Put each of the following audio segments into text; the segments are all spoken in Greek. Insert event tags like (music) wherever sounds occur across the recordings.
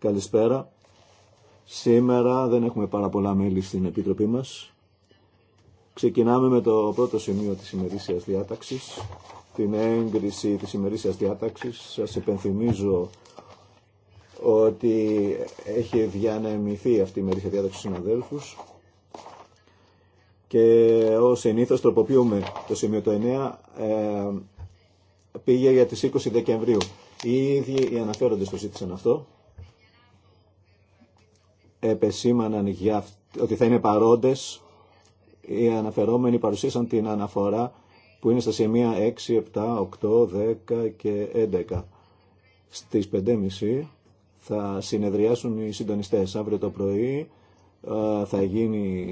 Καλησπέρα. Σήμερα δεν έχουμε πάρα πολλά μέλη στην Επιτροπή μας. Ξεκινάμε με το πρώτο σημείο της ημερήσιας διάταξης, την έγκριση της ημερήσιας διάταξης. Σας επενθυμίζω ότι έχει διανεμηθεί αυτή η ημερήσια διάταξη στους συναδέλφους και ως συνήθως τροποποιούμε το σημείο το 9 ε, πήγε για τις 20 Δεκεμβρίου. Οι ίδιοι οι αναφέροντες το ζήτησαν αυτό. Επεσήμαναν για, ότι θα είναι παρόντες. Οι αναφερόμενοι παρουσίασαν την αναφορά που είναι στα σημεία 6, 7, 8, 10 και 11. Στις 5.30 θα συνεδριάσουν οι συντονιστές. Αύριο το πρωί ε, θα γίνει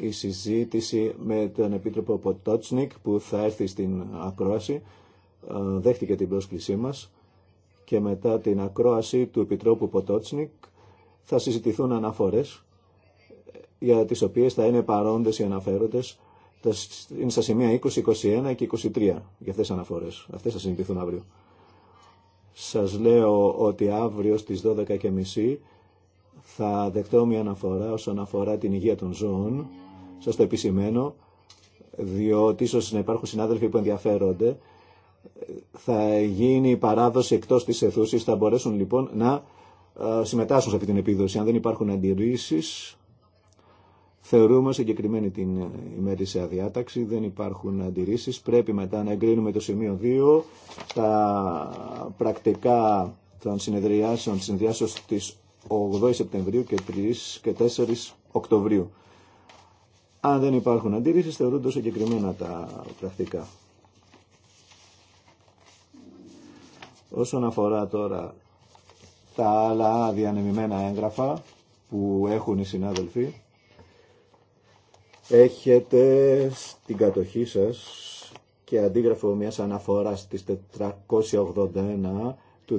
η συζήτηση με τον Επίτροπο Ποτότσνικ που θα έρθει στην Ακρόαση. Ε, δέχτηκε την πρόσκλησή μας και μετά την ακρόαση του Επιτρόπου Ποτότσνικ θα συζητηθούν αναφορές ε, για τις οποίες θα είναι παρόντες οι αναφέροντες είναι στα σημεία 20, 21 και 23 για αυτές τις αναφορές. Αυτές θα συζητηθούν αύριο. Σας λέω ότι αύριο στις 12.30 θα δεχτώ μια αναφορά όσον αφορά την υγεία των ζώων. Σας το επισημαίνω, διότι ίσως να υπάρχουν συνάδελφοι που ενδιαφέρονται θα γίνει η παράδοση εκτός της αιθούσης, θα μπορέσουν λοιπόν να ε, συμμετάσχουν σε αυτή την επίδοση. Αν δεν υπάρχουν αντιρρήσεις, θεωρούμε συγκεκριμένη την σε διάταξη, δεν υπάρχουν αντιρρήσεις. Πρέπει μετά να εγκρίνουμε το σημείο 2, τα πρακτικά των συνεδριάσεων, της συνδυάσεω της 8 Σεπτεμβρίου και 3 και 4 Οκτωβρίου. Αν δεν υπάρχουν αντιρρήσεις, θεωρούνται συγκεκριμένα τα πρακτικά. Όσον αφορά τώρα τα άλλα διανεμημένα έγγραφα που έχουν οι συνάδελφοι, έχετε στην κατοχή σας και αντίγραφο μιας αναφοράς της 481 του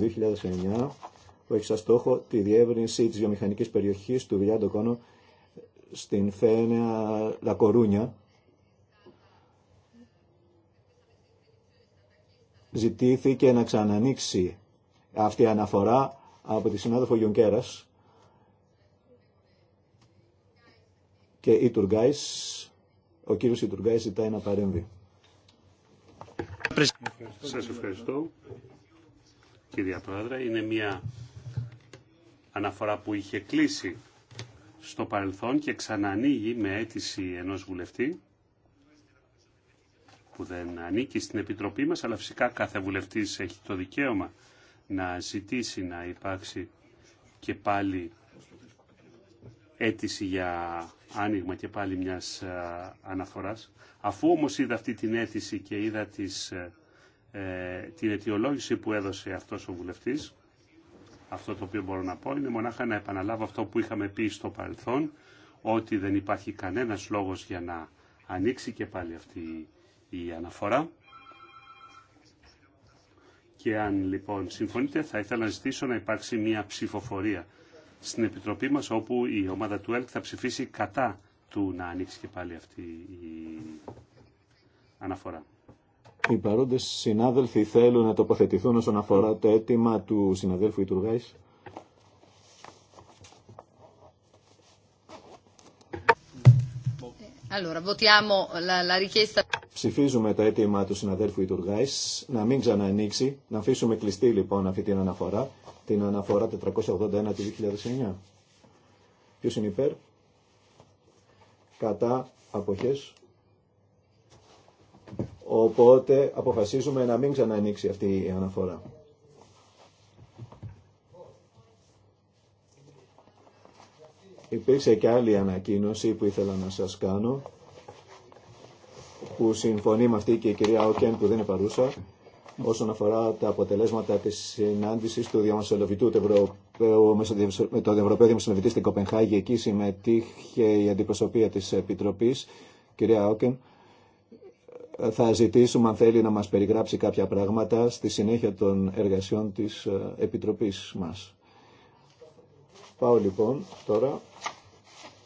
2009 που έχει σαν στόχο τη διεύρυνση της βιομηχανικής περιοχής του Βιλιάντο Κόνο στην Φένεα Λακορούνια ζητήθηκε να ξανανοίξει αυτή η αναφορά από τη συνάδελφο Γιονκέρας και η Τουργκάης, ο κύριος Ιτουργκάης ζητάει να παρέμβει. Σας ευχαριστώ. Κυρία Πρόεδρε, είναι μια αναφορά που είχε κλείσει στο παρελθόν και ξανανοίγει με αίτηση ενός βουλευτή που δεν ανήκει στην Επιτροπή μας, αλλά φυσικά κάθε βουλευτής έχει το δικαίωμα να ζητήσει να υπάρξει και πάλι αίτηση για άνοιγμα και πάλι μιας ε, αναφοράς. Αφού όμως είδα αυτή την αίτηση και είδα τις, ε, την αιτιολόγηση που έδωσε αυτός ο βουλευτής, αυτό το οποίο μπορώ να πω είναι μονάχα να επαναλάβω αυτό που είχαμε πει στο παρελθόν, ότι δεν υπάρχει κανένας λόγος για να ανοίξει και πάλι αυτή η η αναφορά. Και αν λοιπόν συμφωνείτε θα ήθελα να ζητήσω να υπάρξει μια ψηφοφορία στην Επιτροπή μας όπου η ομάδα του ΕΛΚ θα ψηφίσει κατά του να ανοίξει και πάλι αυτή η αναφορά. Οι παρόντες συνάδελφοι θέλουν να τοποθετηθούν όσον αφορά το αίτημα του συναδέλφου Ιτουργάης. Allora, votiamo la, la richiesta... Ψηφίζουμε το αίτημα του συναδέλφου Ιτουργάη να μην ξαναανοίξει, να αφήσουμε κλειστή λοιπόν αυτή την αναφορά, την αναφορά 481 του 2009. Ποιο είναι υπέρ? Κατά αποχέ. Οπότε αποφασίζουμε να μην ξανανοίξει αυτή η αναφορά. Υπήρξε και άλλη ανακοίνωση που ήθελα να σας κάνω που συμφωνεί με αυτή και η κυρία Όκεν που δεν είναι παρούσα όσον αφορά τα αποτελέσματα της συνάντησης του Διαμασολοβητού του Ευρωπαίου, με τον Ευρωπαίο Διαμασολοβητή στην Κοπενχάγη. Εκεί συμμετείχε η αντιπροσωπεία της Επιτροπής, κυρία Όκεν. Θα ζητήσουμε αν θέλει να μας περιγράψει κάποια πράγματα στη συνέχεια των εργασιών της Επιτροπής μας. Πάω λοιπόν τώρα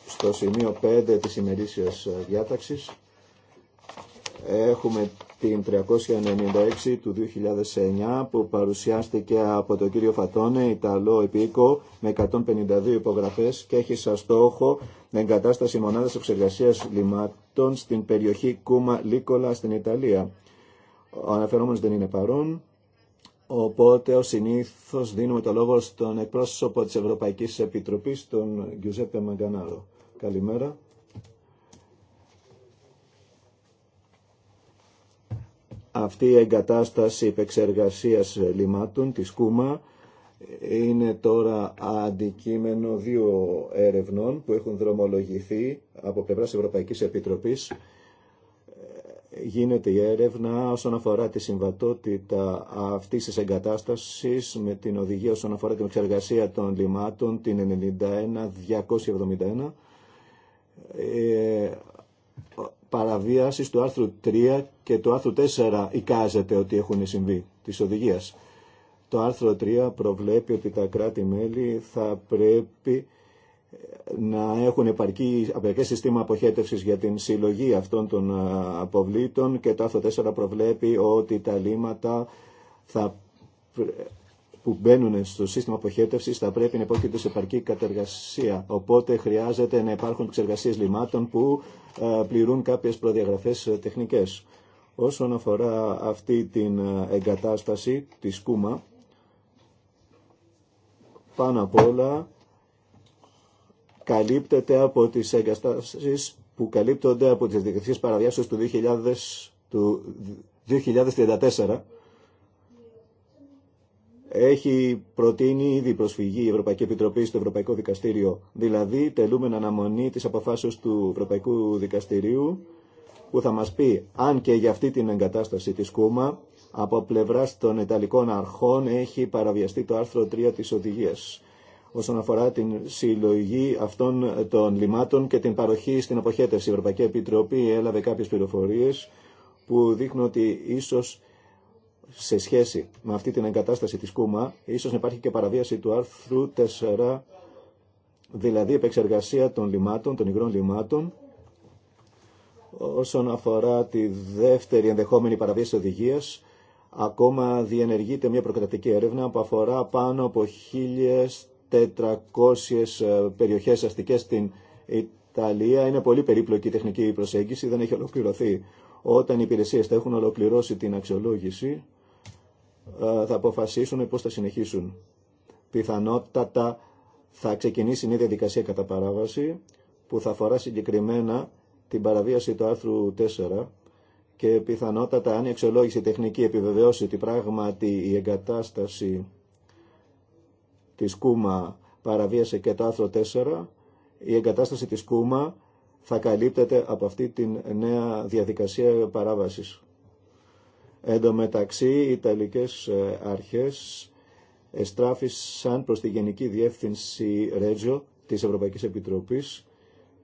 στο σημείο 5 της ημερήσιας ε, διάταξης. Έχουμε την 396 του 2009 που παρουσιάστηκε από τον κύριο Φατώνε, Ιταλό επίκο, με 152 υπογραφές και έχει σαν στόχο την εγκατάσταση μονάδας εξεργασίας λιμάτων στην περιοχή Κούμα Λίκολα στην Ιταλία. Ο αναφερόμενος δεν είναι παρόν. Οπότε, ως συνήθως, δίνουμε το λόγο στον εκπρόσωπο της Ευρωπαϊκής Επιτροπής, τον Γιουζέπε Μαγκανάρο. Καλημέρα. Αυτή η εγκατάσταση υπεξεργασίας λιμάτων της ΚΟΥΜΑ είναι τώρα αντικείμενο δύο έρευνών που έχουν δρομολογηθεί από πλευράς Ευρωπαϊκής Επιτροπής γίνεται η έρευνα όσον αφορά τη συμβατότητα αυτής της εγκατάστασης με την οδηγία όσον αφορά την εξεργασία των λιμάτων την 91-271 ε, παραβίαση του άρθρου 3 και του άρθρου 4 εικάζεται ότι έχουν συμβεί της οδηγίας. Το άρθρο 3 προβλέπει ότι τα κράτη-μέλη θα πρέπει να έχουν επαρκή συστήμα αποχέτευσης για την συλλογή αυτών των ε, αποβλήτων και το άρθρο 4 προβλέπει ότι τα λύματα θα, που μπαίνουν στο σύστημα αποχέτευσης θα πρέπει να υπόκειται σε επαρκή κατεργασία. Οπότε χρειάζεται να υπάρχουν εξεργασίες λιμάτων που ε, πληρούν κάποιες προδιαγραφές ε, τεχνικές. Όσον αφορά αυτή την εγκατάσταση, τη ΚΟΥΜΑ, πάνω απ' όλα καλύπτεται από τις εγκαταστάσεις που καλύπτονται από τις διοικητικές παραδιάσεις του, 2000, του 2034 έχει προτείνει ήδη προσφυγή η Ευρωπαϊκή Επιτροπή στο Ευρωπαϊκό Δικαστήριο, δηλαδή τελούμεν αναμονή της αποφάσεως του Ευρωπαϊκού Δικαστηρίου που θα μας πει αν και για αυτή την εγκατάσταση της Κούμα από πλευράς των Ιταλικών αρχών έχει παραβιαστεί το άρθρο 3 της οδηγίας όσον αφορά την συλλογή αυτών των λιμάτων και την παροχή στην αποχέτευση. Η Ευρωπαϊκή Επιτροπή έλαβε κάποιες πληροφορίες που δείχνουν ότι ίσως σε σχέση με αυτή την εγκατάσταση της Κούμα, ίσως να υπάρχει και παραβίαση του άρθρου 4, δηλαδή επεξεργασία των λιμάτων, των υγρών λιμάτων, όσον αφορά τη δεύτερη ενδεχόμενη παραβίαση οδηγίας, ακόμα διενεργείται μια προκρατική έρευνα που αφορά πάνω από 400 ε, περιοχές αστικές στην Ιταλία. Είναι πολύ περίπλοκη η τεχνική προσέγγιση, δεν έχει ολοκληρωθεί. Όταν οι υπηρεσίες θα έχουν ολοκληρώσει την αξιολόγηση, ε, θα αποφασίσουν πώς θα συνεχίσουν. Πιθανότατα θα ξεκινήσει μια διαδικασία κατά παράβαση που θα αφορά συγκεκριμένα την παραβίαση του άρθρου 4 και πιθανότατα αν η αξιολόγηση τεχνική επιβεβαιώσει ότι πράγματι η εγκατάσταση της Κούμα παραβίασε και το άρθρο 4, η εγκατάσταση της Κούμα θα καλύπτεται από αυτή τη νέα διαδικασία παράβασης. Εν τω μεταξύ, οι Ιταλικές ε, αρχές εστράφησαν προς τη Γενική Διεύθυνση Ρέτζο της Ευρωπαϊκής Επιτροπής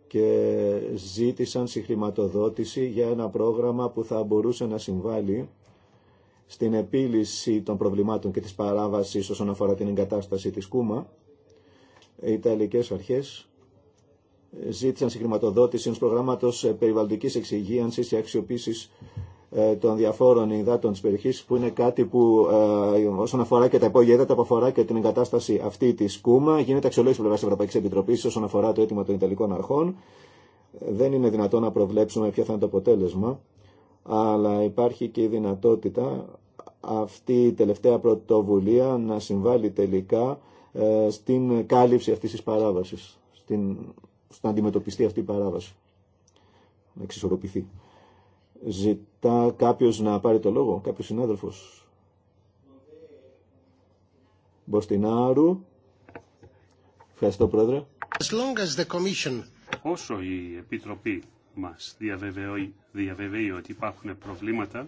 και ζήτησαν συγχρηματοδότηση για ένα πρόγραμμα που θα μπορούσε να συμβάλλει στην επίλυση των προβλημάτων και της παράβασης όσον αφορά την εγκατάσταση της Κούμα, οι Ιταλικές αρχές ζήτησαν συγχρηματοδότηση ενός προγράμματος ε, περιβαλλοντικής εξυγίανσης και αξιοποίησης ε, των διαφόρων υδάτων της περιοχής που είναι κάτι που ε, όσον αφορά και τα υπόγεια υδάτα που αφορά και την εγκατάσταση αυτή της Κούμα γίνεται αξιολόγηση πλευρά της Ευρωπαϊκής Επιτροπής όσον αφορά το αίτημα των Ιταλικών αρχών δεν είναι δυνατόν να προβλέψουμε ποιο θα είναι το αποτέλεσμα αλλά υπάρχει και η δυνατότητα αυτή η τελευταία πρωτοβουλία να συμβάλλει τελικά ε, στην κάλυψη αυτής της παράβασης, στην, στην αυτή η παράβαση, να εξισορροπηθεί. Ζητά κάποιος να πάρει το λόγο, κάποιος συνάδελφος. Μποστινάρου. Ευχαριστώ, Πρόεδρε. As long as the commission... Όσο η Επιτροπή μας διαβεβαιώ, διαβεβαιεί ότι υπάρχουν προβλήματα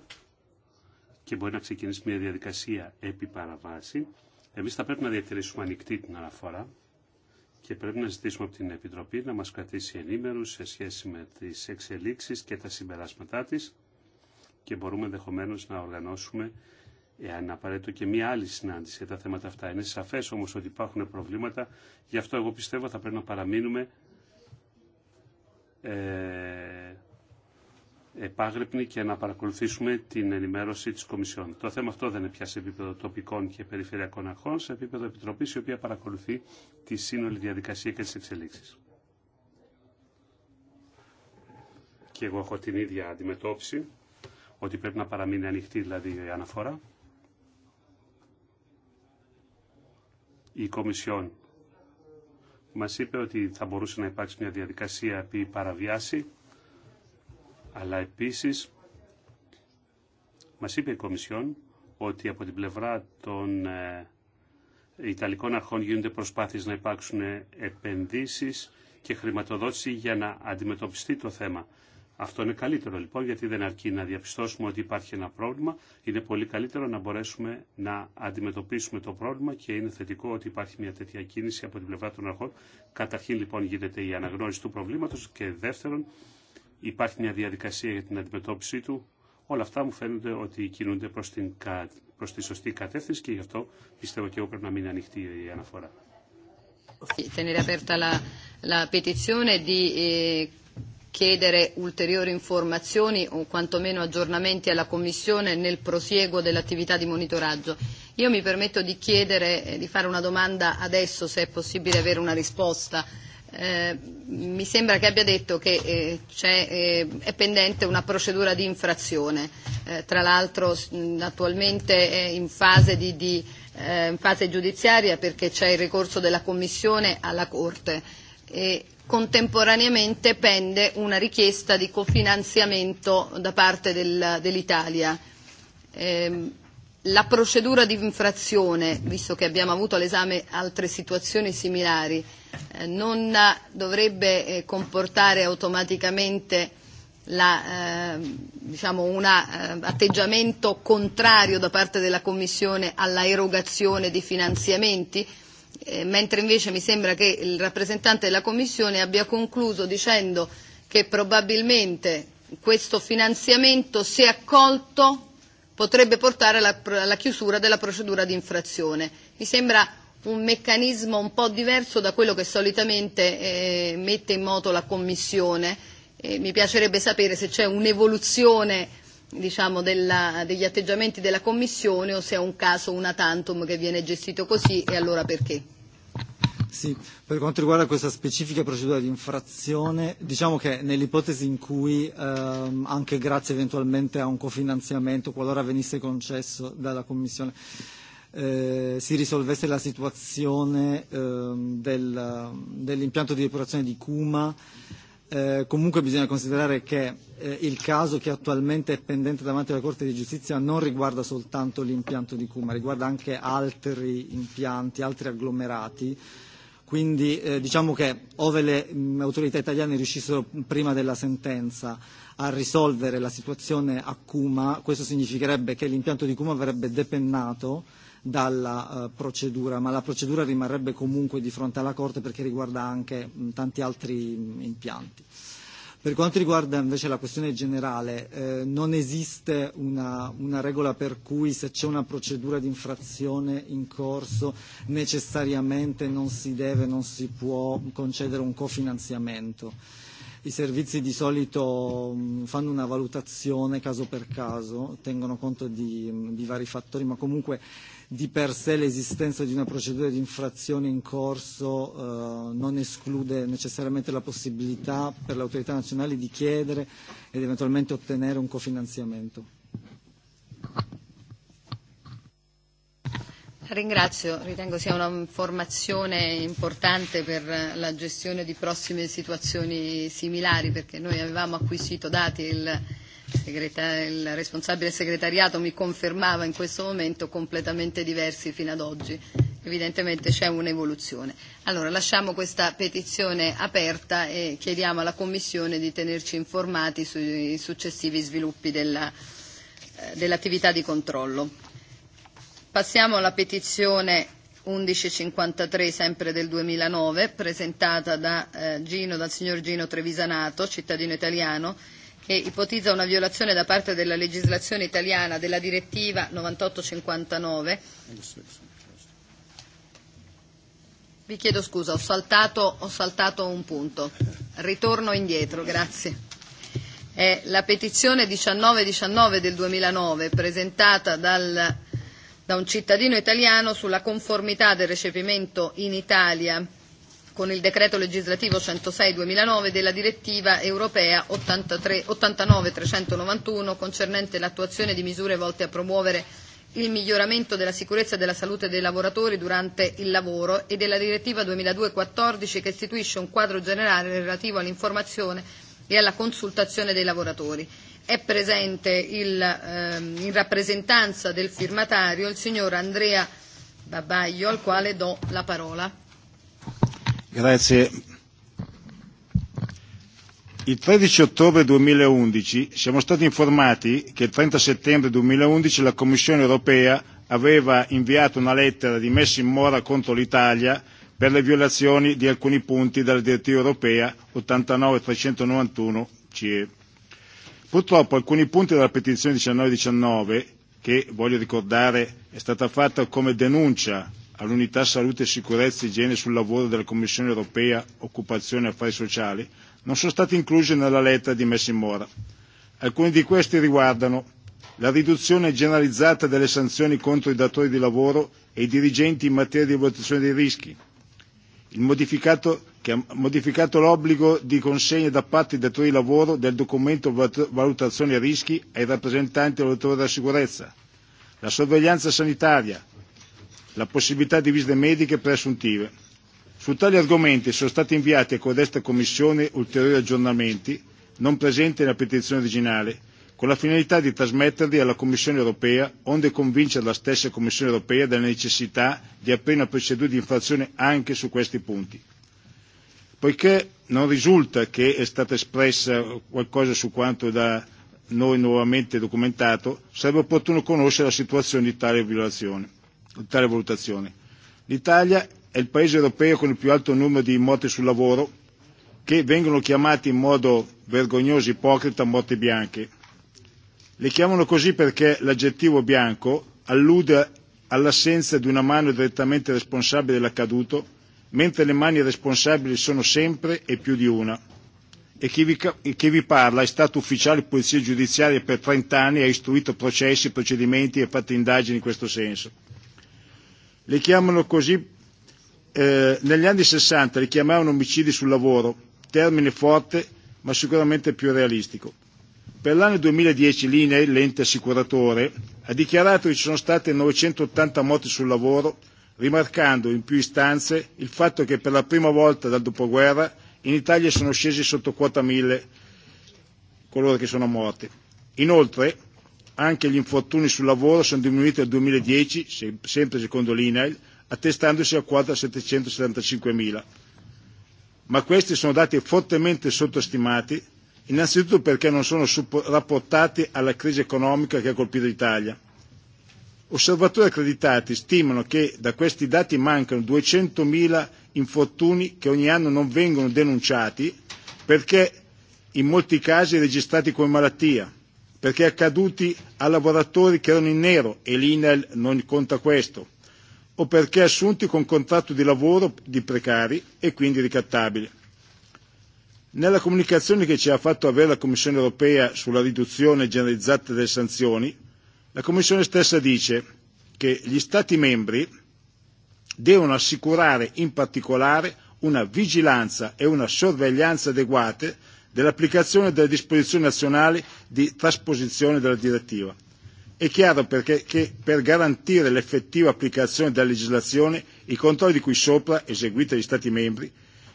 και μπορεί να ξεκινήσει μια διαδικασία επί παραβάση. Εμείς θα πρέπει να διατηρήσουμε ανοιχτή την αναφορά και πρέπει να ζητήσουμε από την Επιτροπή να μας κρατήσει ενήμερους σε σχέση με τις εξελίξεις και τα συμπεράσματά της και μπορούμε ενδεχομένω να οργανώσουμε εάν απαραίτητο και μία άλλη συνάντηση για τα θέματα αυτά. Είναι σαφές όμως ότι υπάρχουν προβλήματα, γι' αυτό εγώ πιστεύω θα πρέπει να παραμείνουμε ε, επάγρυπνη και να παρακολουθήσουμε την ενημέρωση της Κομισιόν. Το θέμα αυτό δεν είναι πια σε επίπεδο τοπικών και περιφερειακών αρχών, σε επίπεδο επιτροπής η οποία παρακολουθεί τη σύνολη διαδικασία και τις εξελίξεις. Και εγώ έχω την ίδια αντιμετώπιση, ότι πρέπει να παραμείνει ανοιχτή δηλαδή η αναφορά. Η Κομισιόν μας είπε ότι θα μπορούσε να υπάρξει μια διαδικασία επί παραβιάση αλλά επίσης μας είπε η Κομισιόν ότι από την πλευρά των ε, Ιταλικών αρχών γίνονται προσπάθειες να υπάρξουν επενδύσεις και χρηματοδότηση για να αντιμετωπιστεί το θέμα. Αυτό είναι καλύτερο λοιπόν γιατί δεν αρκεί να διαπιστώσουμε ότι υπάρχει ένα πρόβλημα. Είναι πολύ καλύτερο να μπορέσουμε να αντιμετωπίσουμε το πρόβλημα και είναι θετικό ότι υπάρχει μια τέτοια κίνηση από την πλευρά των αρχών. Καταρχήν λοιπόν γίνεται η αναγνώριση του προβλήματος και δεύτερον υπάρχει μια διαδικασία για την αντιμετώπιση του. Όλα αυτά μου φαίνονται ότι κινούνται προς, την, προς τη σωστή κατεύθυνση και γι' αυτό πιστεύω και εγώ πρέπει να μην ανοιχτεί η αναφορά. Tenere aperta la, la petizione di chiedere ulteriori informazioni o quantomeno aggiornamenti alla Commissione nel prosieguo dell'attività di monitoraggio. Io mi permetto di chiedere, di fare una domanda adesso se è possibile avere una risposta mi sembra che abbia detto che c'è è pendente una procedura di infrazione tra l'altro attualmente è in fase di di in fase giudiziaria perché c'è il ricorso della commissione alla corte e contemporaneamente pende una richiesta di cofinanziamento da parte dell'Italia la procedura di infrazione visto che abbiamo avuto all'esame altre situazioni similari non dovrebbe comportare automaticamente la diciamo un atteggiamento contrario da parte della commissione alla erogazione di finanziamenti mentre invece mi sembra che il rappresentante della commissione abbia concluso dicendo che probabilmente questo finanziamento se accolto potrebbe portare alla chiusura della procedura di infrazione mi sembra un meccanismo un po' diverso da quello che solitamente mette in moto la Commissione. e Mi piacerebbe sapere se c'è un'evoluzione diciamo degli atteggiamenti della Commissione o se è un caso una tantum che viene gestito così e allora perché. Sì, per quanto riguarda questa specifica procedura di infrazione, diciamo che nell'ipotesi in cui, anche grazie eventualmente a un cofinanziamento, qualora venisse concesso dalla Commissione, si risolvesse la situazione dell'impianto di depurazione di Cuma. Comunque bisogna considerare che il caso che attualmente è pendente davanti alla Corte di Giustizia non riguarda soltanto l'impianto di Cuma, riguarda anche altri impianti, altri agglomerati. Quindi diciamo che ove le autorità italiane riuscissero prima della sentenza a risolvere la situazione a Cuma, questo significherebbe che l'impianto di Cuma avrebbe depennato dalla procedura, ma la procedura rimarrebbe comunque di fronte alla Corte perché riguarda anche tanti altri impianti. Per quanto riguarda invece la questione generale, non esiste una regola per cui se c'è una procedura di infrazione in corso necessariamente non si deve, non si può concedere un cofinanziamento. I servizi di solito fanno una valutazione caso per caso, tengono conto di vari fattori, ma comunque di per sé l'esistenza di una procedura di infrazione in corso non esclude necessariamente la possibilità per le autorità nazionali di chiedere ed eventualmente ottenere un cofinanziamento. Ringrazio, ritengo sia una formazione importante per la gestione di prossime situazioni similari perché noi avevamo acquisito dati il il responsabile segretariato mi confermava in questo momento, completamente diversi fino ad oggi. Evidentemente c'è un'evoluzione. Allora lasciamo questa petizione aperta e chiediamo alla Commissione di tenerci informati sui successivi sviluppi dell'attività di controllo. Passiamo alla petizione 1153 sempre del 2009 presentata da Gino dal signor Gino Trevisanato, cittadino italiano che ipotizza una violazione da parte della legislazione italiana della direttiva 9859. Vi chiedo scusa, ho saltato, ho saltato un punto. Ritorno indietro, grazie. È la petizione 1919 del 2009 presentata dal, da un cittadino italiano sulla conformità del recepimento in Italia con il decreto legislativo 106/2009 della direttiva europea 89/391 concernente l'attuazione di misure volte a promuovere il miglioramento della sicurezza e della salute dei lavoratori durante il lavoro e della direttiva 2002/14 che istituisce un quadro generale relativo all'informazione e alla consultazione dei lavoratori. È presente in rappresentanza del firmatario il signor Andrea Babaglio al quale do la parola. Grazie. Il 13 ottobre 2011 siamo stati informati che il 30 settembre 2011 la Commissione europea aveva inviato una lettera di messa in mora contro l'Italia per le violazioni di alcuni punti della direttiva europea 89-391 CE. Purtroppo alcuni punti della petizione 1919, che voglio ricordare è stata fatta come denuncia all'unità salute, e sicurezza e igiene sul lavoro della Commissione europea occupazione e affari sociali non sono state inclusi nella lettera di messi in mora. Alcuni di questi riguardano la riduzione generalizzata delle sanzioni contro i datori di lavoro e i dirigenti in materia di valutazione dei rischi, il modificato che ha modificato l'obbligo di consegna da parte dei datori di lavoro del documento valutazione rischi ai rappresentanti dell'autore della sicurezza, la sorveglianza sanitaria, la possibilità di visite mediche preassuntive. Su tali argomenti sono stati inviati a codesta Commissione ulteriori aggiornamenti, non presenti nella petizione originale, con la finalità di trasmetterli alla Commissione europea, onde convincere la stessa Commissione europea della necessità di aprire una procedura di infrazione anche su questi punti. Poiché non risulta che è stata espressa qualcosa su quanto da noi nuovamente documentato, sarebbe opportuno conoscere la situazione di tale violazione tale valutazione. L'Italia è il paese europeo con il più alto numero di morti sul lavoro, che vengono chiamati in modo vergognoso ipocrita morti bianche. Le chiamano così perché l'aggettivo bianco allude all'assenza di una mano direttamente responsabile dell'accaduto, mentre le mani responsabili sono sempre e più di una. E chi vi parla è stato ufficiale di polizia giudiziaria per 30 anni e ha istruito processi, procedimenti e fatto indagini in questo senso le chiamano così negli anni 60 li chiamavano omicidi sul lavoro, termine forte ma sicuramente più realistico. Per l'anno 2010 l'INEI, l'ente assicuratore, ha dichiarato che ci sono state 980 morti sul lavoro, rimarcando in più istanze il fatto che per la prima volta dal dopoguerra in Italia sono scesi sotto quota 1000 coloro che sono morti. Inoltre, Anche gli infortuni sul lavoro sono diminuiti al 2010, sempre secondo l'INAIL, attestandosi a quota 4.775.000. Ma questi sono dati fortemente sottostimati, innanzitutto perché non sono rapportati alla crisi economica che ha colpito l'Italia. Osservatori accreditati stimano che da questi dati mancano 200.000 infortuni che ogni anno non vengono denunciati perché in molti casi registrati come malattia perché accaduti a lavoratori che erano in nero e l'INEL non conta questo, o perché assunti con contratto di lavoro di precari e quindi ricattabili. Nella comunicazione che ci ha fatto avere la Commissione europea sulla riduzione generalizzata delle sanzioni, la Commissione stessa dice che gli Stati membri devono assicurare in particolare una vigilanza e una sorveglianza adeguate dell'applicazione delle disposizioni nazionali di trasposizione della direttiva. È chiaro perché che per garantire l'effettiva applicazione della legislazione i controlli di cui sopra eseguiti dagli Stati membri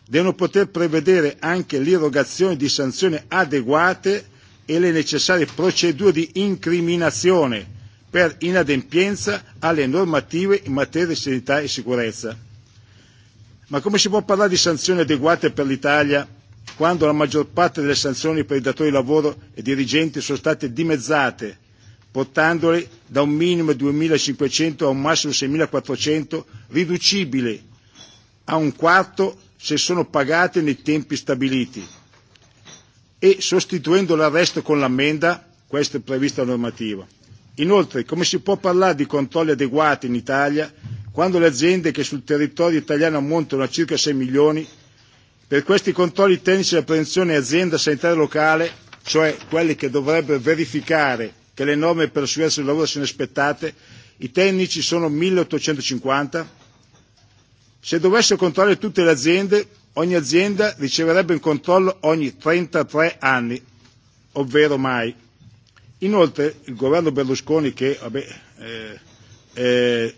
devono poter prevedere anche l'irrogazione di sanzioni adeguate e le necessarie procedure di incriminazione per inadempienza alle normative in materia di sanità e sicurezza. Ma come si può parlare di sanzioni adeguate per l'Italia quando la maggior parte delle sanzioni per i datori di lavoro e dirigenti sono state dimezzate, portandole da un minimo di 2.500 a un massimo di 6.400, riducibile a un quarto se sono pagate nei tempi stabiliti, e sostituendo l'arresto con l'ammenda, questa è prevista normativa. Inoltre, come si può parlare di controlli adeguati in Italia quando le aziende che sul territorio italiano ammontano a circa 6 milioni Per questi controlli tecnici di prevenzione azienda sanitaria locale, cioè quelli che dovrebbero verificare che le norme per la sicurezza del lavoro siano rispettate, i tecnici sono 1850. Se dovessero controllare tutte le aziende, ogni azienda riceverebbe un controllo ogni 33 anni, ovvero mai. Inoltre il governo Berlusconi, che vabbè, è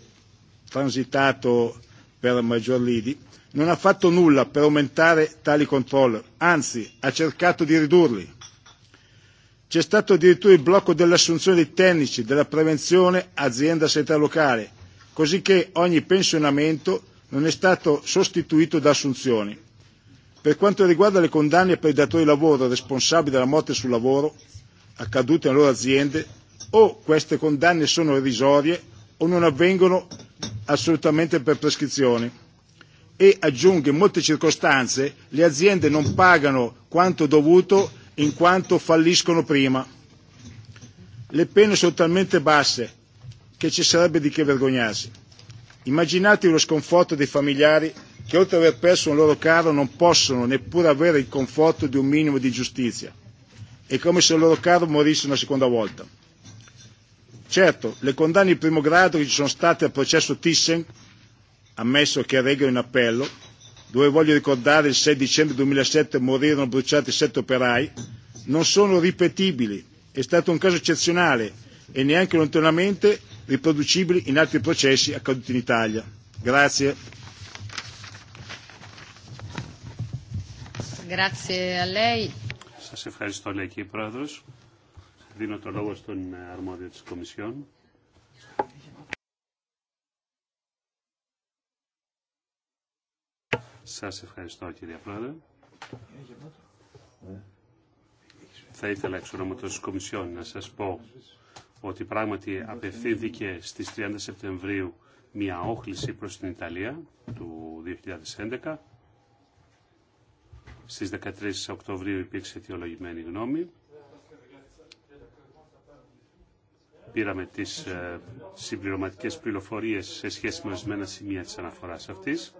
transitato per maggior lidi, non ha fatto nulla per aumentare tali controlli, anzi ha cercato di ridurli. C'è stato addirittura il blocco dell'assunzione dei tecnici della prevenzione azienda seta locale, così che ogni pensionamento non è stato sostituito da assunzioni. Per quanto riguarda le condanne per i datori di lavoro responsabili della morte sul lavoro accadute nelle loro aziende, o queste condanne sono irrisorie o non avvengono assolutamente per prescrizione e aggiungo in molte circostanze le aziende non pagano quanto dovuto in quanto falliscono prima. Le pene sono talmente basse che ci sarebbe di che vergognarsi. Immaginate lo sconforto dei familiari che oltre ad aver perso un loro caro non possono neppure avere il conforto di un minimo di giustizia. È come se il loro caro morisse una seconda volta. Certo, le condanne di primo grado che ci sono state al processo Thyssen, ammesso che Regola in appello, dove voglio ricordare il 6 dicembre 2007 morirono bruciati sette operai, non sono ripetibili. È stato un caso eccezionale e neanche lontanamente riproducibili in altri processi accaduti in Italia. Grazie. Grazie a lei. Δίνω το λόγο στον ε, αρμόδιο της Κομισιόν. Σας ευχαριστώ κύριε Πρόεδρε. Θα ήθελα εξ ονόματος Κομισιόν να σας πω ότι πράγματι απευθύνθηκε στις 30 Σεπτεμβρίου μια όχληση προς την Ιταλία του 2011. Στις 13 Οκτωβρίου υπήρξε αιτιολογημένη γνώμη πήραμε τις ε, συμπληρωματικές πληροφορίες σε σχέση με ορισμένα σημεία της αναφοράς αυτής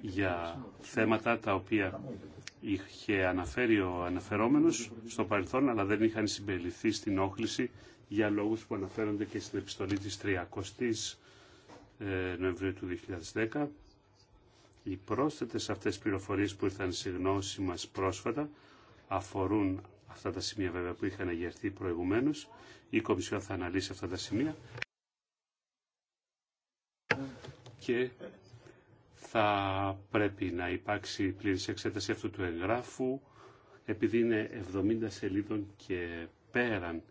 για θέματα τα οποία είχε αναφέρει ο αναφερόμενος στο παρελθόν αλλά δεν είχαν συμπεριληφθεί στην όχληση για λόγους που αναφέρονται και στην επιστολή της 30ης ε, Νοεμβρίου του 2010. Οι πρόσθετες αυτές πληροφορίες που ήρθαν σε γνώση μας πρόσφατα αφορούν αυτά τα σημεία βέβαια που είχαν αγερθεί προηγουμένω. Η Κομισιόν θα αναλύσει αυτά τα σημεία και θα πρέπει να υπάρξει πλήρης εξέταση αυτού του εγγράφου επειδή είναι 70 σελίδων και πέραν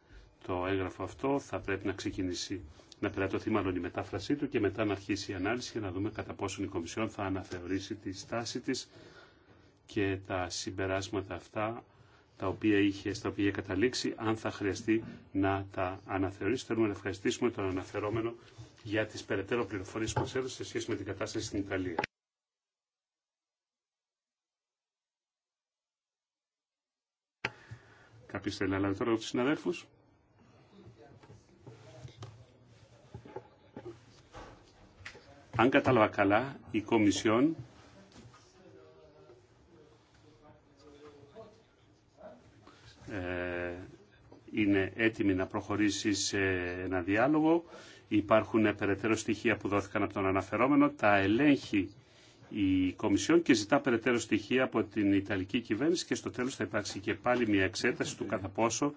το έγγραφο αυτό θα πρέπει να ξεκινήσει να περατωθεί μάλλον η μετάφρασή του και μετά να αρχίσει η ανάλυση για να δούμε κατά πόσον η Κομισιόν θα αναθεωρήσει τη στάση της και τα συμπεράσματα αυτά τα οποία είχε, στα οποία είχε καταλήξει, αν θα χρειαστεί να τα αναθεωρήσει. Θέλουμε να ευχαριστήσουμε τον αναφερόμενο για τις περαιτέρω πληροφορίες που μας έδωσε σε σχέση με την κατάσταση στην Ιταλία. Κάποιος θέλει να λάβει τώρα τους συναδέλφους. Αν κατάλαβα καλά, η Κομισιόν Ε, είναι έτοιμη να προχωρήσει σε ένα διάλογο. Υπάρχουν περαιτέρω στοιχεία που δόθηκαν από τον αναφερόμενο, τα ελέγχει η Κομισιόν και ζητά περαιτέρω στοιχεία από την Ιταλική κυβέρνηση και στο τέλος θα υπάρξει και πάλι μια εξέταση του κατά πόσο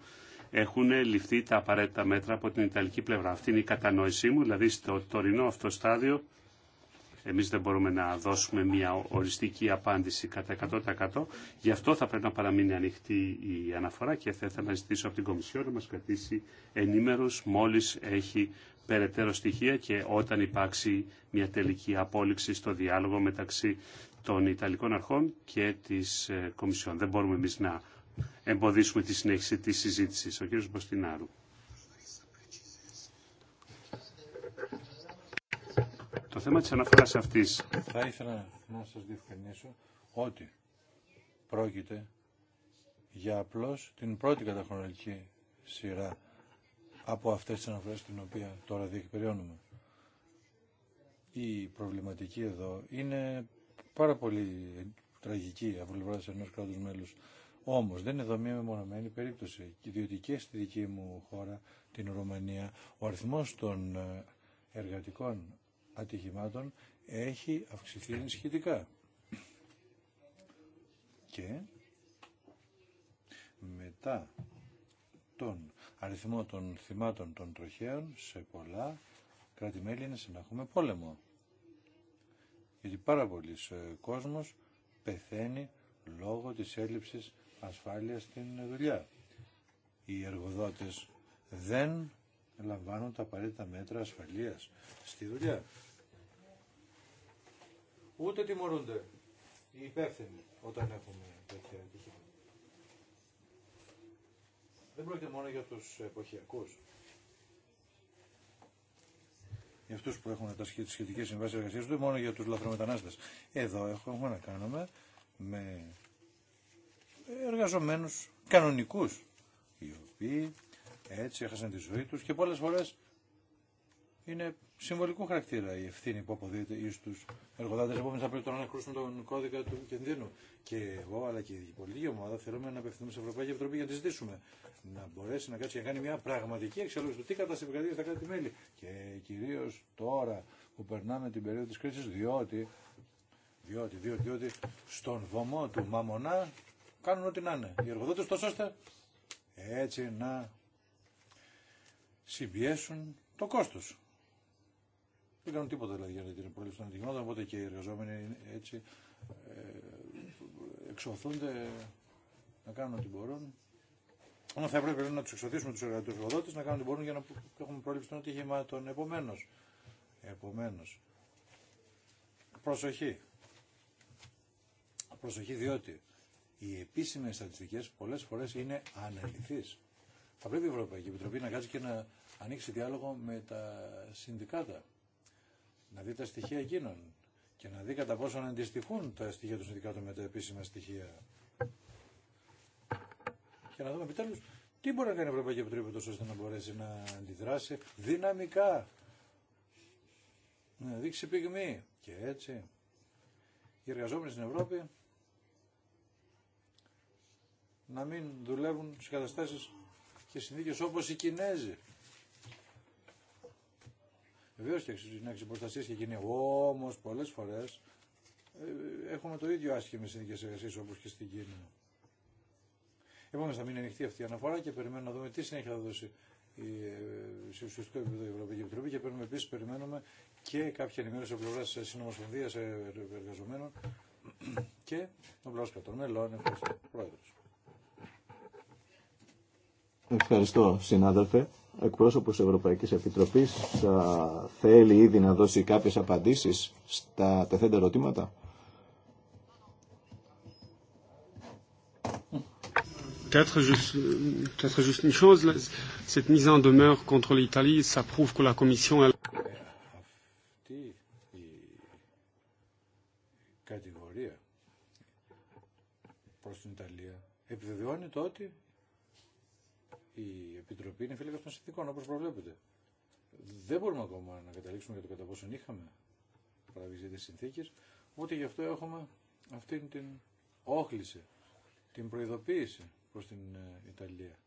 έχουν ληφθεί τα απαραίτητα μέτρα από την Ιταλική πλευρά. Αυτή είναι η κατανόησή μου, δηλαδή στο τωρινό αυτό στάδιο εμείς δεν μπορούμε να δώσουμε μια οριστική απάντηση κατά 100%. Γι' αυτό θα πρέπει να παραμείνει ανοιχτή η αναφορά και θα ήθελα να ζητήσω από την Κομισιό να μας κρατήσει ενήμερους μόλις έχει περαιτέρω στοιχεία και όταν υπάρξει μια τελική απόλυξη στο διάλογο μεταξύ των Ιταλικών αρχών και της ε, Κομισιόν. Δεν μπορούμε εμείς να εμποδίσουμε τη συνέχιση της συζήτησης. Ο κύριος Μποστινάρου. θέμα της αναφοράς αυτής. Θα ήθελα να σας διευκρινίσω ότι πρόκειται για απλώς την πρώτη καταχρονική σειρά από αυτές τις αναφορές την οποία τώρα διεκπεριώνουμε. Η προβληματική εδώ είναι πάρα πολύ τραγική από πλευρά ενό κράτου μέλου. Όμω δεν είναι εδώ μία μεμονωμένη περίπτωση. Διότι και στη δική μου χώρα, την Ρουμανία, ο αριθμό των ε, εργατικών ατυχημάτων έχει αυξηθεί ενισχυτικά. Και μετά τον αριθμό των θυμάτων των τροχαίων σε πολλά κράτη-μέλη είναι πόλεμο. Γιατί πάρα πολλοί ε, κόσμος πεθαίνει λόγω της έλλειψης ασφάλειας στην δουλειά. Οι εργοδότες δεν λαμβάνουν τα απαραίτητα μέτρα ασφαλείας στη δουλειά. Ούτε τιμωρούνται οι υπεύθυνοι όταν έχουμε τέτοια ατυχήματα. Δεν πρόκειται μόνο για τους εποχιακούς. Για αυτούς που έχουν τα σχετικές συμβάσεις εργασίας, ούτε μόνο για τους λαθρομετανάστες. Εδώ έχουμε να κάνουμε με εργαζομένους κανονικούς, οι οποίοι έτσι έχασαν τη ζωή του και πολλέ φορέ είναι συμβολικού χαρακτήρα η ευθύνη που αποδίδεται ει του εργοδότες. Επομένως θα πρέπει να ανακρούσουν τον κώδικα του κινδύνου. Και εγώ αλλά και η πολιτική ομάδα θέλουμε να απευθυνθούμε σε Ευρωπαϊκή Επιτροπή για να τη ζητήσουμε. Να μπορέσει να κάτσει και να κάνει μια πραγματική εξελίξη του τι κατάσταση επικρατεί στα κράτη-μέλη. Και κυρίω τώρα που περνάμε την περίοδο τη κρίση, διότι, διότι, διότι, στον βωμό του μαμονά κάνουν ό,τι να είναι. Οι τόσο έτσι να συμπιέσουν το κόστο. Δεν κάνουν τίποτα δηλαδή για την πρόληψη των αντιγνώτων οπότε και οι εργαζόμενοι έτσι ε, εξωθούνται να κάνουν ό,τι μπορούν. Όμω θα έπρεπε λοιπόν, να του εξωθήσουμε του εργοδότε να κάνουν ό,τι μπορούν για να έχουμε πρόληψη των ατυχημάτων. Επομένω, επομένως, προσοχή. Προσοχή διότι οι επίσημε στατιστικές πολλέ φορέ είναι αναλυθείς. Θα πρέπει η Ευρωπαϊκή Επιτροπή να κάτσει και να ανοίξει διάλογο με τα συνδικάτα. Να δει τα στοιχεία εκείνων και να δει κατά πόσο αντιστοιχούν τα στοιχεία των συνδικάτων με τα επίσημα στοιχεία. Και να δούμε επιτέλου τι μπορεί να κάνει η Ευρωπαϊκή Επιτροπή τόσο ώστε να μπορέσει να αντιδράσει δυναμικά. Να δείξει πυγμή. Και έτσι οι εργαζόμενοι στην Ευρώπη να μην δουλεύουν σε καταστάσεις και συνήθω όπω οι Κινέζοι. Βεβαίω και να προστασία και κοινή. Όμω πολλέ φορέ ε, έχουμε το ίδιο άσχημε συνθήκε εργασία όπω και στην Κίνα. Επομένω θα μείνει ανοιχτή αυτή η αναφορά και περιμένουμε να δούμε τι συνέχεια θα δώσει η, ε, σε επίπεδο η Ευρωπαϊκή Επιτροπή και παίρνουμε επίση περιμένουμε και κάποια ενημέρωση από πλευρά συνομοσπονδία ε, εργαζομένων (clears throat) και των πλευρά μελών. Ευχαριστώ. Πρόεδρος. Ευχαριστώ, συνάδελφε. Εκπρόσωπος της Ευρωπαϊκής Επιτροπής θα θέλει ήδη να δώσει κάποιες απαντήσεις στα τεθέντα ερωτήματα. Peut-être juste, peut juste une chose, cette mise en demeure contre l'Italie, ça prouve que la Commission... Αυτή κατηγορία προς την Ιταλία επιβεβαιώνει το ότι η Επιτροπή είναι φιλικά των συνθηκών, όπως προβλέπετε. Δεν μπορούμε ακόμα να καταλήξουμε για το κατά πόσον είχαμε παραβιάσει τις συνθήκες, ούτε γι' αυτό έχουμε αυτήν την όχληση, την προειδοποίηση προς την ε, Ιταλία.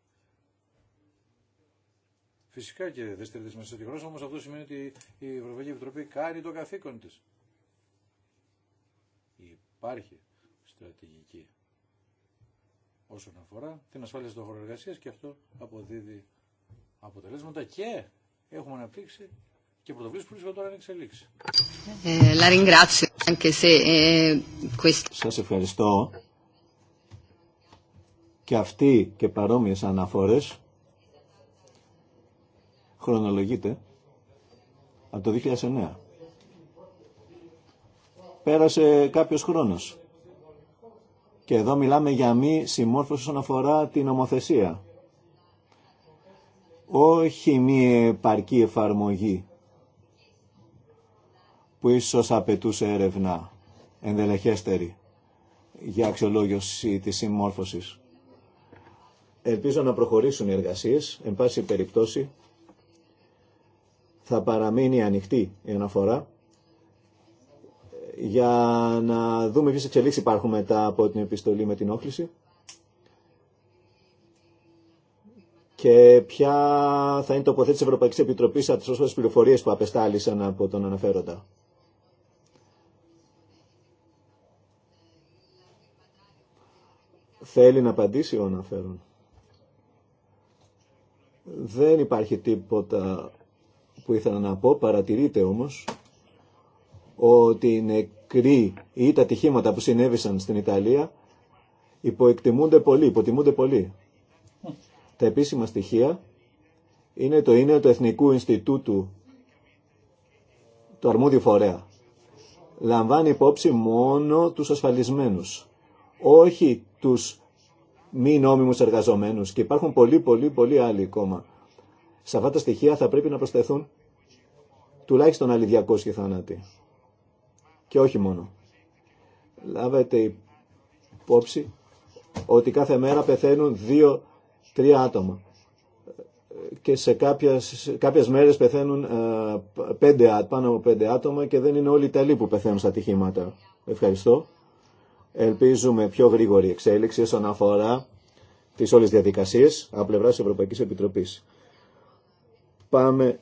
Φυσικά και δεν στερείται μέσα στη όμως αυτό σημαίνει ότι η Ευρωπαϊκή Επιτροπή κάνει το καθήκον της. Υπάρχει στρατηγική όσον αφορά την ασφάλεια στον χώρο εργασία και αυτό αποδίδει αποτελέσματα και έχουμε αναπτύξει και πρωτοβουλίε που βρίσκονται τώρα να εξελίξει. Σα ευχαριστώ. Και αυτοί και παρόμοιε αναφορέ χρονολογείται από το 2009. Πέρασε κάποιος χρόνος. Και εδώ μιλάμε για μη συμμόρφωση όσον αφορά την ομοθεσια Όχι μη επαρκή εφαρμογή που ίσως απαιτούσε έρευνα ενδελεχέστερη για αξιολόγηση της συμμόρφωσης. Ελπίζω να προχωρήσουν οι εργασίες. Εν πάση περιπτώσει θα παραμείνει ανοιχτή η αναφορά για να δούμε ποιες εξελίξεις υπάρχουν μετά από την επιστολή με την όχληση και ποια θα είναι τοποθέτηση της Ευρωπαϊκής Επιτροπής από τις όσες πληροφορίες που απεστάλησαν από τον αναφέροντα. Θέλει να απαντήσει ο αναφέρον. Δεν υπάρχει τίποτα που ήθελα να πω, παρατηρείται όμως ότι οι νεκροί ή τα τυχήματα που συνέβησαν στην Ιταλία υποεκτιμούνται πολύ, υποτιμούνται πολύ. Τα επίσημα στοιχεία είναι το είναι του Εθνικού Ινστιτούτου του αρμόδιου φορέα. Λαμβάνει υπόψη μόνο τους ασφαλισμένους, όχι τους μη νόμιμους εργαζομένους και υπάρχουν πολύ πολύ πολύ άλλοι ακόμα. Σε αυτά τα στοιχεία θα πρέπει να προσθεθούν τουλάχιστον άλλοι 200 θάνατοι και όχι μόνο. Λάβετε υπόψη ότι κάθε μέρα πεθαίνουν δύο-τρία άτομα και σε κάποιες, κάποιες μέρες πεθαίνουν ε, πέντε, πάνω από πέντε άτομα και δεν είναι όλοι οι Ιταλοί που πεθαίνουν στα ατυχήματα. Ευχαριστώ. Ελπίζουμε πιο γρήγορη εξέλιξη όσον αφορά τις όλες διαδικασίες από πλευρά της Ευρωπαϊκής Επιτροπής. Πάμε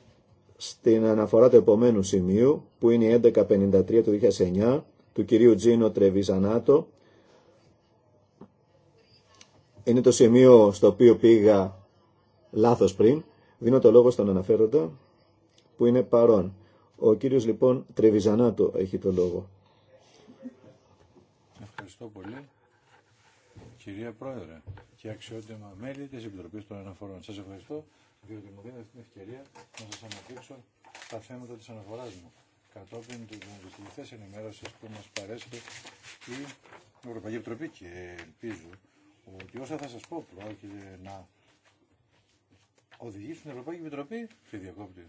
στην αναφορά του επομένου σημείου, που είναι η 1153 του 2009, του κυρίου Τζίνο Τρεβιζανάτο. Είναι το σημείο στο οποίο πήγα λάθος πριν. Δίνω το λόγο στον αναφέροντα, που είναι παρόν. Ο κύριος λοιπόν Τρεβιζανάτο έχει το λόγο. Ευχαριστώ πολύ. Κυρία Πρόεδρε και αξιότιμα μέλη της Επιτροπής των Αναφορών. Σας ευχαριστώ διότι μου δίνετε την ευκαιρία να σας αναπτύξω τα θέματα της αναφοράς μου κατόπιν του της ενημέρωσης που μας παρέσχει η Ευρωπαϊκή Επιτροπή και ελπίζω ότι όσα θα σας πω πρόκειται να οδηγήσουν την Ευρωπαϊκή Επιτροπή σε διακόπτη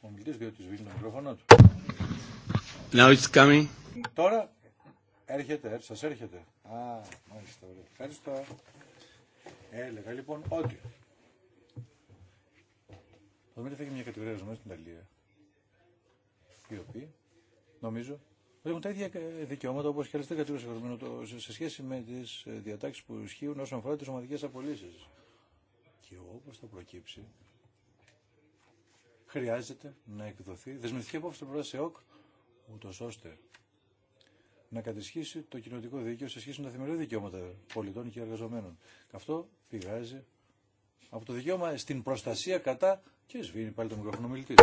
ο μιλητής διότι σβήνει το μικρόφωνο του. Τώρα έρχεται, σας έρχεται. Α, μάλιστα, ωραία. Ευχαριστώ. Έλεγα λοιπόν ότι εδώ μέσα για μια κατηγορία ζωμένη στην Ιταλία, οι οποίοι νομίζω έχουν τα ίδια ε, δικαιώματα όπω και άλλε κατηγορίε σε σχέση με τι ε, διατάξει που ισχύουν όσον αφορά τι ομαδικέ απολύσει. Και όπω θα προκύψει, χρειάζεται να εκδοθεί δεσμευτική απόφαση του σε ΟΚ, ούτω ώστε να κατησχίσει το κοινωτικό δίκαιο σε σχέση με τα θεμελιώδη δικαιώματα πολιτών και εργαζομένων. Αυτό πηγάζει από το δικαίωμα στην προστασία κατά και σβήνει πάλι το μικρόφωνο μιλητή.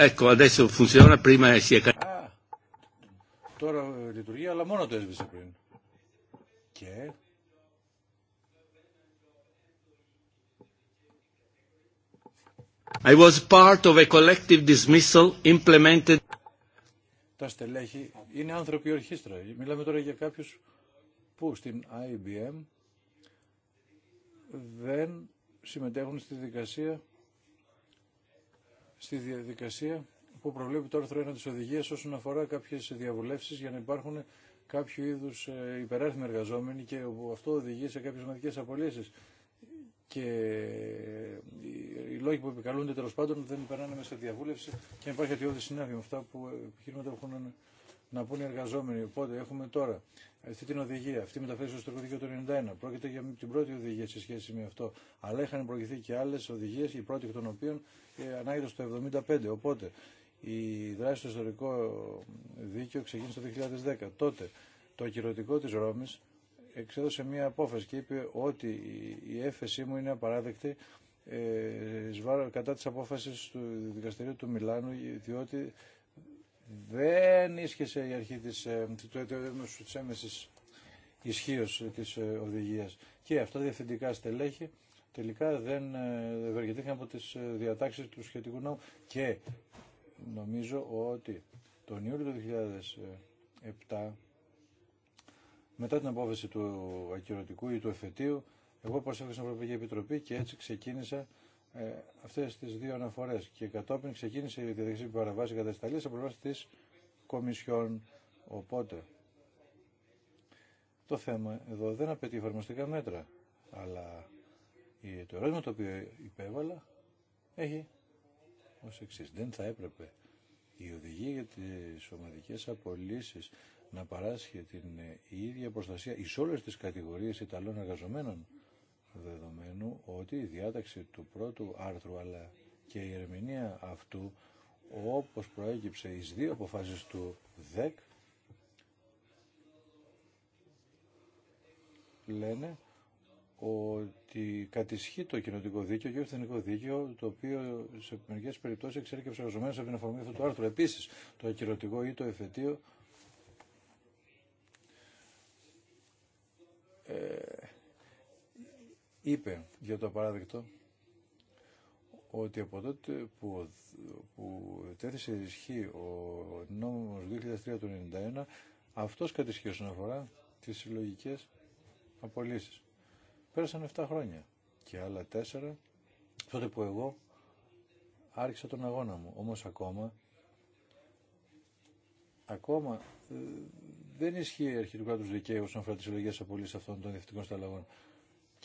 Α, τώρα λειτουργεί, αλλά μόνο το έσβησε πριν. Και... Τα στελέχη είναι άνθρωποι ορχήστρα. Μιλάμε τώρα για κάποιους που στην IBM δεν συμμετέχουν στη δικασία στη διαδικασία που προβλέπει το άρθρο 1 της οδηγίας όσον αφορά κάποιες διαβουλεύσεις για να υπάρχουν κάποιο είδους ε, υπεράριθμοι εργαζόμενοι και αυτό οδηγεί σε κάποιες ομαδικές απολύσεις και οι λόγοι που επικαλούνται τέλο πάντων δεν περνάνε μέσα σε διαβούλευση και υπάρχει ατιώδη συνάφεια με αυτά που ε, επιχειρήματα έχουν να πούνε οι εργαζόμενοι. Οπότε έχουμε τώρα αυτή την οδηγία. Αυτή μεταφέρει στο δίκαιο του 1991. Πρόκειται για την πρώτη οδηγία σε σχέση με αυτό. Αλλά είχαν προηγηθεί και άλλε οδηγίε, η πρώτη εκ των οποίων ε, ανάγεται στο 75. Οπότε η δράση στο ιστορικό δίκαιο ξεκίνησε το 2010. Τότε το ακυρωτικό τη Ρώμη εξέδωσε μία απόφαση και είπε ότι η έφεσή μου είναι απαράδεκτη ε, κατά της απόφασης του δικαστηρίου του Μιλάνου διότι δεν ίσχυσε η αρχή της, ε, της έμεσης ισχύω της ε, οδηγίας. Και αυτά τα διευθυντικά στελέχη τελικά δεν ευεργετήθηκαν από τις ε, διατάξεις του σχετικού νόμου και νομίζω ότι τον Ιούλιο του 2007 μετά την απόφαση του ακυρωτικού ή του εφετείου εγώ προσέφερα στην Ευρωπαϊκή Επιτροπή και έτσι ξεκίνησα ε, αυτές τις δύο αναφορές και κατόπιν ξεκίνησε η διαδικασία παραβάση κατασταλής από προβάση της Κομισιόν. Οπότε, το θέμα εδώ δεν απαιτεί εφαρμοστικά μέτρα, αλλά το ερώτημα το οποίο υπέβαλα έχει ως εξή. Δεν θα έπρεπε η οδηγία για τις ομαδικές απολύσεις να παράσχει την ε, ίδια προστασία εις όλες τις κατηγορίες Ιταλών εργαζομένων δεδομένου ότι η διάταξη του πρώτου άρθρου αλλά και η ερμηνεία αυτού όπως προέκυψε εις δύο αποφάσεις του ΔΕΚ λένε ότι κατησχεί το κοινοτικό δίκαιο και το εθνικό δίκαιο, το οποίο σε μερικέ περιπτώσει εξέρχεται από από την αφορμή αυτού του άρθρου. Επίση, το ακυρωτικό ή το εφετείο είπε για το παράδειγμα ότι από τότε που, που τέθησε ισχύ ο νόμος 2003 του 1991 αυτός κατησχύει όσον αφορά τις συλλογικέ απολύσεις. Πέρασαν 7 χρόνια και άλλα 4 τότε που εγώ άρχισα τον αγώνα μου. Όμως ακόμα ακόμα ε, δεν ισχύει η αρχή του κράτους δικαίου όσον αφορά τις συλλογικές απολύσεις αυτών των διευθυντικών σταλαγών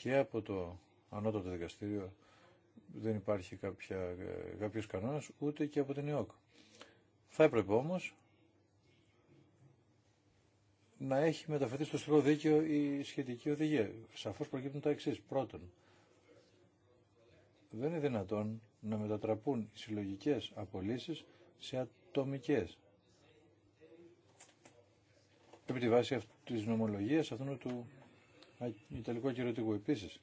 και από το ανώτατο δικαστήριο δεν υπάρχει κάποια, ε, κάποιος κανόνας ούτε και από την ΙΟΚ. Θα έπρεπε όμως να έχει μεταφερθεί στο στρατό δίκαιο η σχετική οδηγία. Σαφώς προκύπτουν τα εξής. Πρώτον, δεν είναι δυνατόν να μετατραπούν οι συλλογικές απολύσεις σε ατομικές. Επί τη βάση της νομολογίας αυτού του Ιταλικό και επίση. επίσης.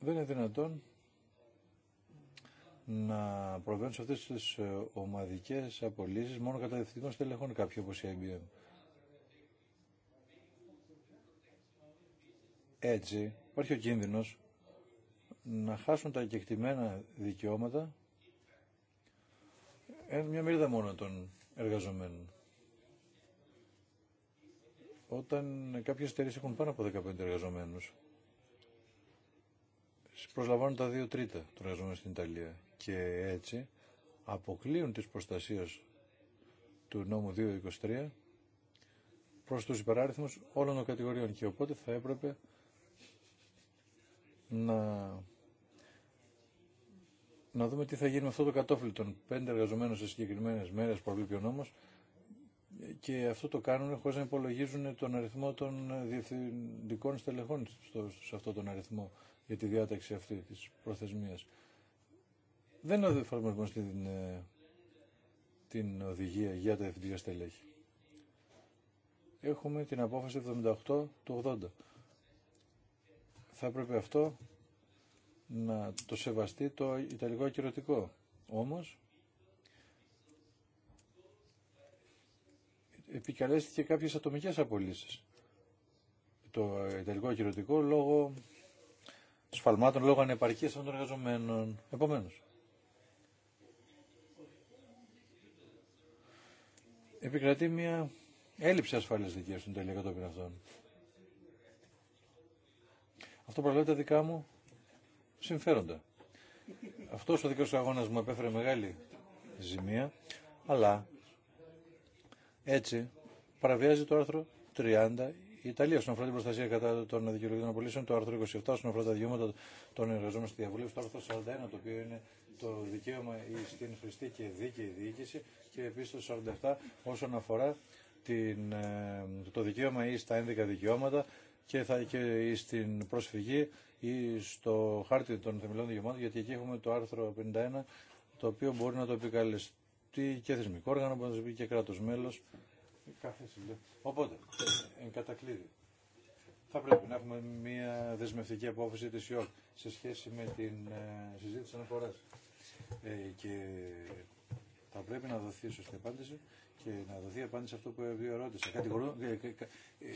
Δεν είναι δυνατόν να προβαίνουν σε αυτές τις ε, ομαδικές απολύσεις μόνο κατά διευθυντικών στελεχών κάποιοι όπως η IBM. Έτσι υπάρχει ο κίνδυνος να χάσουν τα κεκτημένα δικαιώματα μια μερίδα μόνο των εργαζομένων όταν κάποιες εταιρείε έχουν πάνω από 15 εργαζομένους προσλαμβάνουν τα δύο τρίτα των εργαζομένων στην Ιταλία και έτσι αποκλείουν τις προστασίες του νόμου 223 προς τους υπεράριθμους όλων των κατηγοριών και οπότε θα έπρεπε να, να δούμε τι θα γίνει με αυτό το κατόφλι των πέντε εργαζομένων σε συγκεκριμένες μέρες που ο νόμος και αυτό το κάνουν χωρίς να υπολογίζουν τον αριθμό των διευθυντικών στελεχών στο, σε αυτόν τον αριθμό για τη διάταξη αυτή της προθεσμίας. Δεν είναι εφαρμοσμό την, ε, την οδηγία για τα διευθυντικά στελέχη. Έχουμε την απόφαση 78 του 80. Θα έπρεπε αυτό να το σεβαστεί το Ιταλικό ακυρωτικό. Όμως, επικαλέστηκε κάποιες ατομικές απολύσεις. Το εταιρικό κυρωτικό λόγω σφαλμάτων, λόγω ανεπαρκής των εργαζομένων. Επομένως. Επικρατεί μια έλλειψη ασφάλειας δικαίας των τελικά των αυτών. Αυτό προβλέπει τα δικά μου συμφέροντα. Αυτός ο δικός αγώνας μου επέφερε μεγάλη ζημία, αλλά έτσι, παραβιάζει το άρθρο 30 η Ιταλία στον αφορά την προστασία κατά των δικαιολογικών απολύσεων, το άρθρο 27 στον αφορά τα δικαιώματα των εργαζόμενων στη διαβουλή, το άρθρο 41 το οποίο είναι το δικαίωμα στην χρηστή και δίκαιη διοίκηση και επίση το 47 όσον αφορά την, ε, το δικαίωμα ή στα ένδικα δικαιώματα και, θα, και στην προσφυγή ή στο χάρτη των θεμελιών δικαιωμάτων, γιατί εκεί έχουμε το άρθρο 51 το οποίο μπορεί να το επικαλεστεί και θεσμικό όργανο, μπορεί να σου πει και κράτο μέλο Κάθε Οπότε, εν κατακλείδη, θα πρέπει να έχουμε μια δεσμευτική απόφαση τη ΙΟΚ σε σχέση με την ε, συζήτηση αναφοράς. Ε, και θα πρέπει να δοθεί σωστή απάντηση και να δοθεί απάντηση αυτό που ερώτησα. Ε, κατηγορούν, ε, ε,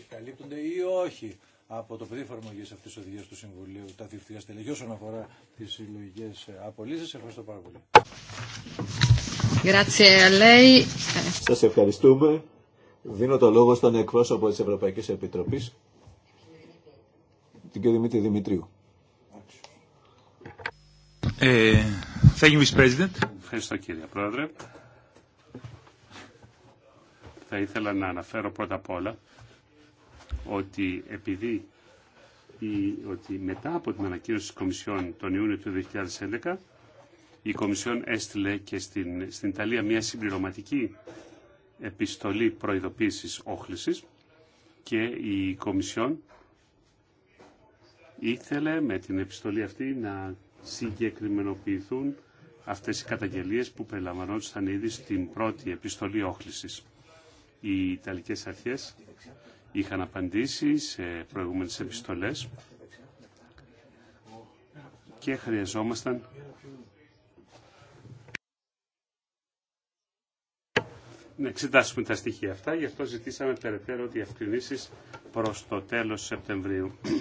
καλύπτονται ή όχι από το πεδίο εφαρμογή αυτή τη οδηγία του Συμβουλίου τα διευθυντικά στελέχη όσον αφορά τι συλλογικέ απολύσει. Ευχαριστώ πάρα πολύ. Σας ευχαριστούμε. Δίνω το λόγο στον εκπρόσωπο της Ευρωπαϊκής Επιτροπής, την κ. Δημήτρη Δημητρίου. Ε, Ευχαριστώ κύριε Πρόεδρε. Θα ήθελα να αναφέρω πρώτα απ' όλα ότι επειδή ότι μετά από την ανακοίνωση της Κομισιόν τον Ιούνιο του 2011 η Κομισιόν έστειλε και στην, στην Ιταλία μια συμπληρωματική επιστολή προειδοποίησης όχλησης και η Κομισιόν ήθελε με την επιστολή αυτή να συγκεκριμενοποιηθούν αυτές οι καταγγελίες που περιλαμβανόντουσαν ήδη στην πρώτη επιστολή όχλησης. Οι Ιταλικές αρχές είχαν απαντήσει σε προηγούμενες επιστολές και χρειαζόμασταν να εξετάσουμε τα στοιχεία αυτά, γι' αυτό ζητήσαμε περαιτέρω διευκρινήσει προς το τέλος Σεπτεμβρίου, (clears throat)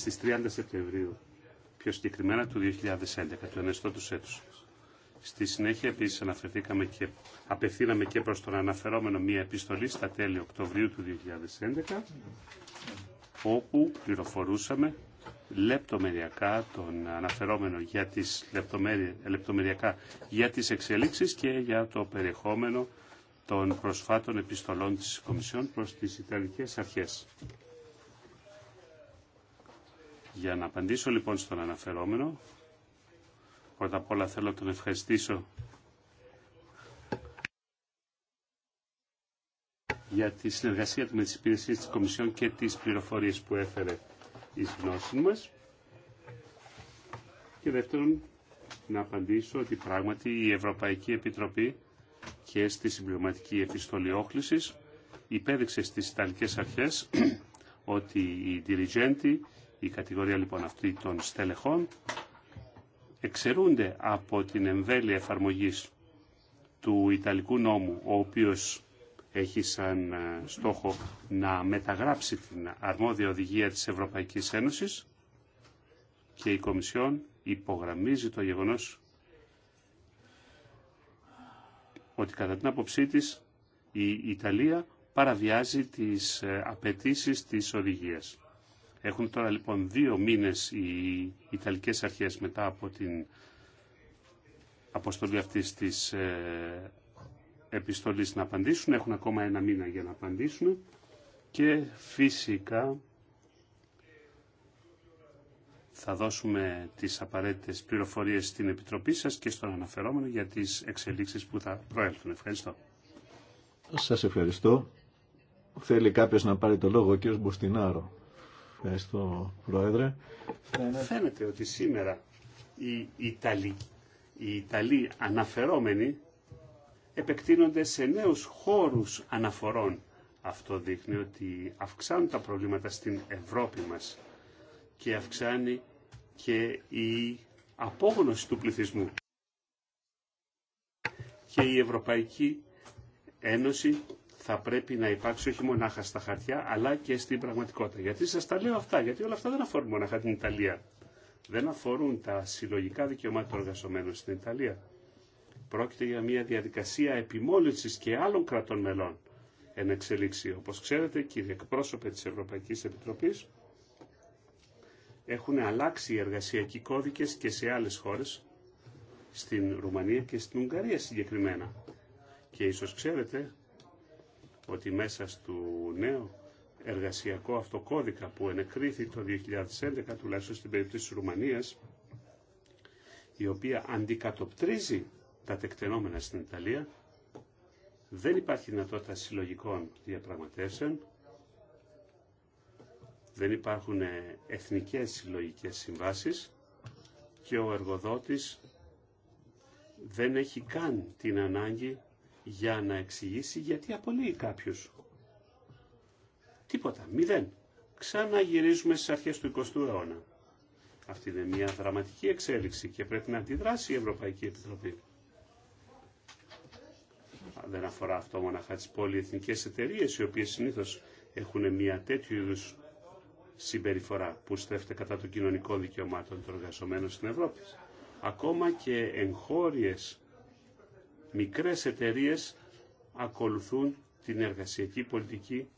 στις 30 Σεπτεμβρίου, πιο συγκεκριμένα του 2011, του ενεστώτους έτους. Στη συνέχεια επίσης αναφερθήκαμε και απευθύναμε και προς τον αναφερόμενο μία επιστολή στα τέλη Οκτωβρίου του 2011, όπου πληροφορούσαμε λεπτομεριακά τον αναφερόμενο για τις λεπτομεριακά για τις εξελίξεις και για το περιεχόμενο των προσφάτων επιστολών της Κομισιόν προς τις Ιταλικές Αρχές. Για να απαντήσω λοιπόν στον αναφερόμενο, πρώτα απ' όλα θέλω να τον ευχαριστήσω για τη συνεργασία του με τις υπηρεσίες της Κομισιόν και τις πληροφορίες που έφερε εις γνώση μας. Και δεύτερον, να απαντήσω ότι πράγματι η Ευρωπαϊκή Επιτροπή και στη συμπληρωματική επιστολή όχλησης υπέδειξε στις Ιταλικές Αρχές (clears throat) ότι οι dirigenti, η κατηγορία λοιπόν αυτή των στελεχών, εξαιρούνται από την εμβέλεια εφαρμογής του Ιταλικού νόμου, ο οποίος έχει σαν ε, στόχο να μεταγράψει την αρμόδια οδηγία της Ευρωπαϊκής Ένωσης και η Κομισιόν υπογραμμίζει το γεγονός ότι κατά την άποψή της η Ιταλία παραβιάζει τις ε, απαιτήσεις της οδηγίας. Έχουν τώρα λοιπόν δύο μήνες οι Ιταλικές αρχές μετά από την αποστολή αυτής της ε, επιστολής να απαντήσουν. Έχουν ακόμα ένα μήνα για να απαντήσουν. Και φυσικά θα δώσουμε τις απαραίτητες πληροφορίες στην Επιτροπή σας και στον αναφερόμενο για τις εξελίξεις που θα προέλθουν. Ευχαριστώ. Σας ευχαριστώ. Θέλει κάποιος να πάρει το λόγο, ο κ. Μποστινάρο. Ευχαριστώ, Πρόεδρε. Φαίνεται ότι σήμερα οι Ιταλοί, οι Ιταλοί αναφερόμενοι επεκτείνονται σε νέους χώρους αναφορών. Αυτό δείχνει ότι αυξάνουν τα προβλήματα στην Ευρώπη μας και αυξάνει και η απόγνωση του πληθυσμού. Και η Ευρωπαϊκή Ένωση θα πρέπει να υπάρξει όχι μονάχα στα χαρτιά, αλλά και στην πραγματικότητα. Γιατί σας τα λέω αυτά, γιατί όλα αυτά δεν αφορούν μονάχα την Ιταλία. Δεν αφορούν τα συλλογικά δικαιωμάτια των εργαζομένων στην Ιταλία. Πρόκειται για μια διαδικασία επιμόλυνσης και άλλων κρατών μελών εν εξελίξει. Όπως ξέρετε, κύριε εκπρόσωπε της Ευρωπαϊκής Επιτροπής, έχουν αλλάξει οι εργασιακοί κώδικες και σε άλλες χώρες, στην Ρουμανία και στην Ουγγαρία συγκεκριμένα. Και ίσως ξέρετε ότι μέσα στο νέο εργασιακό αυτοκώδικα που ενεκρίθη το 2011, τουλάχιστον στην περίπτωση της Ρουμανίας, η οποία αντικατοπτρίζει τα τεκτενόμενα στην Ιταλία. Δεν υπάρχει δυνατότητα συλλογικών διαπραγματεύσεων. Δεν υπάρχουν ε, εθνικές συλλογικές συμβάσεις και ο εργοδότης δεν έχει καν την ανάγκη για να εξηγήσει γιατί απολύει κάποιους. Τίποτα, μηδέν. Ξαναγυρίζουμε στις αρχές του 20ου αιώνα. Αυτή είναι μια δραματική εξέλιξη και πρέπει να αντιδράσει η Ευρωπαϊκή Επιτροπή δεν αφορά αυτό μοναχά τις πολυεθνικές εταιρείες, οι οποίες συνήθως έχουν μια τέτοιου είδους συμπεριφορά που στρέφεται κατά των κοινωνικών δικαιωμάτων των εργαζομένων στην Ευρώπη. Ακόμα και εγχώριες μικρές εταιρείες ακολουθούν την εργασιακή πολιτική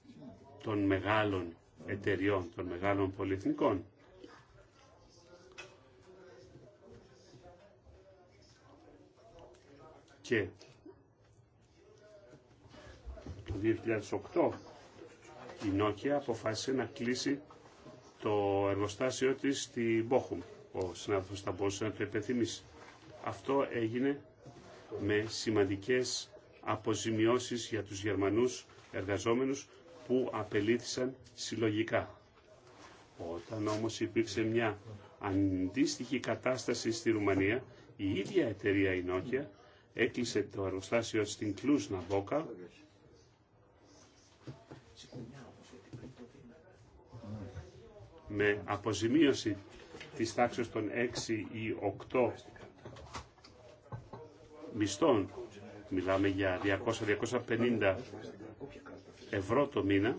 των μεγάλων εταιριών, των μεγάλων πολυεθνικών. Και το 2008 η Νόκια αποφάσισε να κλείσει το εργοστάσιο της στη Μπόχουμ. Ο συνάδελφος θα μπορούσε να το επιθυμήσει. Αυτό έγινε με σημαντικές αποζημιώσεις για τους Γερμανούς εργαζόμενους που απελήθησαν συλλογικά. Όταν όμως υπήρξε μια αντίστοιχη κατάσταση στη Ρουμανία, η ίδια εταιρεία η Νόκια έκλεισε το εργοστάσιο στην Κλούσνα με αποζημίωση της τάξης των 6 ή 8 μισθών, μιλάμε για 200-250 ευρώ το μήνα,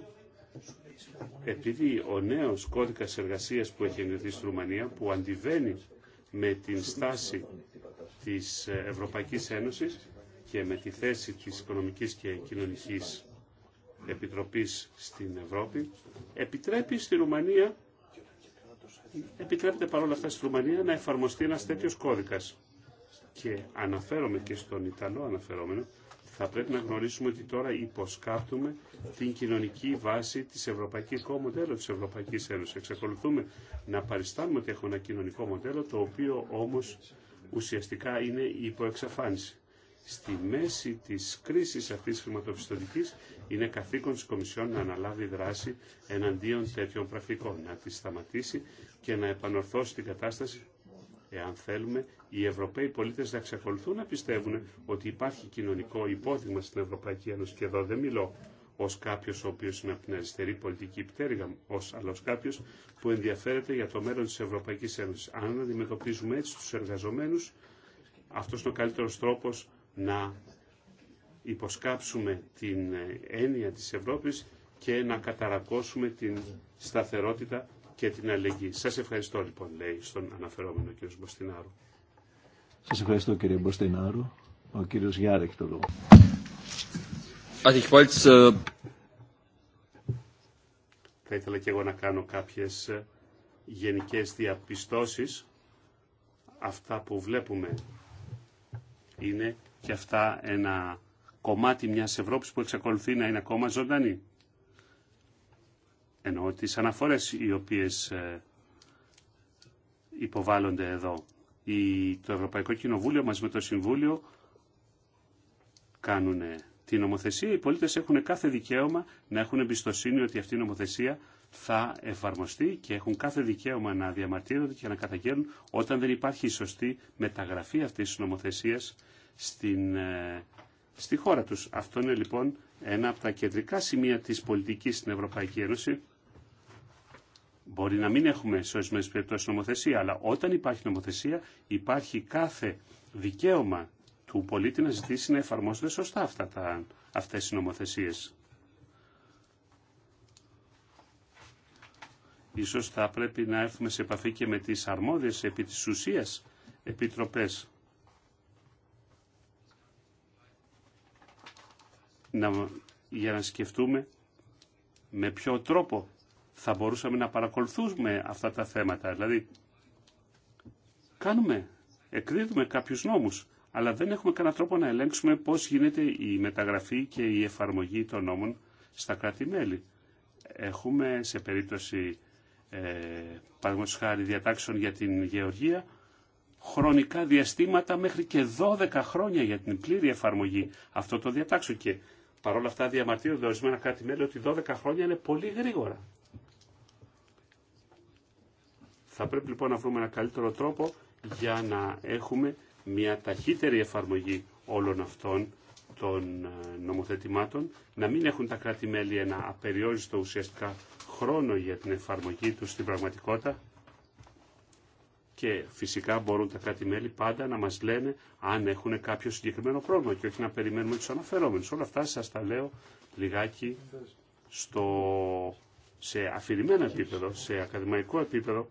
επειδή ο νέος κώδικας εργασίας που έχει εγκριθεί στη Ρουμανία, που αντιβαίνει με την στάση της Ευρωπαϊκής Ένωσης και με τη θέση της Οικονομικής και Κοινωνικής Επιτροπής στην Ευρώπη, επιτρέπει στη Ρουμανία επιτρέπεται παρόλα αυτά στη Ρουμανία να εφαρμοστεί ένας τέτοιος κώδικας. Και αναφέρομαι και στον Ιταλό αναφερόμενο, θα πρέπει να γνωρίσουμε ότι τώρα υποσκάπτουμε την κοινωνική βάση της Ευρωπαϊκή μοντέλο τη Ευρωπαϊκής Ένωσης. Εξακολουθούμε να παριστάνουμε ότι έχουμε ένα κοινωνικό μοντέλο, το οποίο όμως ουσιαστικά είναι υποεξαφάνιση. Στη μέση της κρίσης αυτής της χρηματοπιστωτικής είναι καθήκον της Κομισιόν να αναλάβει δράση εναντίον τέτοιων πρακτικών, να τη σταματήσει και να επανορθώσει την κατάσταση εάν θέλουμε οι Ευρωπαίοι πολίτες να εξακολουθούν να πιστεύουν ότι υπάρχει κοινωνικό υπόδειγμα στην Ευρωπαϊκή Ένωση και εδώ δεν μιλώ ως κάποιος ο οποίος είναι από την αριστερή πολιτική πτέρυγα, ως, αλλά ως κάποιος που ενδιαφέρεται για το μέλλον της Ευρωπαϊκής Ένωσης. Αν αντιμετωπίζουμε έτσι τους εργαζομένους, αυτό είναι ο καλύτερος τρόπος να υποσκάψουμε την ε, έννοια της Ευρώπης και να καταρακώσουμε την σταθερότητα και την αλληλεγγύη. Σας ευχαριστώ λοιπόν, λέει στον αναφερόμενο κύριο Μποστινάρου. Σας ευχαριστώ κύριε Μποστινάρου. Ο κύριος Γιάρεκ έχει το λόγο. Äh, Θα ήθελα και εγώ να κάνω κάποιες ε, γενικές διαπιστώσεις. Αυτά που βλέπουμε είναι και αυτά ένα κομμάτι μιας Ευρώπης που εξακολουθεί να είναι ακόμα ζωντανή ενώ τις αναφορές οι οποίες ε, υποβάλλονται εδώ. Η, το Ευρωπαϊκό Κοινοβούλιο μαζί με το Συμβούλιο κάνουν την νομοθεσία. Οι πολίτες έχουν κάθε δικαίωμα να έχουν εμπιστοσύνη ότι αυτή η νομοθεσία θα εφαρμοστεί και έχουν κάθε δικαίωμα να διαμαρτύρονται και να καταγγέλνουν όταν δεν υπάρχει η σωστή μεταγραφή αυτής της νομοθεσίας στην, ε, στη χώρα τους. Αυτό είναι λοιπόν ένα από τα κεντρικά σημεία της πολιτικής στην Ευρωπαϊκή Ένωση Μπορεί να μην έχουμε σε ορισμένε περιπτώσει νομοθεσία, αλλά όταν υπάρχει νομοθεσία υπάρχει κάθε δικαίωμα του πολίτη να ζητήσει να εφαρμόσουν σωστά αυτά τα, αυτές οι νομοθεσίες. Ίσως θα πρέπει να έρθουμε σε επαφή και με τις αρμόδιες επί της ουσίας επιτροπές. Να, για να σκεφτούμε με ποιο τρόπο θα μπορούσαμε να παρακολουθούμε αυτά τα θέματα. Δηλαδή, κάνουμε, εκδίδουμε κάποιους νόμους, αλλά δεν έχουμε κανένα τρόπο να ελέγξουμε πώς γίνεται η μεταγραφή και η εφαρμογή των νόμων στα κράτη-μέλη. Έχουμε σε περίπτωση, ε, παραδείγματος χάρη, διατάξεων για την γεωργία, χρονικά διαστήματα μέχρι και 12 χρόνια για την πλήρη εφαρμογή αυτό το διατάξεων και παρόλα αυτά διαμαρτύρονται ορισμένα κράτη-μέλη ότι 12 χρόνια είναι πολύ γρήγορα. Θα πρέπει λοιπόν να βρούμε ένα καλύτερο τρόπο για να έχουμε μια ταχύτερη εφαρμογή όλων αυτών των ε, νομοθετημάτων, να μην έχουν τα κράτη-μέλη ένα απεριόριστο ουσιαστικά χρόνο για την εφαρμογή του στην πραγματικότητα και φυσικά μπορούν τα κράτη-μέλη πάντα να μας λένε αν έχουν κάποιο συγκεκριμένο χρόνο και όχι να περιμένουμε τους αναφερόμενους. Όλα αυτά σας τα λέω λιγάκι στο, σε αφηρημένο επίπεδο, σε ακαδημαϊκό επίπεδο,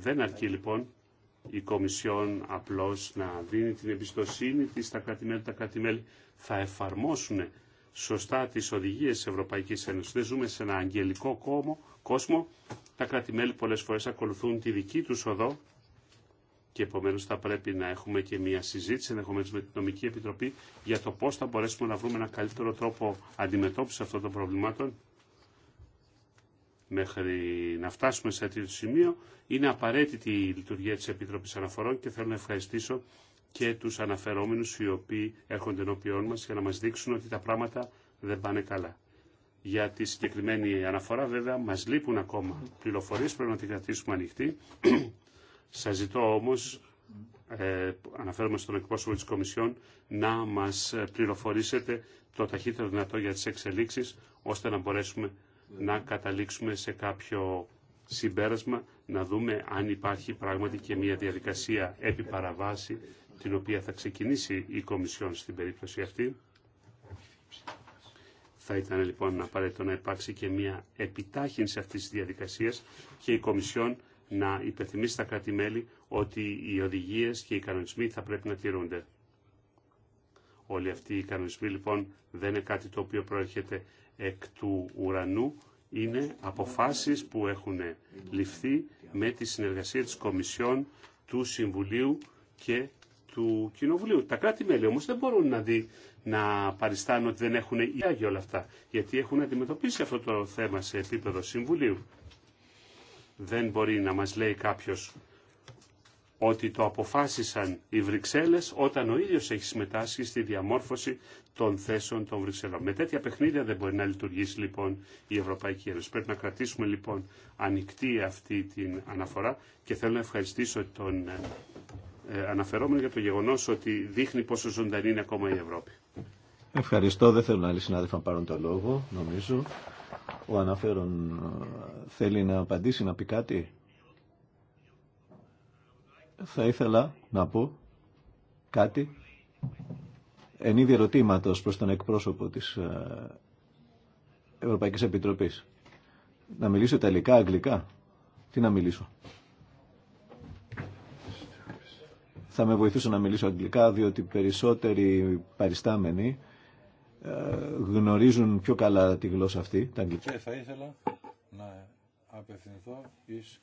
δεν αρκεί λοιπόν η Κομισιόν απλώς να δίνει την εμπιστοσύνη της στα κρατημέλη. Τα κρατημέλη θα εφαρμόσουν σωστά τις οδηγίες της Ευρωπαϊκής Ένωσης. Δεν ζούμε σε ένα αγγελικό κόσμο. Τα κρατημέλη πολλές φορές ακολουθούν τη δική τους οδό και επομένως θα πρέπει να έχουμε και μια συζήτηση ενδεχομένως με την Νομική Επιτροπή για το πώς θα μπορέσουμε να βρούμε ένα καλύτερο τρόπο αντιμετώπισης αυτών των προβλημάτων μέχρι να φτάσουμε σε το σημείο είναι απαραίτητη η λειτουργία της Επιτροπής Αναφορών και θέλω να ευχαριστήσω και τους αναφερόμενους οι οποίοι έρχονται ενώπιόν μας για να μας δείξουν ότι τα πράγματα δεν πάνε καλά. Για τη συγκεκριμένη αναφορά βέβαια μας λείπουν ακόμα πληροφορίες, πρέπει να την κρατήσουμε ανοιχτή. (clears throat) Σας ζητώ όμως, ε, αναφέρομαι στον εκπρόσωπο της Κομισιόν, να μας πληροφορήσετε το ταχύτερο δυνατό για τις εξελίξεις, ώστε να μπορέσουμε να καταλήξουμε σε κάποιο συμπέρασμα, να δούμε αν υπάρχει πράγματι και μια διαδικασία επί παραβάση, την οποία θα ξεκινήσει η Κομισιόν στην περίπτωση αυτή. Θα ήταν λοιπόν απαραίτητο να υπάρξει και μια επιτάχυνση αυτής της διαδικασίας και η Κομισιόν να υπενθυμίσει στα κράτη-μέλη ότι οι οδηγίες και οι κανονισμοί θα πρέπει να τηρούνται. Όλοι αυτοί οι κανονισμοί λοιπόν δεν είναι κάτι το οποίο προέρχεται εκ του ουρανού είναι αποφάσεις που έχουν ληφθεί με τη συνεργασία της Κομισιόν, του Συμβουλίου και του Κοινοβουλίου. Τα κράτη-μέλη όμως δεν μπορούν να, δει, να παριστάνουν ότι δεν έχουν ιδέα όλα αυτά, γιατί έχουν αντιμετωπίσει αυτό το θέμα σε επίπεδο Συμβουλίου. Δεν μπορεί να μας λέει κάποιος ότι το αποφάσισαν οι Βρυξέλλες όταν ο ίδιος έχει συμμετάσχει στη διαμόρφωση των θέσεων των Βρυξελών. Με τέτοια παιχνίδια δεν μπορεί να λειτουργήσει λοιπόν η Ευρωπαϊκή Ένωση. Πρέπει να κρατήσουμε λοιπόν ανοιχτή αυτή την αναφορά και θέλω να ευχαριστήσω τον ε, αναφερόμενο για το γεγονός ότι δείχνει πόσο ζωντανή είναι ακόμα η Ευρώπη. Ευχαριστώ. Δεν θέλουν άλλοι συνάδελφοι να πάρουν το λόγο, νομίζω. Ο αναφέρον ε, θέλει να απαντήσει, να πει κάτι θα ήθελα να πω κάτι εν είδη ερωτήματος προς τον εκπρόσωπο της ε, Ευρωπαϊκής Επιτροπής. Να μιλήσω ιταλικά, αγγλικά. Τι να μιλήσω. Θα με βοηθήσω να μιλήσω αγγλικά, διότι περισσότεροι παριστάμενοι ε, γνωρίζουν πιο καλά τη γλώσσα αυτή, τα αγγλικά. Ε, θα ήθελα να απευθυνθώ εις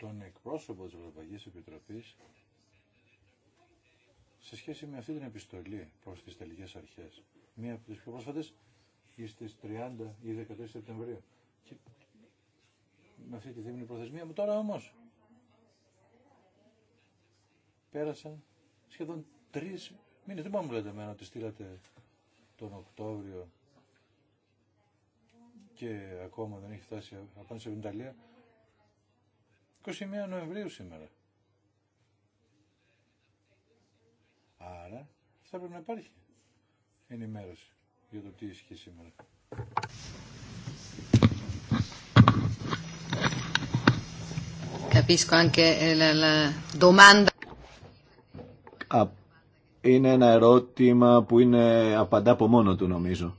τον εκπρόσωπο της Ευρωπαϊκής Επιτροπής σε σχέση με αυτή την επιστολή προς τις τελικές αρχές. Μία από τις πιο πρόσφατες ή στις 30 ή 14 Σεπτεμβρίου. Και με αυτή τη δίμηνη προθεσμία μου τώρα όμως πέρασαν σχεδόν τρεις μήνες. Δεν πάμε μου λέτε εμένα ότι στείλατε τον Οκτώβριο και ακόμα δεν έχει φτάσει απάντηση από την Ιταλία. 21 Νοεμβρίου σήμερα. Άρα θα πρέπει να υπάρχει ενημέρωση για το τι ισχύει σήμερα. Eh, είναι ένα ερώτημα που είναι απαντά από μόνο του νομίζω.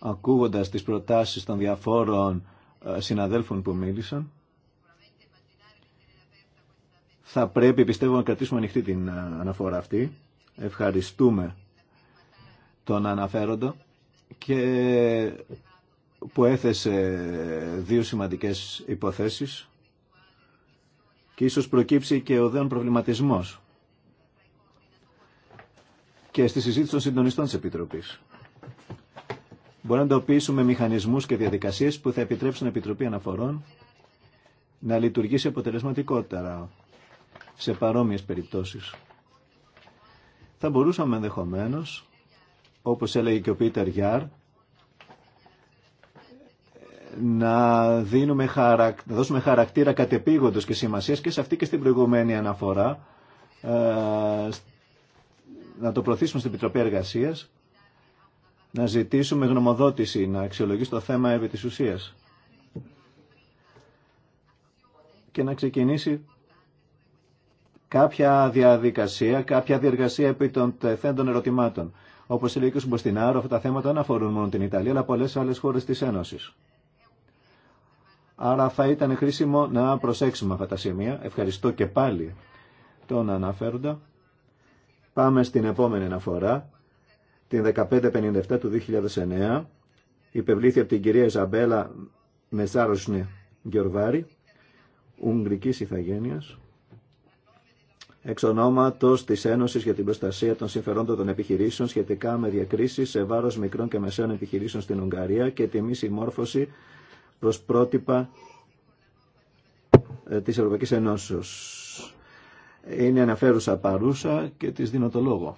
Ακούγοντας τις προτάσεις των διαφόρων ε, συναδέλφων που μίλησαν, θα πρέπει, πιστεύω, να κρατήσουμε ανοιχτή την ε, αναφορά αυτή. Ευχαριστούμε τον αναφέροντο και που έθεσε δύο σημαντικές υποθέσεις και ίσως προκύψει και ο δέον προβληματισμός και στη συζήτηση των συντονιστών της Επιτροπής. Μπορεί να εντοπίσουμε μηχανισμούς και διαδικασίες που θα επιτρέψουν Επιτροπή Αναφορών να λειτουργήσει αποτελεσματικότερα σε παρόμοιες περιπτώσεις. Θα μπορούσαμε ενδεχομένω, όπως έλεγε και ο Πίτερ Γιάρ, να, δίνουμε χαρακ... να δώσουμε χαρακτήρα κατεπήγοντος και σημασίας και σε αυτή και στην προηγουμένη αναφορά, ε, να το προωθήσουμε στην Επιτροπή Εργασίας, να ζητήσουμε γνωμοδότηση, να αξιολογήσει το θέμα επί της ουσίας και να ξεκινήσει κάποια διαδικασία, κάποια διεργασία επί των τεθέντων ερωτημάτων. Όπω λέει και Μποστινάρο, αυτά τα θέματα δεν αφορούν μόνο την Ιταλία, αλλά πολλέ άλλε χώρε τη Ένωση. Άρα θα ήταν χρήσιμο να προσέξουμε αυτά τα σημεία. Ευχαριστώ και πάλι τον αναφέροντα. Πάμε στην επόμενη αναφορά, την 1557 του 2009. Υπευλήθη από την κυρία Ζαμπέλα Μεζάροσνη Γεωργάρη, Ουγγρικής Ιθαγένειας εξ ονόματος της Ένωσης για την Προστασία των Συμφερόντων των Επιχειρήσεων σχετικά με διακρίσεις σε βάρος μικρών και μεσαίων επιχειρήσεων στην Ουγγαρία και τη συμμόρφωση προς πρότυπα ε, της Ευρωπαϊκής Ενώσεως. Είναι αναφέρουσα παρούσα και τη δίνω το λόγο.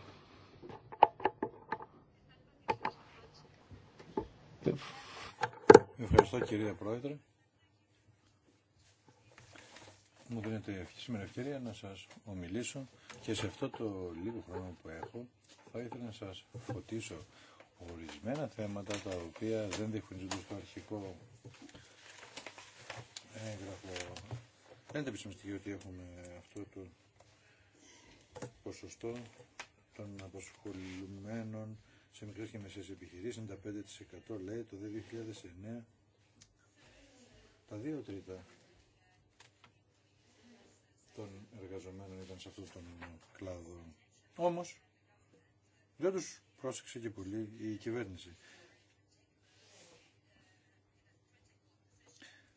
Ευχαριστώ κύριε Πρόεδρε μου δίνετε σήμερα ευκαιρία να σας ομιλήσω και σε αυτό το λίγο χρόνο που έχω θα ήθελα να σας φωτίσω ορισμένα θέματα τα οποία δεν διευκρινίζονται στο αρχικό έγγραφο. Δεν είναι ότι έχουμε αυτό το ποσοστό των απασχολημένων σε μικρές και μεσαίες επιχειρήσεις, 95% λέει το 2009, τα δύο τρίτα των εργαζομένων ήταν σε αυτόν τον κλάδο. Όμω, δεν του πρόσεξε και πολύ η κυβέρνηση.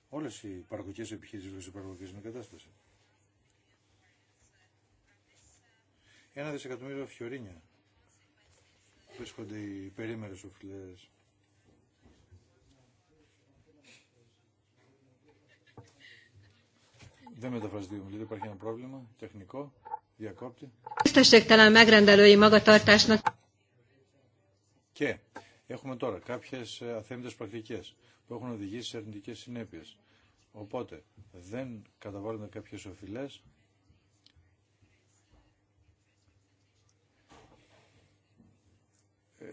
Όλε οι παραγωγικέ επιχειρήσει βρίσκονται σε παραγωγική κατάσταση. Ένα δισεκατομμύριο φιωρίνια βρίσκονται οι περίμερε οφειλέ. Δεν ο μιλητή, δηλαδή υπάρχει ένα πρόβλημα τεχνικό, διακόπτη. Και έχουμε τώρα κάποιες ε, αθέμητες πρακτικές που έχουν οδηγήσει σε αρνητικές συνέπειες. Οπότε δεν καταβάλλονται κάποιες οφειλές ε,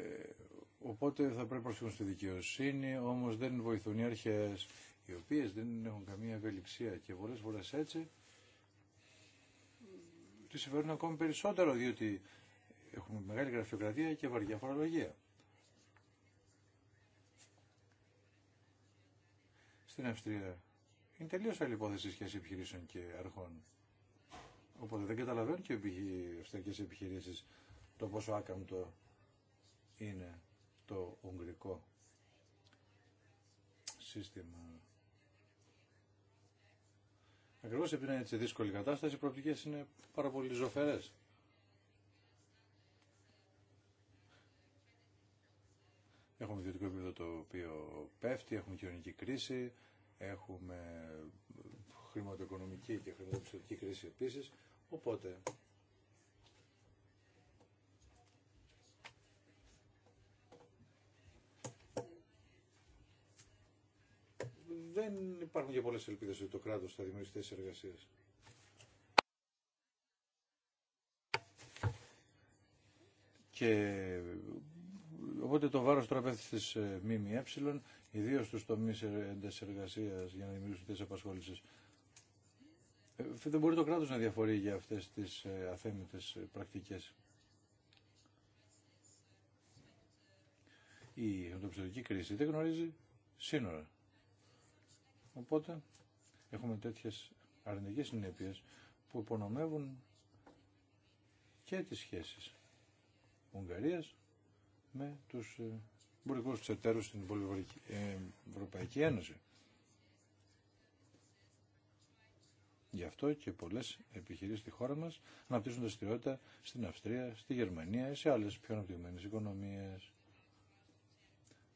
Οπότε θα πρέπει να προσφύγουν στη δικαιοσύνη, όμως δεν βοηθούν οι αρχές οι οποίες δεν έχουν καμία ευελιξία και πολλές φορές έτσι τι συμφέρουν ακόμη περισσότερο διότι έχουμε μεγάλη γραφειοκρατία και βαριά φορολογία. Στην Αυστρία είναι τελείως άλλη υπόθεση σχέση επιχειρήσεων και αρχών. Οπότε δεν καταλαβαίνουν και οι αυστριακές επιχειρήσεις το πόσο άκαμπτο είναι το ουγγρικό σύστημα. Ακριβώ επειδή είναι έτσι δύσκολη κατάσταση, οι προοπτικέ είναι πάρα πολύ ζωφερέ. Έχουμε ιδιωτικό επίπεδο το οποίο πέφτει, έχουμε κοινωνική κρίση, έχουμε χρηματοοικονομική και χρηματοπιστωτική κρίση επίσης. Οπότε δεν υπάρχουν και πολλές ελπίδες ότι το κράτος θα δημιουργήσει θέσεις εργασίας. Και οπότε το βάρος τώρα πέφτει στις ε, ΜΜΕ, ιδίως στους τομείς ε, εντες εργασίας για να δημιουργήσουν θέσεις απασχόλησης. Ε, δεν μπορεί το κράτος να διαφορεί για αυτές τις αθέμητες πρακτικές. Η χρηματοπιστωτική κρίση δεν γνωρίζει σύνορα. Οπότε έχουμε τέτοιες αρνητικές συνέπειες που υπονομεύουν και τις σχέσεις Ουγγαρίας με τους ε, μπουργούς τους εταίρους στην ε, Ευρωπαϊκή Ένωση. Γι' αυτό και πολλές επιχειρήσεις στη χώρα μας αναπτύσσουν δραστηριότητα στην Αυστρία, στη Γερμανία, ή σε άλλες πιο αναπτυγμένες οικονομίες.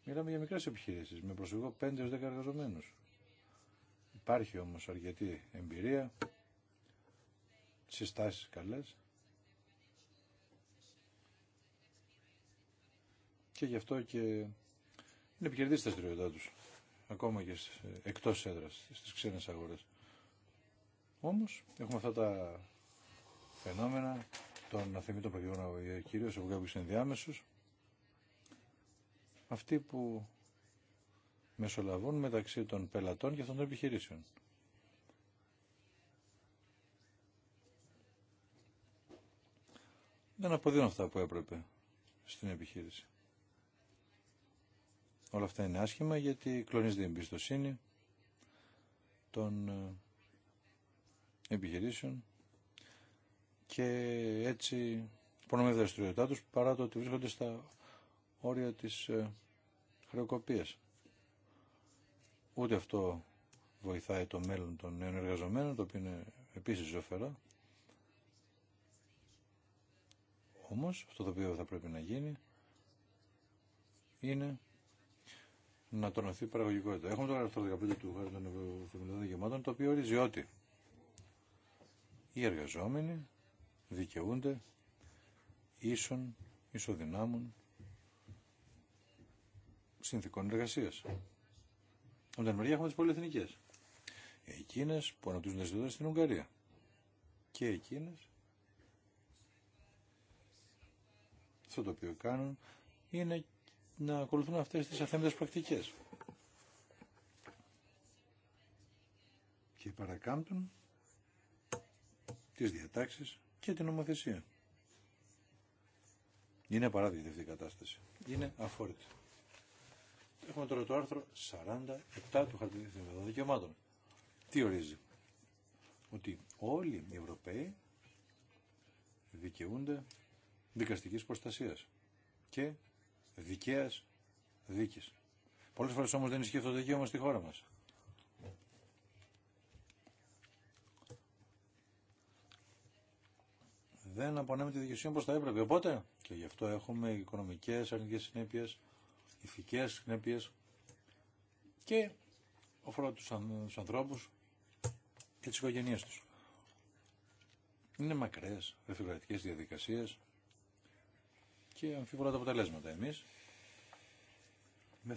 Μιλάμε για μικρές επιχειρήσεις με προσωπικό 5 5-10 εργαζομένους. Υπάρχει όμως αρκετή εμπειρία, συστάσεις καλές και γι' αυτό και είναι επικερδής τα στριωτά τους, ακόμα και εκτός έδρας, στις ξένες αγορές. Όμως έχουμε αυτά τα φαινόμενα των αθεμήτων παγιών κυρίως από κάποιους ενδιάμεσους, αυτοί που μεσολαβούν μεταξύ των πελατών και αυτών των επιχειρήσεων. Δεν αποδίνουν αυτά που έπρεπε στην επιχείρηση. Όλα αυτά είναι άσχημα γιατί κλονίζει την εμπιστοσύνη των ε, επιχειρήσεων και έτσι υπονομεύει δραστηριότητά τους παρά το ότι βρίσκονται στα όρια της ε, χρεοκοπίας. Ούτε αυτό βοηθάει το μέλλον των νέων εργαζομένων, το οποίο είναι επίσης ζωφερό. Όμως, αυτό το οποίο θα πρέπει να γίνει είναι να τονωθεί η παραγωγικότητα. Έχουμε τώρα το 15 του Χάρτη των Ευρωπαϊκών Δικαιωμάτων, το οποίο ορίζει ότι οι εργαζόμενοι δικαιούνται ίσων, ισοδυνάμων συνθηκών εργασίας. Από την μεριά έχουμε τι πολυεθνικέ. Εκείνε που αναπτύσσουν δραστηριότητα στην Ουγγαρία. Και εκείνε. Αυτό το οποίο κάνουν είναι να ακολουθούν αυτέ τι αθέμητε πρακτικέ. Και παρακάμπτουν τι διατάξει και την νομοθεσία. Είναι παράδειγμα αυτή η κατάσταση. Είναι αφόρητη. Έχουμε τώρα το άρθρο 47 του Χαρτιδίου Θεμελιωδών Δικαιωμάτων. Τι ορίζει. Ότι όλοι οι Ευρωπαίοι δικαιούνται δικαστικής προστασίας και δικαίας δίκης. Πολλές φορές όμως δεν ισχύει αυτό το δικαίωμα στη χώρα μας. Δεν απονέμει τη δικαιοσύνη όπως θα έπρεπε. Οπότε και γι' αυτό έχουμε οικονομικές αρνητικές συνέπειες ηθικές συνέπειες και αφορά τους, αν, ανθρώπους και τις οικογένειές τους. Είναι μακρές εφηγουρατικές διαδικασίες και αμφιβολά τα αποτελέσματα. Εμείς με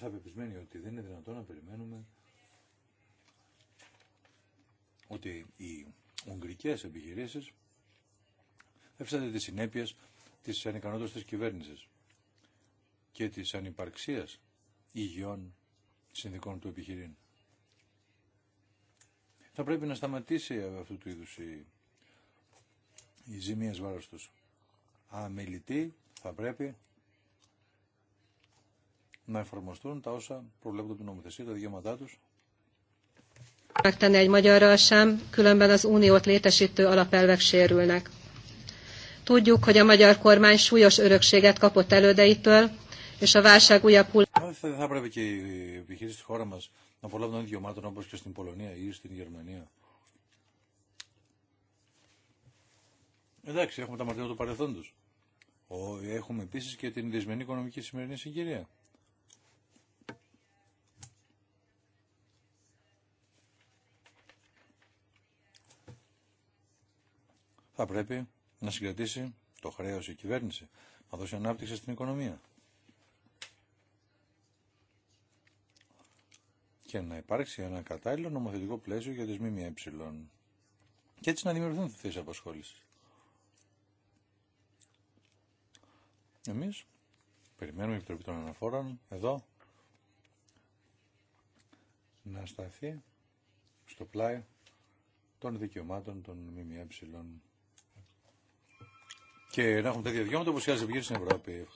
ότι δεν είναι δυνατόν να περιμένουμε ότι οι ουγγρικές επιχειρήσεις έφτασαν τις συνέπειες της ανικανότητας της κυβέρνησης και της ανυπαρξίας υγιών συνδικών του επιχειρήν. Θα πρέπει να σταματήσει αυτού του είδους η, η ζημία βάρος τους. Αμελητή θα πρέπει να εφαρμοστούν τα όσα προβλέπονται από την νομοθεσία, τα δικαιώματά τους. Megtenni egy magyarral sem, különben az uniót létesítő alapelvek sérülnek. Tudjuk, hogy a magyar kormány súlyos örökséget kapott elődeitől, és a válság újabb Θα, έπρεπε και οι επιχειρήσει τη χώρα μα να απολαύουν των μάτων όπω και στην Πολωνία ή στην Γερμανία. Εντάξει, έχουμε τα μαρτύρια του παρελθόντο. Έχουμε επίση και την δυσμενή οικονομική σημερινή συγκυρία. Θα πρέπει να συγκρατήσει το χρέο η κυβέρνηση, να δώσει ανάπτυξη στην οικονομία. και να υπάρξει ένα κατάλληλο νομοθετικό πλαίσιο για τις ΜΜΕ. Και έτσι να δημιουργηθούν θέσεις απασχόλησης. Εμείς περιμένουμε η Επιτροπή των Αναφόρων εδώ να σταθεί στο πλάι των δικαιωμάτων των ΜΜΕ και να έχουμε τέτοια δικαιώματα όπως χρειάζεται στην Ευρώπη.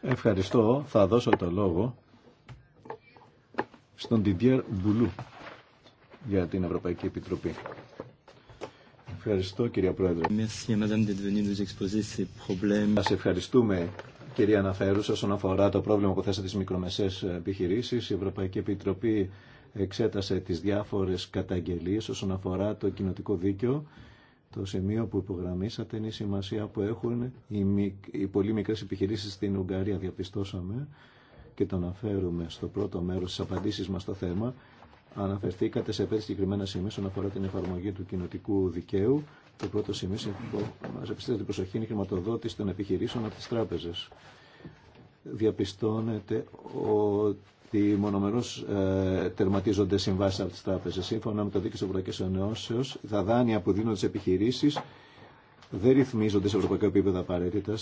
Ευχαριστώ. Θα δώσω το λόγο στον Didier Μπουλού για την Ευρωπαϊκή Επιτροπή. Ευχαριστώ κυρία Πρόεδρε. Σας ευχαριστούμε κυρία Αναφέρουσα όσον αφορά το πρόβλημα που θέσατε στις μικρομεσαίες επιχειρήσεις. Η Ευρωπαϊκή Επιτροπή εξέτασε τις διάφορες καταγγελίες όσον αφορά το κοινοτικό δίκαιο. Το σημείο που υπογραμμίσατε είναι η σημασία που έχουν οι, οι πολύ μικρές επιχειρήσεις στην Ουγγαρία, διαπιστώσαμε και το αναφέρουμε στο πρώτο μέρο τη απαντήσεις μα στο θέμα, αναφερθήκατε σε πέντε συγκεκριμένα σημεία όσον αφορά την εφαρμογή του κοινοτικού δικαίου. Το πρώτο σημείο μα επιστρέφει την προσοχή είναι η χρηματοδότηση των επιχειρήσεων από τι τράπεζε. Διαπιστώνεται ότι μονομερώ ε, τερματίζονται συμβάσει από τι τράπεζε. Σύμφωνα με το Δίκαιο τη Ευρωπαϊκή Ενώσεω, τα δάνεια που δίνονται στι επιχειρήσει δεν ρυθμίζονται σε ευρωπαϊκό επίπεδο απαραίτητα.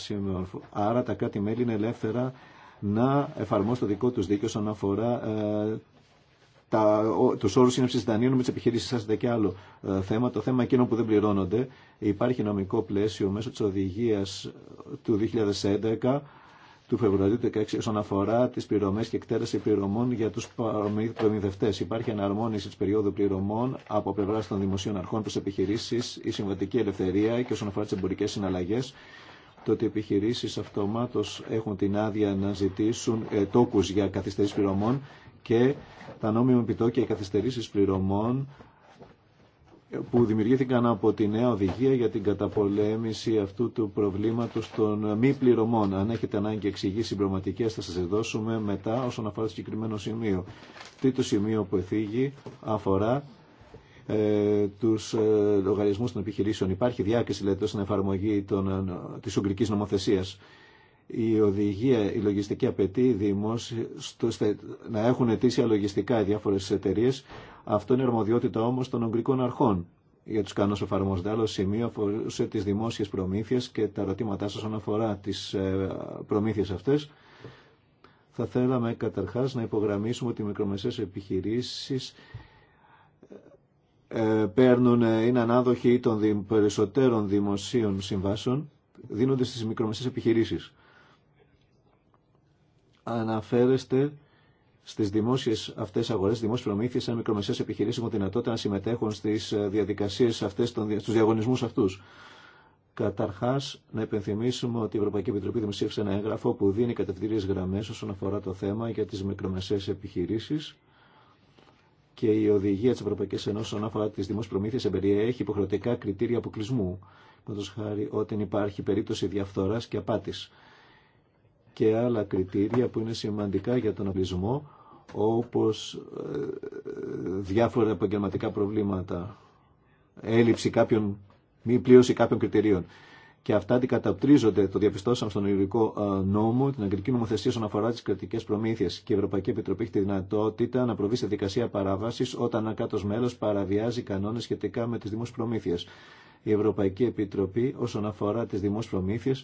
Άρα τα κράτη-μέλη είναι ελεύθερα να εφαρμόσει το δικό τους δίκαιο όσον αφορά ε, τα, τους όρους σύναψης δανείων με τις επιχειρήσεις σας και άλλο ε, θέμα. Το θέμα εκείνο που δεν πληρώνονται. Υπάρχει νομικό πλαίσιο μέσω της οδηγίας του 2011 του Φεβρουαρίου του 2016 όσον αφορά τι πληρωμέ και εκτέλεση πληρωμών για του προμηθευτέ. Υπάρχει αναρμόνιση τη περίοδου πληρωμών από πλευρά των δημοσίων αρχών προ επιχειρήσει, η συμβατική ελευθερία και όσον αφορά τι εμπορικέ συναλλαγέ το ότι επιχειρήσεις αυτομάτως έχουν την άδεια να ζητήσουν ε, τόκους για καθυστερήσεις πληρωμών και τα νόμιμα επιτόκια καθυστερήσεις πληρωμών ε, που δημιουργήθηκαν από τη νέα οδηγία για την καταπολέμηση αυτού του προβλήματος των ε, μη πληρωμών. Αν έχετε ανάγκη εξηγήσει συμπροματικές θα σας δώσουμε μετά όσον αφορά το συγκεκριμένο σημείο. Τρίτο σημείο που εφήγει αφορά ε, τους ε, των επιχειρήσεων. Υπάρχει διάκριση δηλαδή, στην εφαρμογή των, ε, της Ουγγρικής νομοθεσίας. Η οδηγία, η λογιστική απαιτεί δημόσιο, να έχουν αιτήσια λογιστικά οι διάφορες εταιρείε. Αυτό είναι αρμοδιότητα όμως των Ουγγρικών αρχών για τους κανόνες εφαρμόζονται. Άλλο σημείο αφορούσε τις δημόσιες προμήθειες και τα ερωτήματά σας όσον αφορά τις ε, προμήθειες αυτές. Θα θέλαμε καταρχάς να υπογραμμίσουμε ότι οι μικρομεσαίες επιχειρήσεις ε, παίρνουν, ε, είναι ανάδοχοι των περισσότερων δημοσίων συμβάσεων, δίνονται στις μικρομεσαίες επιχειρήσεις. Αναφέρεστε στι δημόσιε αυτέ αγορέ, δημόσιε προμήθειε, σαν μικρομεσαίε επιχειρήσει έχουν δυνατότητα να συμμετέχουν στι ε, διαδικασίε αυτέ, στου διαγωνισμού αυτού. Καταρχά, να υπενθυμίσουμε ότι η Ευρωπαϊκή Επιτροπή δημοσίευσε ένα έγγραφο που δίνει κατευθυντήριε γραμμέ όσον αφορά το θέμα για τι μικρομεσαίε επιχειρήσει και η οδηγία τη Ευρωπαϊκή Ενώση όσον αφορά τι δημόσιε προμήθειε εμπεριέχει υποχρεωτικά κριτήρια αποκλεισμού. Παραδείγματο χάρη όταν υπάρχει περίπτωση διαφθορά και απάτη. Και άλλα κριτήρια που είναι σημαντικά για τον αποκλεισμό, όπω ε, διάφορα επαγγελματικά προβλήματα, έλλειψη κάποιων, μη πλήρωση κάποιων κριτηρίων και αυτά αντικαταπτρίζονται, το διαπιστώσαμε στον ελληνικό ε, νόμο, την αγγλική νομοθεσία όσον αφορά τι κρατικέ προμήθειε. Και η Ευρωπαϊκή Επιτροπή έχει τη δυνατότητα να προβεί σε δικασία παράβαση όταν ένα κάτω μέλο παραβιάζει κανόνε σχετικά με τι δημόσιε προμήθειε. Η Ευρωπαϊκή Επιτροπή όσον αφορά τι δημόσιε προμήθειε ε,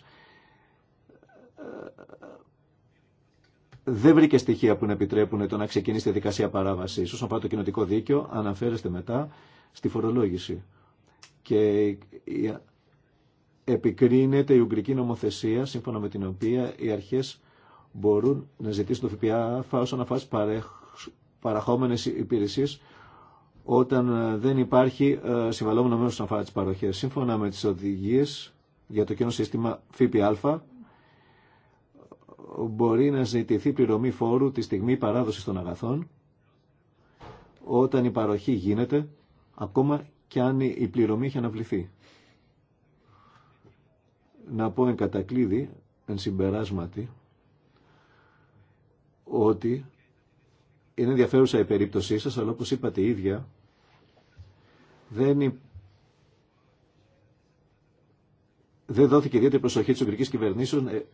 δεν βρήκε στοιχεία που να επιτρέπουν το να ξεκινήσει τη δικασία παράβαση. Όσον αφορά το κοινοτικό δίκαιο, αναφέρεστε μετά στη φορολόγηση. Και επικρίνεται η Ουγγρική νομοθεσία σύμφωνα με την οποία οι αρχές μπορούν να ζητήσουν το ΦΠΑ όσον αφορά τι παραχόμενε υπηρεσίες όταν ε, δεν υπάρχει ε, συμβαλόμενο μέρο όσον αφορά παροχές. Σύμφωνα με τις οδηγίες για το κοινό σύστημα ΦΠΑ μπορεί να ζητηθεί πληρωμή φόρου τη στιγμή παράδοσης των αγαθών όταν η παροχή γίνεται ακόμα και αν η πληρωμή έχει αναβληθεί να πω εν κατακλείδη, εν συμπεράσματι, ότι είναι ενδιαφέρουσα η περίπτωσή σας, αλλά όπως είπατε η ίδια, δεν, δεν δόθηκε ιδιαίτερη προσοχή της Ουγγρικής κυβερνήσεων ε,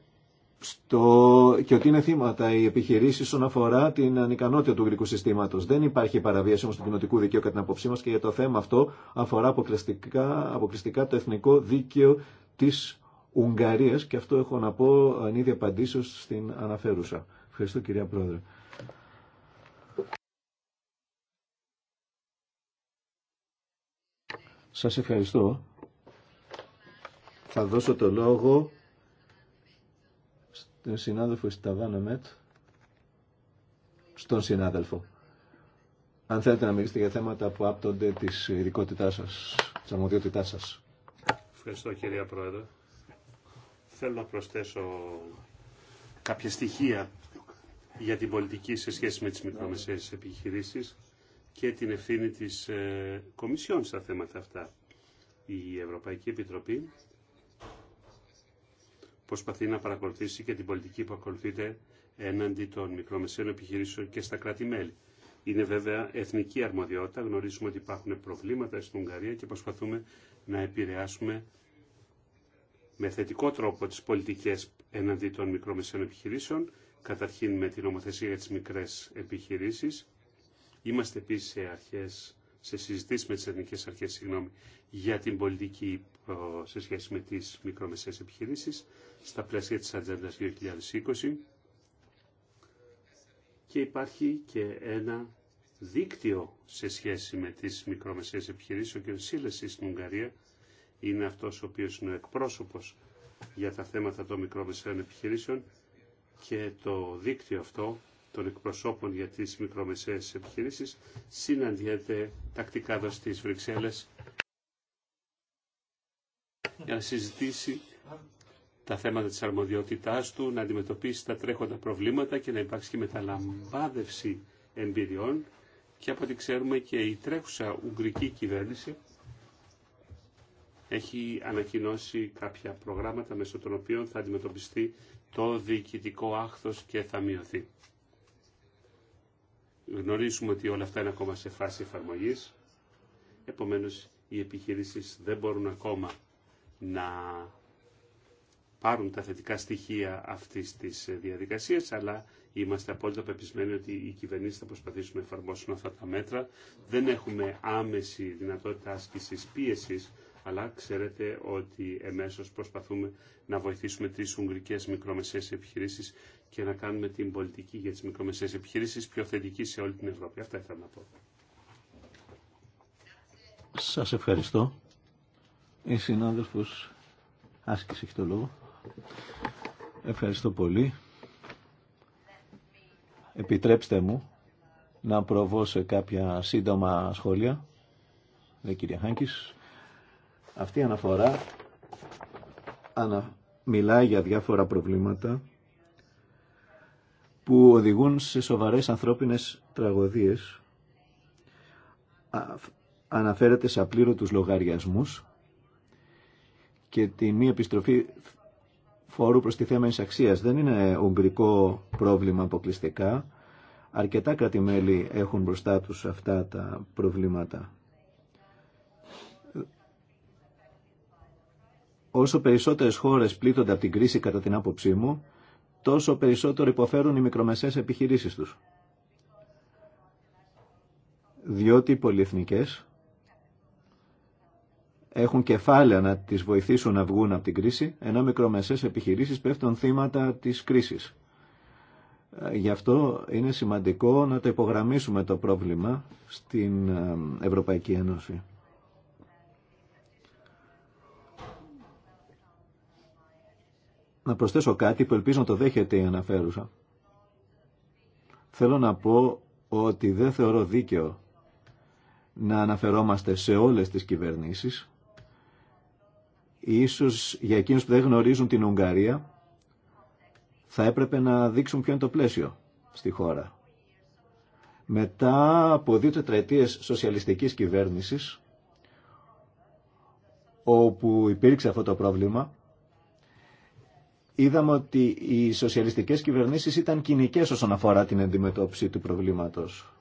στο... και ότι είναι θύματα οι επιχειρήσει όσον αφορά την ανικανότητα του Ουγγρικού συστήματος. Δεν υπάρχει παραβίαση όμως του κοινοτικού δικαίου κατά την απόψή μας και για το θέμα αυτό αφορά αποκλειστικά, το εθνικό δίκαιο της Ουγγαρίας και αυτό έχω να πω αν ήδη απαντήσω στην αναφέρουσα. Ευχαριστώ κυρία Πρόεδρε. Σας ευχαριστώ. Θα δώσω το λόγο στον συνάδελφο Σταβάνα Μετ, στον συνάδελφο. Αν θέλετε να μιλήσετε για θέματα που άπτονται της ειδικότητάς σας, της αμμοδιότητάς σας. Ευχαριστώ κυρία Πρόεδρε. Θέλω να προσθέσω κάποια στοιχεία για την πολιτική σε σχέση με τις μικρομεσαίες επιχειρήσεις και την ευθύνη της ε, Κομισιόν στα θέματα αυτά. Η Ευρωπαϊκή Επιτροπή προσπαθεί να παρακολουθήσει και την πολιτική που ακολουθείται έναντι των μικρομεσαίων επιχειρήσεων και στα κράτη-μέλη. Είναι βέβαια εθνική αρμοδιότητα, γνωρίζουμε ότι υπάρχουν προβλήματα στην Ουγγαρία και προσπαθούμε να επηρεάσουμε με θετικό τρόπο τις πολιτικές εναντί των μικρομεσαίων επιχειρήσεων, καταρχήν με την νομοθεσία για τις μικρές επιχειρήσεις. Είμαστε επίσης σε, αρχές, σε συζητήσεις με τις εθνικές αρχές συγγνώμη, για την πολιτική ε, σε σχέση με τις μικρομεσαίες επιχειρήσεις στα πλαίσια της Ατζέντας 2020 και υπάρχει και ένα δίκτυο σε σχέση με τις μικρομεσαίες επιχειρήσεις, ο κ. στην Ουγγαρία, είναι αυτός ο οποίος είναι ο εκπρόσωπος για τα θέματα των μικρομεσαίων επιχειρήσεων και το δίκτυο αυτό των εκπροσώπων για τις μικρομεσαίες επιχειρήσεις συναντιέται τακτικά εδώ στις Βρυξέλλες για να συζητήσει τα θέματα της αρμοδιότητάς του, να αντιμετωπίσει τα τρέχοντα προβλήματα και να υπάρξει και μεταλαμπάδευση εμπειριών και από ό,τι ξέρουμε και η τρέχουσα ουγγρική κυβέρνηση έχει ανακοινώσει κάποια προγράμματα μέσω των οποίων θα αντιμετωπιστεί το διοικητικό άχθος και θα μειωθεί. Γνωρίζουμε ότι όλα αυτά είναι ακόμα σε φάση εφαρμογής, επομένως οι επιχειρήσεις δεν μπορούν ακόμα να πάρουν τα θετικά στοιχεία αυτής της διαδικασίας, αλλά είμαστε απόλυτα πεπισμένοι ότι οι κυβερνήσεις θα προσπαθήσουν να εφαρμόσουν αυτά τα μέτρα. Δεν έχουμε άμεση δυνατότητα άσκησης πίεσης αλλά ξέρετε ότι εμέσως προσπαθούμε να βοηθήσουμε τις ουγγρικές μικρομεσαίες επιχειρήσεις και να κάνουμε την πολιτική για τις μικρομεσαίες επιχειρήσεις πιο θετική σε όλη την Ευρώπη. Αυτά ήθελα να πω. Σας ευχαριστώ. Η συνάδελφος άσκησε έχει το λόγο. Ευχαριστώ πολύ. Επιτρέψτε μου να προβώ σε κάποια σύντομα σχόλια. Ναι, κυρία Χάνκης. Αυτή η αναφορά ανα... μιλάει για διάφορα προβλήματα που οδηγούν σε σοβαρές ανθρώπινες τραγωδίες. Αναφέρεται σε απλήρωτους λογαριασμούς και τη μη επιστροφή φόρου τη με αξίας. Δεν είναι ουγγρικό πρόβλημα αποκλειστικά. Αρκετά κρατημέλη έχουν μπροστά τους αυτά τα προβλήματα. Όσο περισσότερες χώρες πλήττονται από την κρίση κατά την άποψή μου, τόσο περισσότερο υποφέρουν οι μικρομεσαίες επιχειρήσεις τους. Διότι οι πολυεθνικές έχουν κεφάλαια να τις βοηθήσουν να βγουν από την κρίση, ενώ μικρομεσαίες επιχειρήσεις πέφτουν θύματα της κρίσης. Γι' αυτό είναι σημαντικό να το υπογραμμίσουμε το πρόβλημα στην ε, Ευρωπαϊκή Ένωση. να προσθέσω κάτι που ελπίζω να το δέχεται η αναφέρουσα. Θέλω να πω ότι δεν θεωρώ δίκαιο να αναφερόμαστε σε όλες τις κυβερνήσεις, ίσως για εκείνους που δεν γνωρίζουν την Ουγγαρία, θα έπρεπε να δείξουν ποιο είναι το πλαίσιο στη χώρα. Μετά από δύο τετραετίες σοσιαλιστικής κυβέρνησης, όπου υπήρξε αυτό το πρόβλημα, είδαμε ότι οι σοσιαλιστικές κυβερνήσεις ήταν κοινικές όσον αφορά την αντιμετώπιση του προβλήματος.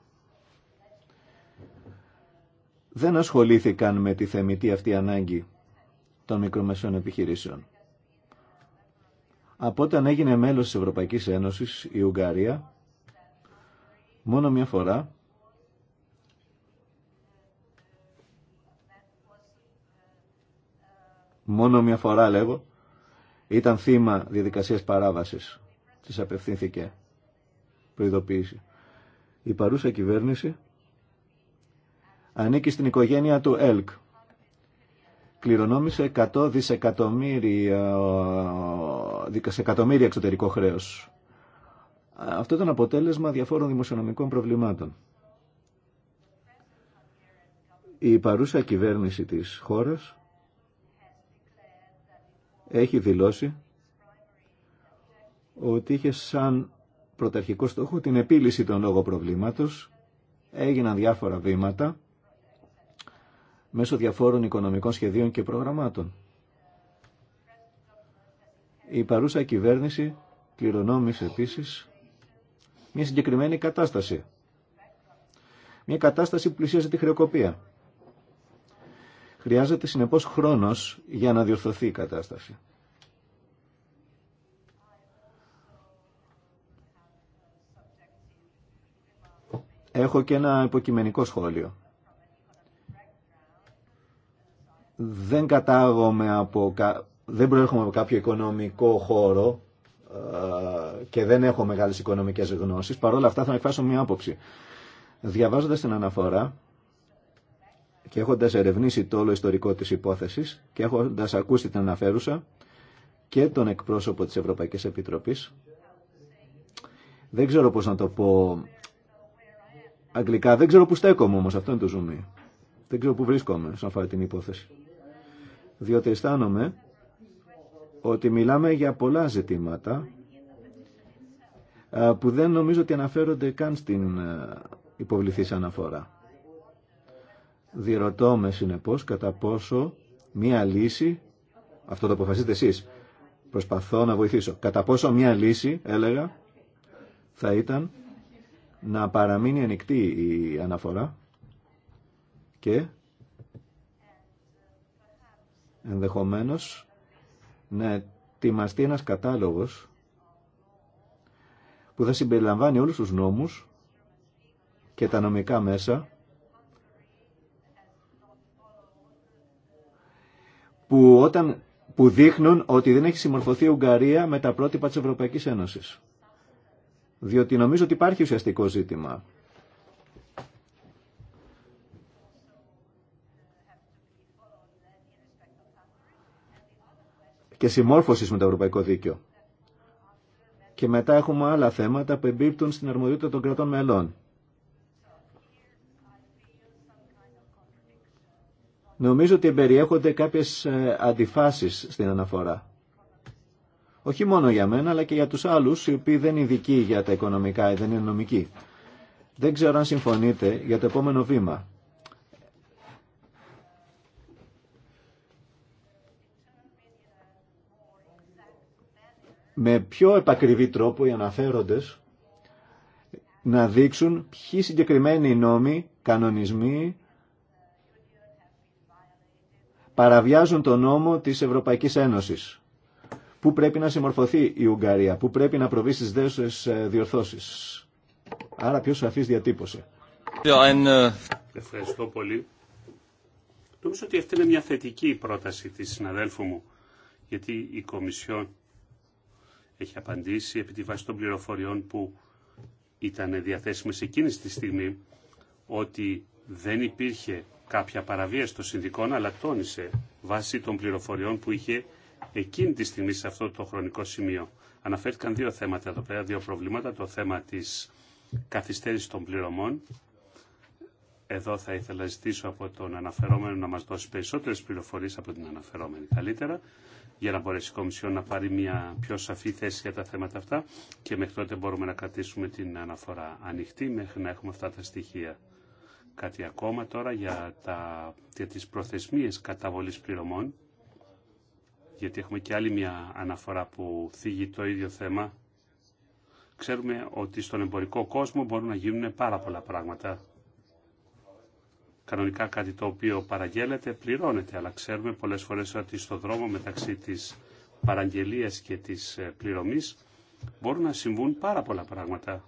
Δεν ασχολήθηκαν με τη θεμητή αυτή ανάγκη των μικρομεσαίων επιχειρήσεων. Από όταν έγινε μέλος της Ευρωπαϊκής Ένωσης η Ουγγαρία, μόνο μια φορά μόνο μια φορά λέγω ήταν θύμα διαδικασίας παράβασης. Της απευθύνθηκε προειδοποίηση. Η παρούσα κυβέρνηση ανήκει στην οικογένεια του ΕΛΚ. Κληρονόμησε 100 δισεκατομμύρια, δισεκατομμύρια εξωτερικό χρέος. Αυτό ήταν αποτέλεσμα διαφόρων δημοσιονομικών προβλημάτων. Η παρούσα κυβέρνηση της χώρας έχει δηλώσει ότι είχε σαν πρωταρχικό στόχο την επίλυση των λόγω προβλήματος. Έγιναν διάφορα βήματα μέσω διαφόρων οικονομικών σχεδίων και προγραμμάτων. Η παρούσα κυβέρνηση κληρονόμησε επίσης μια συγκεκριμένη κατάσταση. Μια κατάσταση που πλησίαζε τη χρεοκοπία. Χρειάζεται συνεπώς χρόνος για να διορθωθεί η κατάσταση. Έχω και ένα υποκειμενικό σχόλιο. Δεν κατάγομαι από... Δεν προέρχομαι από κάποιο οικονομικό χώρο ε, και δεν έχω μεγάλες οικονομικές γνώσεις. Παρ' όλα αυτά θα εκφράσω μια άποψη. Διαβάζοντας την αναφορά, και έχοντα ερευνήσει το όλο ιστορικό της υπόθεσης και έχοντα ακούσει την αναφέρουσα και τον εκπρόσωπο της Ευρωπαϊκής Επιτροπής, δεν ξέρω πώς να το πω αγγλικά, δεν ξέρω που στέκομαι όμω αυτό είναι το ζουμί. Δεν ξέρω που βρίσκομαι σαν αφορά την υπόθεση. Διότι αισθάνομαι ότι μιλάμε για πολλά ζητήματα που δεν νομίζω ότι αναφέρονται καν στην υποβληθής αναφορά. Διερωτώ με συνεπώς κατά πόσο μία λύση, αυτό το αποφασίζετε εσείς, προσπαθώ να βοηθήσω, κατά πόσο μία λύση, έλεγα, θα ήταν να παραμείνει ανοιχτή η αναφορά και ενδεχομένως να ετοιμαστεί ένας κατάλογος που θα συμπεριλαμβάνει όλους τους νόμους και τα νομικά μέσα που, όταν, που δείχνουν ότι δεν έχει συμμορφωθεί η Ουγγαρία με τα πρότυπα της Ευρωπαϊκής Ένωσης. Διότι νομίζω ότι υπάρχει ουσιαστικό ζήτημα. και συμμόρφωσης με το ευρωπαϊκό δίκαιο. Και μετά έχουμε άλλα θέματα που εμπίπτουν στην αρμοδιότητα των κρατών μελών. Νομίζω ότι περιέχονται κάποιες ε, αντιφάσεις στην αναφορά. Όχι μόνο για μένα, αλλά και για τους άλλους, οι οποίοι δεν είναι ειδικοί για τα οικονομικά ή δεν είναι νομικοί. Δεν ξέρω αν συμφωνείτε για το επόμενο βήμα. με πιο επακριβή τρόπο οι αναφέροντες να δείξουν ποιοι συγκεκριμένοι νόμοι, κανονισμοί παραβιάζουν τον νόμο της Ευρωπαϊκής Ένωσης. Πού πρέπει να συμμορφωθεί η Ουγγαρία, πού πρέπει να προβεί στις δέσσες ε, διορθώσεις. Άρα πιο σαφής διατύπωση. Ε, Ευχαριστώ πολύ. Νομίζω ότι αυτή είναι μια θετική πρόταση της συναδέλφου μου, γιατί η Κομισιόν έχει απαντήσει επί τη βάση των πληροφοριών που πρεπει να συμμορφωθει η ουγγαρια που πρεπει να προβει στις δέσμες διορθωσεις διαθέσιμες εκείνη τη στιγμή, ότι δεν υπήρχε κάποια παραβίαση των συνδικών, αλλά τόνισε βάσει των πληροφοριών που είχε εκείνη τη στιγμή σε αυτό το χρονικό σημείο. Αναφέρθηκαν δύο θέματα εδώ πέρα, δύο προβλήματα. Το θέμα της καθυστέρησης των πληρωμών. Εδώ θα ήθελα να ζητήσω από τον αναφερόμενο να μας δώσει περισσότερες πληροφορίες από την αναφερόμενη καλύτερα για να μπορέσει η Κομισιόν να πάρει μια πιο σαφή θέση για τα θέματα αυτά και μέχρι τότε μπορούμε να κρατήσουμε την αναφορά ανοιχτή μέχρι να έχουμε αυτά τα στοιχεία. Κάτι ακόμα τώρα για, τα, για τις προθεσμίες καταβολής πληρωμών, γιατί έχουμε και άλλη μια αναφορά που θίγει το ίδιο θέμα. Ξέρουμε ότι στον εμπορικό κόσμο μπορούν να γίνουν πάρα πολλά πράγματα. Κανονικά κάτι το οποίο παραγγέλλεται πληρώνεται, αλλά ξέρουμε πολλές φορές ότι στο δρόμο μεταξύ της παραγγελίας και της ε, πληρωμής μπορούν να συμβούν πάρα πολλά πράγματα.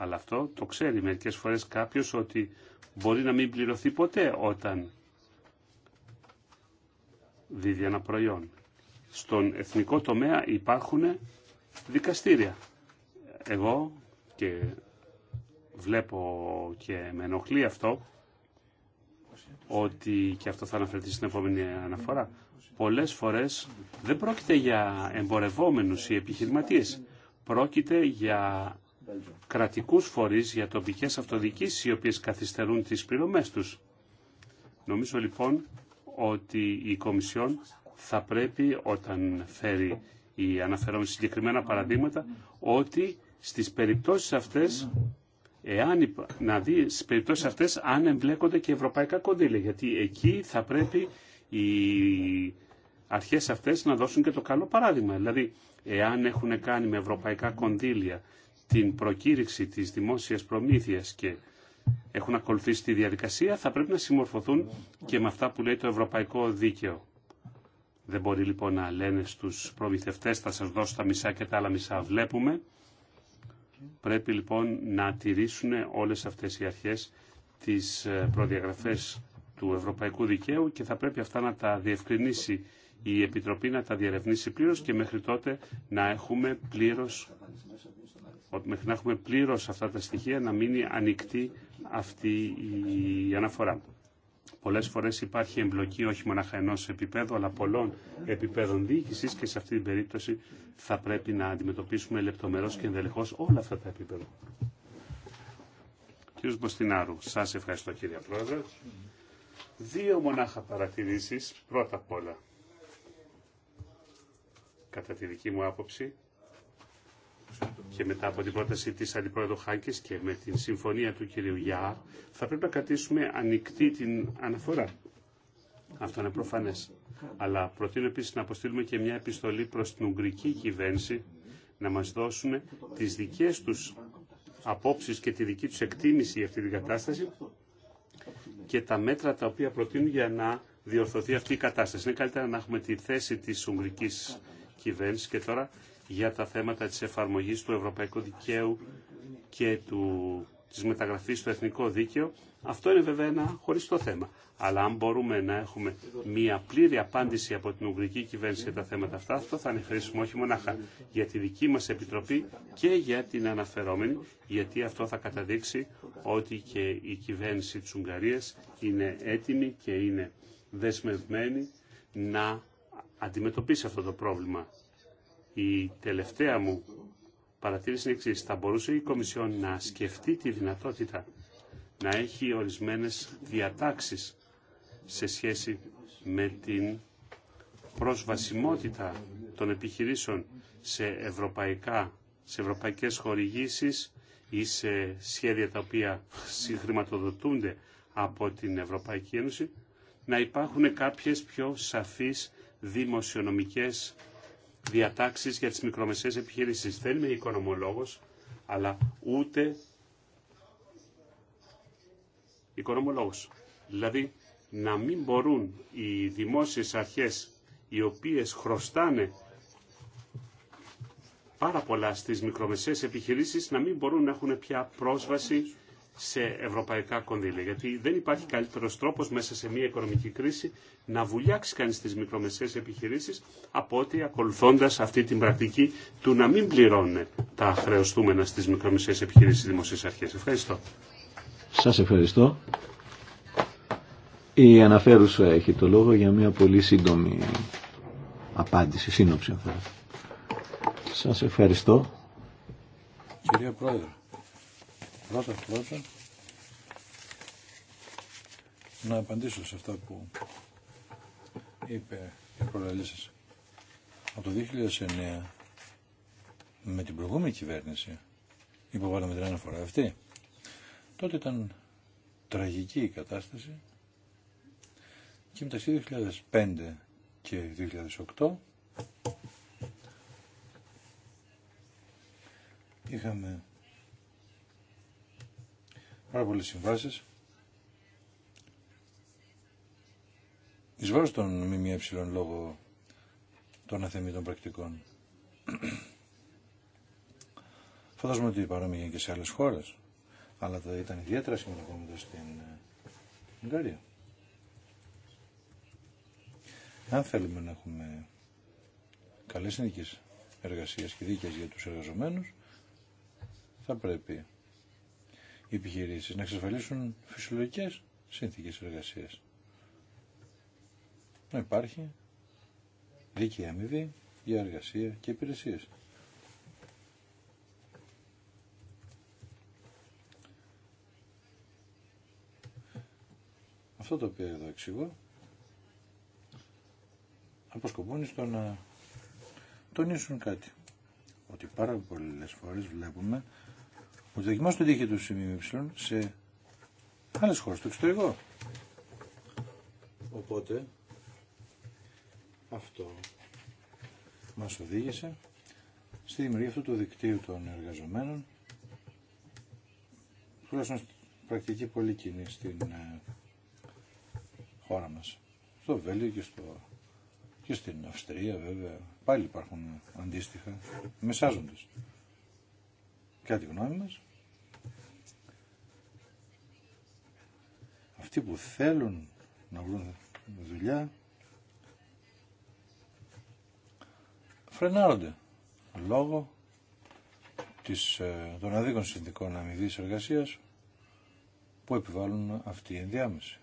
Αλλά αυτό το ξέρει μερικές φορές κάποιος ότι μπορεί να μην πληρωθεί ποτέ όταν δίδει ένα προϊόν. Στον εθνικό τομέα υπάρχουν δικαστήρια. Εγώ και βλέπω και με ενοχλεί αυτό ότι, και αυτό θα αναφερθεί στην επόμενη αναφορά, πολλές φορές δεν πρόκειται για εμπορευόμενους ή επιχειρηματίες. Πρόκειται για κρατικούς φορείς, για τοπικές αυτοδιοίκησεις οι οποίες καθυστερούν τις πληρωμές τους. Νομίζω λοιπόν ότι η Κομισιόν θα πρέπει όταν φέρει η αναφερόμενη συγκεκριμένα παραδείγματα ότι στις περιπτώσεις αυτές εάν, να δει στις περιπτώσεις αυτές αν εμπλέκονται και ευρωπαϊκά κονδύλια γιατί εκεί θα πρέπει οι αρχές αυτές να δώσουν και το καλό παράδειγμα δηλαδή εάν έχουν κάνει με ευρωπαϊκά κονδύλια την προκήρυξη της δημόσιας προμήθειας και έχουν ακολουθήσει τη διαδικασία, θα πρέπει να συμμορφωθούν και με αυτά που λέει το ευρωπαϊκό δίκαιο. Δεν μπορεί λοιπόν να λένε στους προμηθευτές θα σας δώσω τα μισά και τα άλλα μισά βλέπουμε. Πρέπει λοιπόν να τηρήσουν όλες αυτές οι αρχές τις ε, προδιαγραφές του ευρωπαϊκού δικαίου και θα πρέπει αυτά να τα διευκρινίσει η Επιτροπή να τα διερευνήσει πλήρως και μέχρι τότε να έχουμε πλήρως ότι μέχρι να έχουμε πλήρως αυτά τα στοιχεία να μείνει ανοιχτή αυτή η αναφορά. Πολλές φορές υπάρχει εμπλοκή όχι μοναχα ενό επίπεδου αλλά πολλών επίπεδων διοίκησης και σε αυτή την περίπτωση θα πρέπει να αντιμετωπίσουμε λεπτομερώς και ενδελεχώς όλα αυτά τα επίπεδα. Κύριος Μποστινάρου, σας ευχαριστώ κύριε Πρόεδρε. Δύο μονάχα παρατηρήσεις, πρώτα απ' όλα. Κατά τη δική μου άποψη, και μετά από την πρόταση της Αντιπρόεδρου Χάκης και με την συμφωνία του κυρίου Γιά, θα πρέπει να κατήσουμε ανοιχτή την αναφορά. Αυτό είναι προφανές. Αλλά προτείνω επίσης να αποστείλουμε και μια επιστολή προς την Ουγγρική κυβέρνηση να μας δώσουν τις δικές τους απόψεις και τη δική τους εκτίμηση για αυτή την κατάσταση και τα μέτρα τα οποία προτείνουν για να διορθωθεί αυτή η κατάσταση. Είναι καλύτερα να έχουμε τη θέση της Ουγγρικής κυβέρνησης και τώρα για τα θέματα της εφαρμογής του ευρωπαϊκού δικαίου και του, της μεταγραφής στο εθνικό δίκαιο. Αυτό είναι βέβαια ένα χωριστό θέμα. Αλλά αν μπορούμε να έχουμε μια πλήρη απάντηση από την Ουγγρική κυβέρνηση για τα θέματα αυτά, αυτό θα είναι χρήσιμο όχι μονάχα για τη δική μας Επιτροπή και για την αναφερόμενη, γιατί αυτό θα καταδείξει ότι και η κυβέρνηση της Ουγγαρίας είναι έτοιμη και είναι δεσμευμένη να αντιμετωπίσει αυτό το πρόβλημα η τελευταία μου παρατήρηση είναι εξής. Θα μπορούσε η Κομισιόν να σκεφτεί τη δυνατότητα να έχει ορισμένες διατάξεις σε σχέση με την προσβασιμότητα των επιχειρήσεων σε, ευρωπαϊκά, σε ευρωπαϊκές χορηγήσεις ή σε σχέδια τα οποία συγχρηματοδοτούνται από την Ευρωπαϊκή Ένωση, να υπάρχουν κάποιες πιο σαφείς δημοσιονομικές διατάξεις για τις μικρομεσαίες επιχειρήσεις. Δεν είμαι οικονομολόγος, αλλά ούτε οικονομολόγος. Δηλαδή, να μην μπορούν οι δημόσιες αρχές οι οποίες χρωστάνε πάρα πολλά στις μικρομεσαίες επιχειρήσεις να μην μπορούν να έχουν πια πρόσβαση σε ευρωπαϊκά κονδύλια. Γιατί δεν υπάρχει καλύτερο τρόπο μέσα σε μια οικονομική κρίση να βουλιάξει κανεί τι μικρομεσαίε επιχειρήσει από ότι ακολουθώντα αυτή την πρακτική του να μην πληρώνουν τα χρεωστούμενα στι μικρομεσαίε επιχειρήσει δημοσίε αρχέ. Ευχαριστώ. Σα ευχαριστώ. Η αναφέρουσα έχει το λόγο για μια πολύ σύντομη απάντηση, σύνοψη. Σας ευχαριστώ. Κυρία Πρόεδρε, πρώτα πρώτα να απαντήσω σε αυτά που είπε η προλαλή Από το 2009 με την προηγούμενη κυβέρνηση υποβάλαμε την αναφορά αυτή. Τότε ήταν τραγική η κατάσταση και μεταξύ 2005 και 2008 είχαμε πάρα πολλές συμβάσεις εις βάρος των ΜΜΕ λόγω των αθεμήτων πρακτικών. Φαντάζομαι ότι παρόμοια και σε άλλες χώρες, αλλά θα ήταν ιδιαίτερα σημαντικό στην ε, Ουγγαρία. Αν θέλουμε να έχουμε καλές συνδικές εργασίες και δίκαιε για τους εργαζομένους, θα πρέπει να εξασφαλίσουν φυσιολογικές συνθήκες εργασίας. Να υπάρχει δίκαιη αμοιβή για εργασία και υπηρεσίες. Αυτό το οποίο εδώ εξηγώ αποσκοπούν στο να τονίσουν κάτι. Ότι πάρα πολλές φορές βλέπουμε το δοκιμάσουν το δίχτυ του σημείου ε σε άλλε χώρε, στο εξωτερικό. Οπότε αυτό μας οδήγησε στη δημιουργία αυτού του δικτύου των εργαζομένων τουλάχιστον πρακτική πολύ κοινή στην ε, χώρα μας. Στο Βέλγιο και, στην Αυστρία βέβαια πάλι υπάρχουν αντίστοιχα μεσάζοντες. Κάτι γνώμη μας αυτοί που θέλουν να βρουν δουλειά φρενάρονται λόγω της, ε, των αδίκων συνδικών αμοιβής εργασίας που επιβάλλουν αυτή η ενδιάμεση.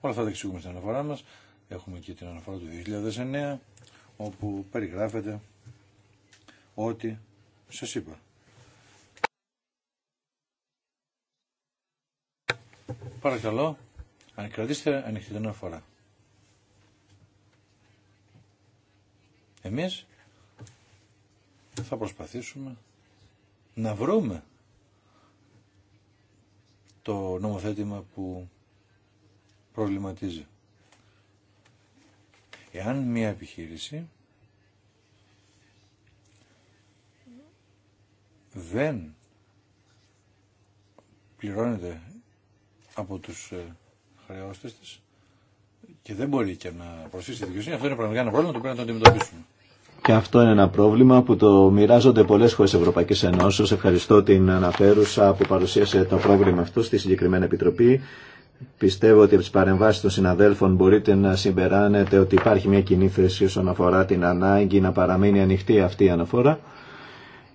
Όλα αυτά τα εξηγούμε στην αναφορά μας. Έχουμε και την αναφορά του 2009 όπου περιγράφεται ότι σας είπα Παρακαλώ, αν κρατήσετε ανοιχτή την αφορά. Εμείς θα προσπαθήσουμε να βρούμε το νομοθέτημα που προβληματίζει. Εάν μια επιχείρηση δεν πληρώνεται από τους ε, χρεώστες της και δεν μπορεί και να προσφύσει τη δικαιοσύνη. Αυτό είναι πραγματικά ένα πρόβλημα το πρέπει να το αντιμετωπίσουμε. Και αυτό είναι ένα πρόβλημα που το μοιράζονται πολλέ χώρε Ευρωπαϊκή Ενώσεω. Ευχαριστώ την αναφέρουσα που παρουσίασε το πρόβλημα αυτό στη συγκεκριμένη επιτροπή. Πιστεύω ότι από τι παρεμβάσει των συναδέλφων μπορείτε να συμπεράνετε ότι υπάρχει μια κοινή θέση όσον αφορά την ανάγκη να παραμείνει ανοιχτή αυτή η αναφορά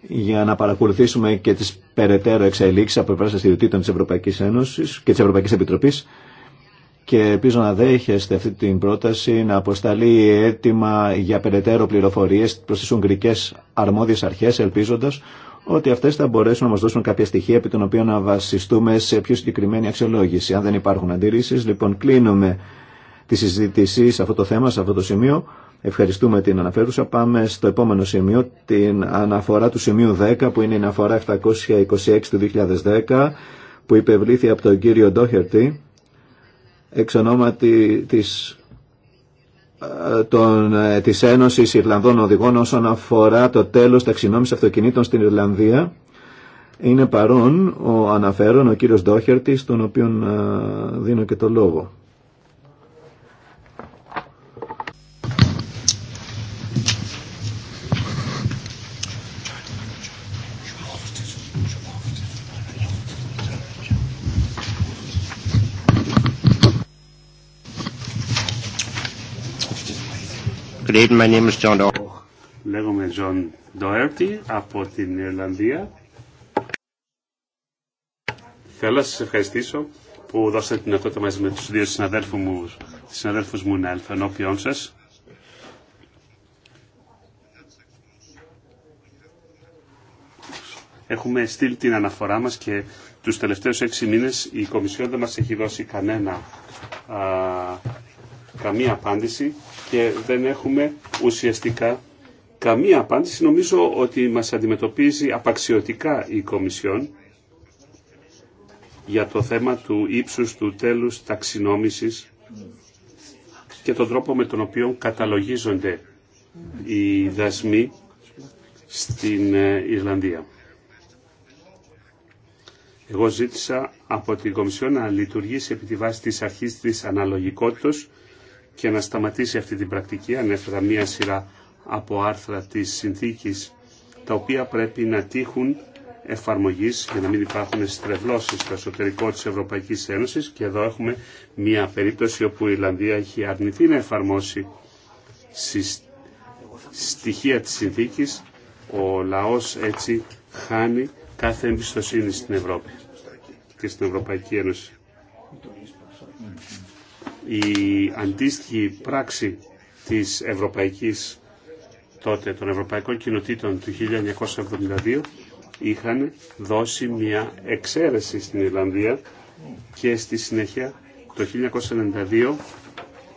για να παρακολουθήσουμε και τις περαιτέρω εξελίξεις από πλευρά ιδιωτήτων της Ευρωπαϊκής Ένωσης και της Ευρωπαϊκής Επιτροπής και ελπίζω να δέχεστε αυτή την πρόταση να αποσταλεί αίτημα για περαιτέρω πληροφορίες προς τις ουγγρικές αρμόδιες αρχές ελπίζοντας ότι αυτές θα μπορέσουν να μας δώσουν κάποια στοιχεία επί των οποίων να βασιστούμε σε πιο συγκεκριμένη αξιολόγηση. Αν δεν υπάρχουν αντιρρήσεις, λοιπόν κλείνουμε τη συζήτηση σε αυτό το θέμα, σε αυτό το σημείο. Ευχαριστούμε την αναφέρουσα. Πάμε στο επόμενο σημείο, την αναφορά του σημείου 10, που είναι η αναφορά 726 του 2010, που υπευλήθη από τον κύριο Ντόχερτη, εξ ονόματι της, ε, των, ε, της Ένωσης Ιρλανδών Οδηγών όσον αφορά το τέλος ταξινόμησης αυτοκινήτων στην Ιρλανδία. Είναι παρόν ο αναφέρον, ο κύριος Ντόχερτη, στον οποίο ε, δίνω και το λόγο. My name is John Λέγομαι John Doherty από την Ιρλανδία. Θέλω να σας ευχαριστήσω που δώσατε την δυνατότητα μαζί με τους δύο συναδέλφους μου, συναδέλφους μου να έλθω ενώπιόν σας. Έχουμε στείλει την αναφορά μας και τους τελευταίους έξι μήνες η Κομισιόν δεν μας έχει δώσει κανένα, α, καμία απάντηση και δεν έχουμε ουσιαστικά καμία απάντηση. Νομίζω ότι μας αντιμετωπίζει απαξιωτικά η Κομισιόν για το θέμα του ύψους του τέλους ταξινόμησης και τον τρόπο με τον οποίο καταλογίζονται οι δασμοί στην ε, Ιρλανδία. Εγώ ζήτησα από την Κομισιόν να λειτουργήσει επί τη βάση της αρχής της αναλογικότητας και να σταματήσει αυτή την πρακτική. Ανέφερα μία σειρά από άρθρα της συνθήκης τα οποία πρέπει να τύχουν εφαρμογής για να μην υπάρχουν στρεβλώσεις στο εσωτερικό της Ευρωπαϊκής Ένωσης και εδώ έχουμε μία περίπτωση όπου η Ιρλανδία έχει αρνηθεί να εφαρμόσει στοιχεία της συνθήκης ο λαός έτσι χάνει κάθε εμπιστοσύνη στην Ευρώπη και στην Ευρωπαϊκή Ένωση η αντίστοιχη πράξη της Ευρωπαϊκής τότε των Ευρωπαϊκών Κοινοτήτων του 1972 είχαν δώσει μια εξαίρεση στην Ιρλανδία και στη συνέχεια το 1992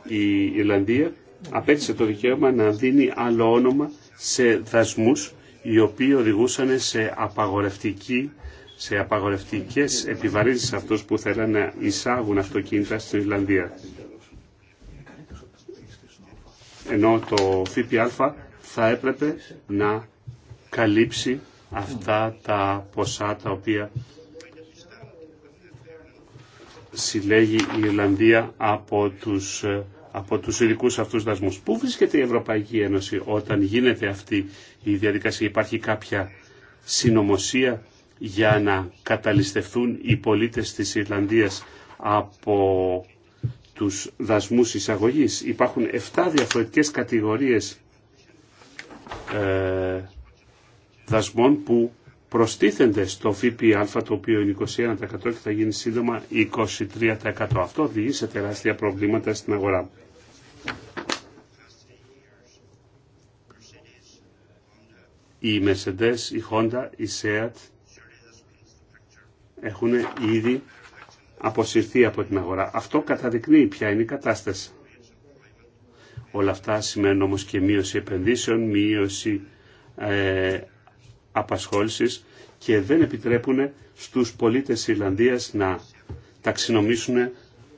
η Ιρλανδία απέτυσε το δικαίωμα να δίνει άλλο όνομα σε δασμούς οι οποίοι οδηγούσαν σε απαγορευτική σε απαγορευτικές επιβαρύνσεις αυτούς που θέλουν να εισάγουν αυτοκίνητα στην Ιρλανδία. Ενώ το ΦΠΑ θα έπρεπε να καλύψει αυτά τα ποσά τα οποία συλλέγει η Ιρλανδία από τους, από τους ειδικούς αυτούς δασμούς. Πού βρίσκεται η Ευρωπαϊκή Ένωση όταν γίνεται αυτή η διαδικασία. Υπάρχει κάποια συνωμοσία για να καταλυστευτούν οι πολίτες της Ιρλανδίας από τους δασμούς εισαγωγής. Υπάρχουν 7 διαφορετικές κατηγορίες ε, δασμών που προστίθενται στο ΦΠΑ το οποίο είναι 21% και θα γίνει σύντομα 23%. Αυτό οδηγεί σε τεράστια προβλήματα στην αγορά. Η Mercedes, η Honda, η Seat, έχουν ήδη αποσυρθεί από την αγορά. Αυτό καταδεικνύει ποια είναι η κατάσταση. Όλα αυτά σημαίνουν όμως και μείωση επενδύσεων, μείωση ε, απασχόλησης και δεν επιτρέπουν στους πολίτες Ιρλανδίας να ταξινομήσουν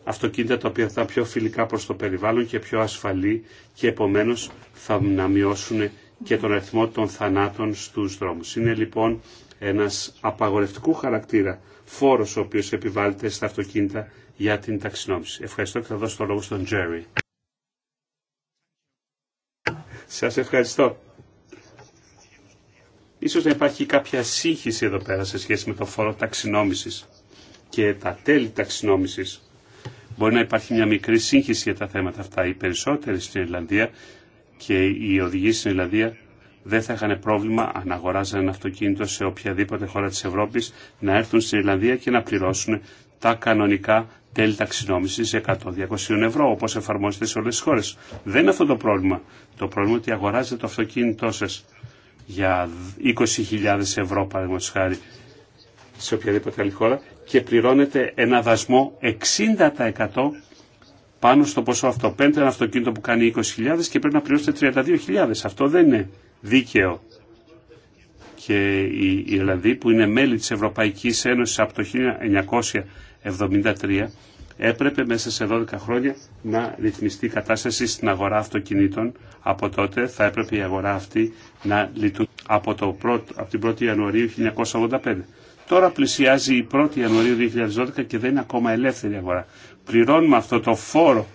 αυτοκίνητα τα οποία θα πιο φιλικά προς το περιβάλλον και πιο ασφαλή και επομένως θα να μειώσουν και τον αριθμό των θανάτων στους δρόμους. Είναι λοιπόν ένας απαγορευτικού χαρακτήρα φόρος ο οποίος επιβάλλεται στα αυτοκίνητα για την ταξινόμηση. Ευχαριστώ και θα δώσω το λόγο στον Τζέρι. Σας ευχαριστώ. Ίσως να υπάρχει κάποια σύγχυση εδώ πέρα σε σχέση με το φόρο ταξινόμησης και τα τέλη ταξινόμησης. Μπορεί να υπάρχει μια μικρή σύγχυση για τα θέματα αυτά. Οι περισσότεροι στην Ιρλανδία και οι οδηγοί στην Ιρλανδία δεν θα είχαν πρόβλημα αν αγοράζαν ένα αυτοκίνητο σε οποιαδήποτε χώρα της Ευρώπης να έρθουν στην Ιρλανδία και να πληρώσουν τα κανονικά τέλη ταξινόμησης 100-200 ευρώ όπως εφαρμόζεται σε όλες τις χώρες. Δεν είναι αυτό το πρόβλημα. Το πρόβλημα είναι ότι αγοράζετε το αυτοκίνητό σας για 20.000 ευρώ παραδείγματος χάρη σε οποιαδήποτε άλλη χώρα και πληρώνετε ένα δασμό 60% πάνω στο ποσό αυτό. πέντε ένα αυτοκίνητο που κάνει 20.000 και πρέπει να πληρώσετε 32.000. Αυτό δεν είναι δίκαιο. Και οι Ιρλανδοί που είναι μέλη της Ευρωπαϊκής Ένωσης από το 1973 έπρεπε μέσα σε 12 χρόνια να ρυθμιστεί η κατάσταση στην αγορά αυτοκινήτων. Από τότε θα έπρεπε η αγορά αυτή να λειτουργεί από, το από την 1η Ιανουαρίου 1985. Τώρα πλησιάζει η 1η Ιανουαρίου 2012 και δεν είναι ακόμα ελεύθερη αγορά. Πληρώνουμε αυτό το φόρο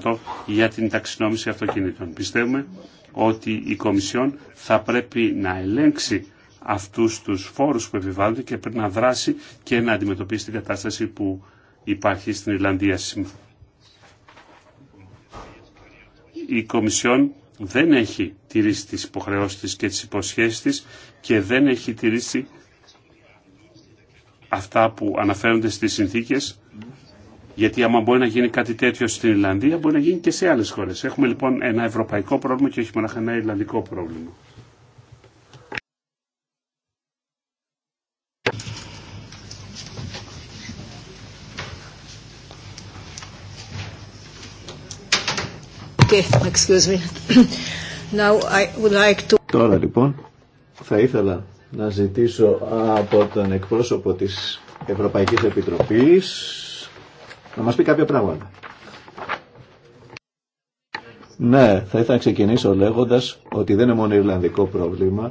36% για την ταξινόμηση αυτοκινήτων. Πιστεύουμε ότι η Κομισιόν θα πρέπει να ελέγξει αυτούς τους φόρους που επιβάλλονται και πρέπει να δράσει και να αντιμετωπίσει την κατάσταση που υπάρχει στην Ιρλανδία. Η Κομισιόν δεν έχει τηρήσει τις υποχρεώσεις της και τις υποσχέσεις της και δεν έχει τηρήσει αυτά που αναφέρονται στις συνθήκες γιατί άμα μπορεί να γίνει κάτι τέτοιο στην Ιρλανδία, μπορεί να γίνει και σε άλλες χώρες. Έχουμε λοιπόν ένα ευρωπαϊκό πρόβλημα και όχι μόνο ένα Ιρλανδικό πρόβλημα. Okay, excuse me. (clears throat) Now I would like to... Τώρα λοιπόν θα ήθελα να ζητήσω από τον εκπρόσωπο της Ευρωπαϊκής Επιτροπής να μας πει κάποια πράγματα. Ναι, θα ήθελα να ξεκινήσω λέγοντας ότι δεν είναι μόνο Ιρλανδικό πρόβλημα.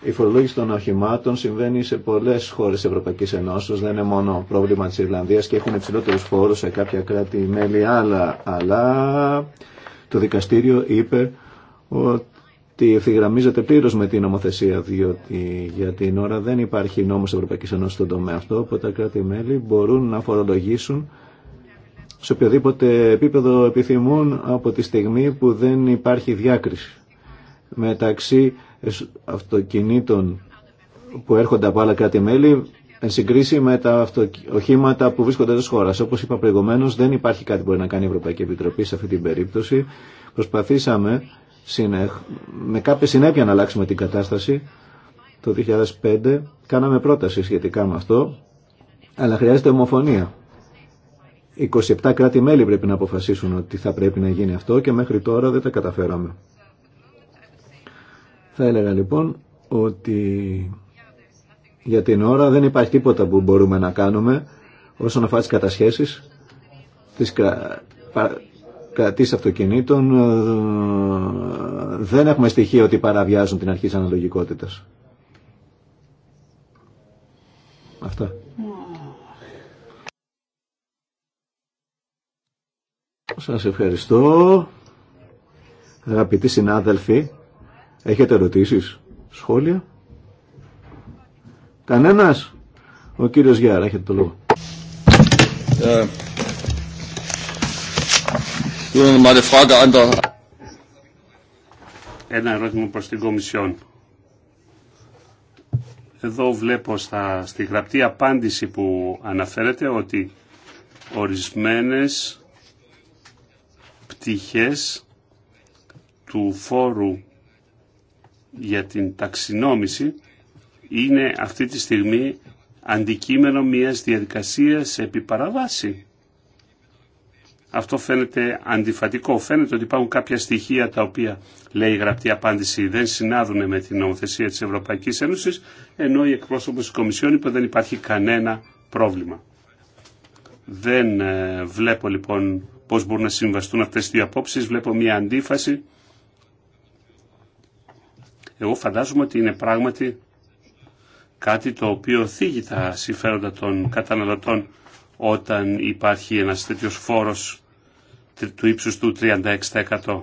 Η φορολόγηση των οχημάτων συμβαίνει σε πολλές χώρες της Ευρωπαϊκής Ενώσεως, δεν είναι μόνο πρόβλημα της Ιρλανδίας και έχουν υψηλότερου φόρους σε κάποια κράτη-μέλη άλλα. Αλλά το δικαστήριο είπε ότι ευθυγραμμίζεται πλήρω με την νομοθεσία, διότι για την ώρα δεν υπάρχει νόμος Ευρωπαϊκή Ένωσης στον τομέα αυτό, οπότε τα κράτη-μέλη μπορούν να φορολογήσουν σε οποιοδήποτε επίπεδο επιθυμούν από τη στιγμή που δεν υπάρχει διάκριση μεταξύ αυτοκινήτων που έρχονται από άλλα κράτη-μέλη εν συγκρίση με τα οχήματα που βρίσκονται εντό χώρα. Όπω είπα προηγουμένω, δεν υπάρχει κάτι που μπορεί να κάνει η Ευρωπαϊκή Επιτροπή σε αυτή την περίπτωση. Προσπαθήσαμε με κάποια συνέπεια να αλλάξουμε την κατάσταση. Το 2005 κάναμε πρόταση σχετικά με αυτό, αλλά χρειάζεται ομοφωνία. 27 κράτη-μέλη πρέπει να αποφασίσουν ότι θα πρέπει να γίνει αυτό και μέχρι τώρα δεν τα καταφέραμε. Θα έλεγα λοιπόν ότι για την ώρα δεν υπάρχει τίποτα που μπορούμε να κάνουμε όσον αφορά τις κατασχέσεις, τις κρα... αυτοκινήτων. Ε, δεν έχουμε στοιχεία ότι παραβιάζουν την αρχή της αναλογικότητας. Αυτά. Σας ευχαριστώ. Αγαπητοί συνάδελφοι, έχετε ερωτήσεις, σχόλια. Κανένας. Ο κύριος Γιάρα, έχετε το λόγο. Ε, Ένα ερώτημα προς την Κομισιόν. Εδώ βλέπω στη γραπτή απάντηση που αναφέρεται ότι ορισμένες πτυχές του φόρου για την ταξινόμηση είναι αυτή τη στιγμή αντικείμενο μιας διαδικασίας επί παραβάση. Αυτό φαίνεται αντιφατικό. Φαίνεται ότι υπάρχουν κάποια στοιχεία τα οποία, λέει η γραπτή απάντηση, δεν συνάδουν με την νομοθεσία της Ευρωπαϊκής Ένωσης, ενώ η εκπρόσωπος της Κομισιόν είπε δεν υπάρχει κανένα πρόβλημα. Δεν ε, βλέπω λοιπόν πώς μπορούν να συμβαστούν αυτές οι δύο απόψεις. Βλέπω μια αντίφαση. Εγώ φαντάζομαι ότι είναι πράγματι κάτι το οποίο θίγει τα συμφέροντα των καταναλωτών όταν υπάρχει ένας τέτοιος φόρος του ύψους του 36%.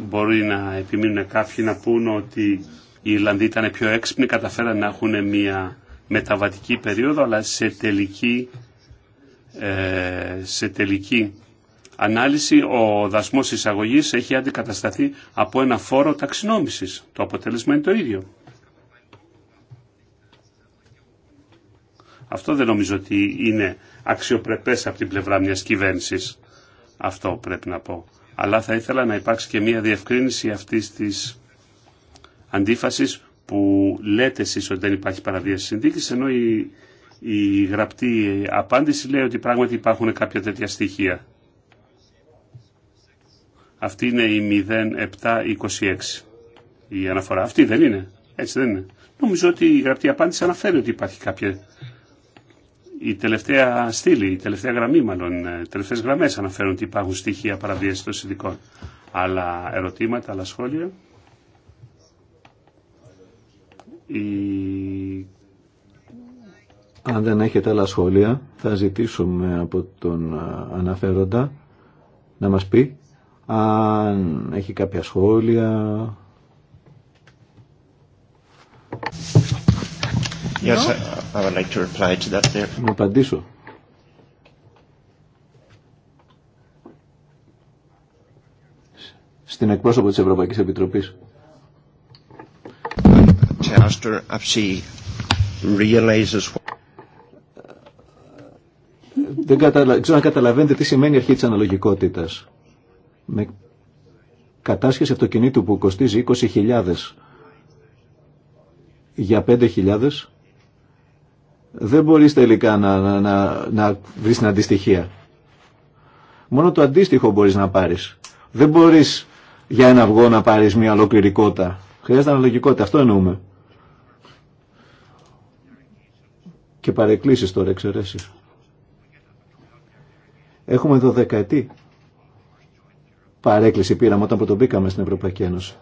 Μπορεί να επιμείνουν κάποιοι να πούν ότι οι Ιρλανδοί ήταν πιο έξυπνοι, καταφέραν να έχουν μια μεταβατική περίοδο, αλλά σε τελική, ε, σε τελική ανάλυση ο δασμός εισαγωγής έχει αντικατασταθεί από ένα φόρο ταξινόμησης. Το αποτέλεσμα είναι το ίδιο. Αυτό δεν νομίζω ότι είναι αξιοπρεπές από την πλευρά μιας κυβέρνησης. Αυτό πρέπει να πω. Αλλά θα ήθελα να υπάρξει και μια διευκρίνηση αυτής της αντίφασης που λέτε εσείς ότι δεν υπάρχει παραβίαση συνθήκη, ενώ η, η γραπτή απάντηση λέει ότι πράγματι υπάρχουν κάποια τέτοια στοιχεία. Αυτή είναι η 0726. Η αναφορά αυτή δεν είναι. Έτσι δεν είναι. Νομίζω ότι η γραπτή απάντηση αναφέρει ότι υπάρχει κάποια... Η τελευταία στήλη, η τελευταία γραμμή μάλλον, οι ε, τελευταίες γραμμές αναφέρουν ότι υπάρχουν στοιχεία παραβίαση των συνδικών. Άλλα ερωτήματα, άλλα σχόλια. Η... Αν δεν έχετε άλλα σχόλια, θα ζητήσουμε από τον αναφέροντα να μας πει αν έχει κάποια σχόλια. Yes, I would like to reply to that there. Να απαντήσω. Στην εκπρόσωπο της Ευρωπαϊκής Επιτροπής if realizes what... Δεν ξέρω αν καταλαβαίνετε τι σημαίνει η αρχή της αναλογικότητας. Με κατάσχεση αυτοκινήτου που κοστίζει 20.000 για 5.000 δεν μπορείς τελικά να, να, να, να βρεις την αντιστοιχεία. Μόνο το αντίστοιχο μπορείς να πάρεις. Δεν μπορείς για ένα αυγό να πάρεις μια ολοκληρικότητα. Χρειάζεται αναλογικότητα. Αυτό εννοούμε. και παρεκκλήσεις τώρα εξαιρέσεις. Έχουμε δεκαετή παρέκκληση πήραμε όταν πρωτομπήκαμε στην Ευρωπαϊκή Ένωση.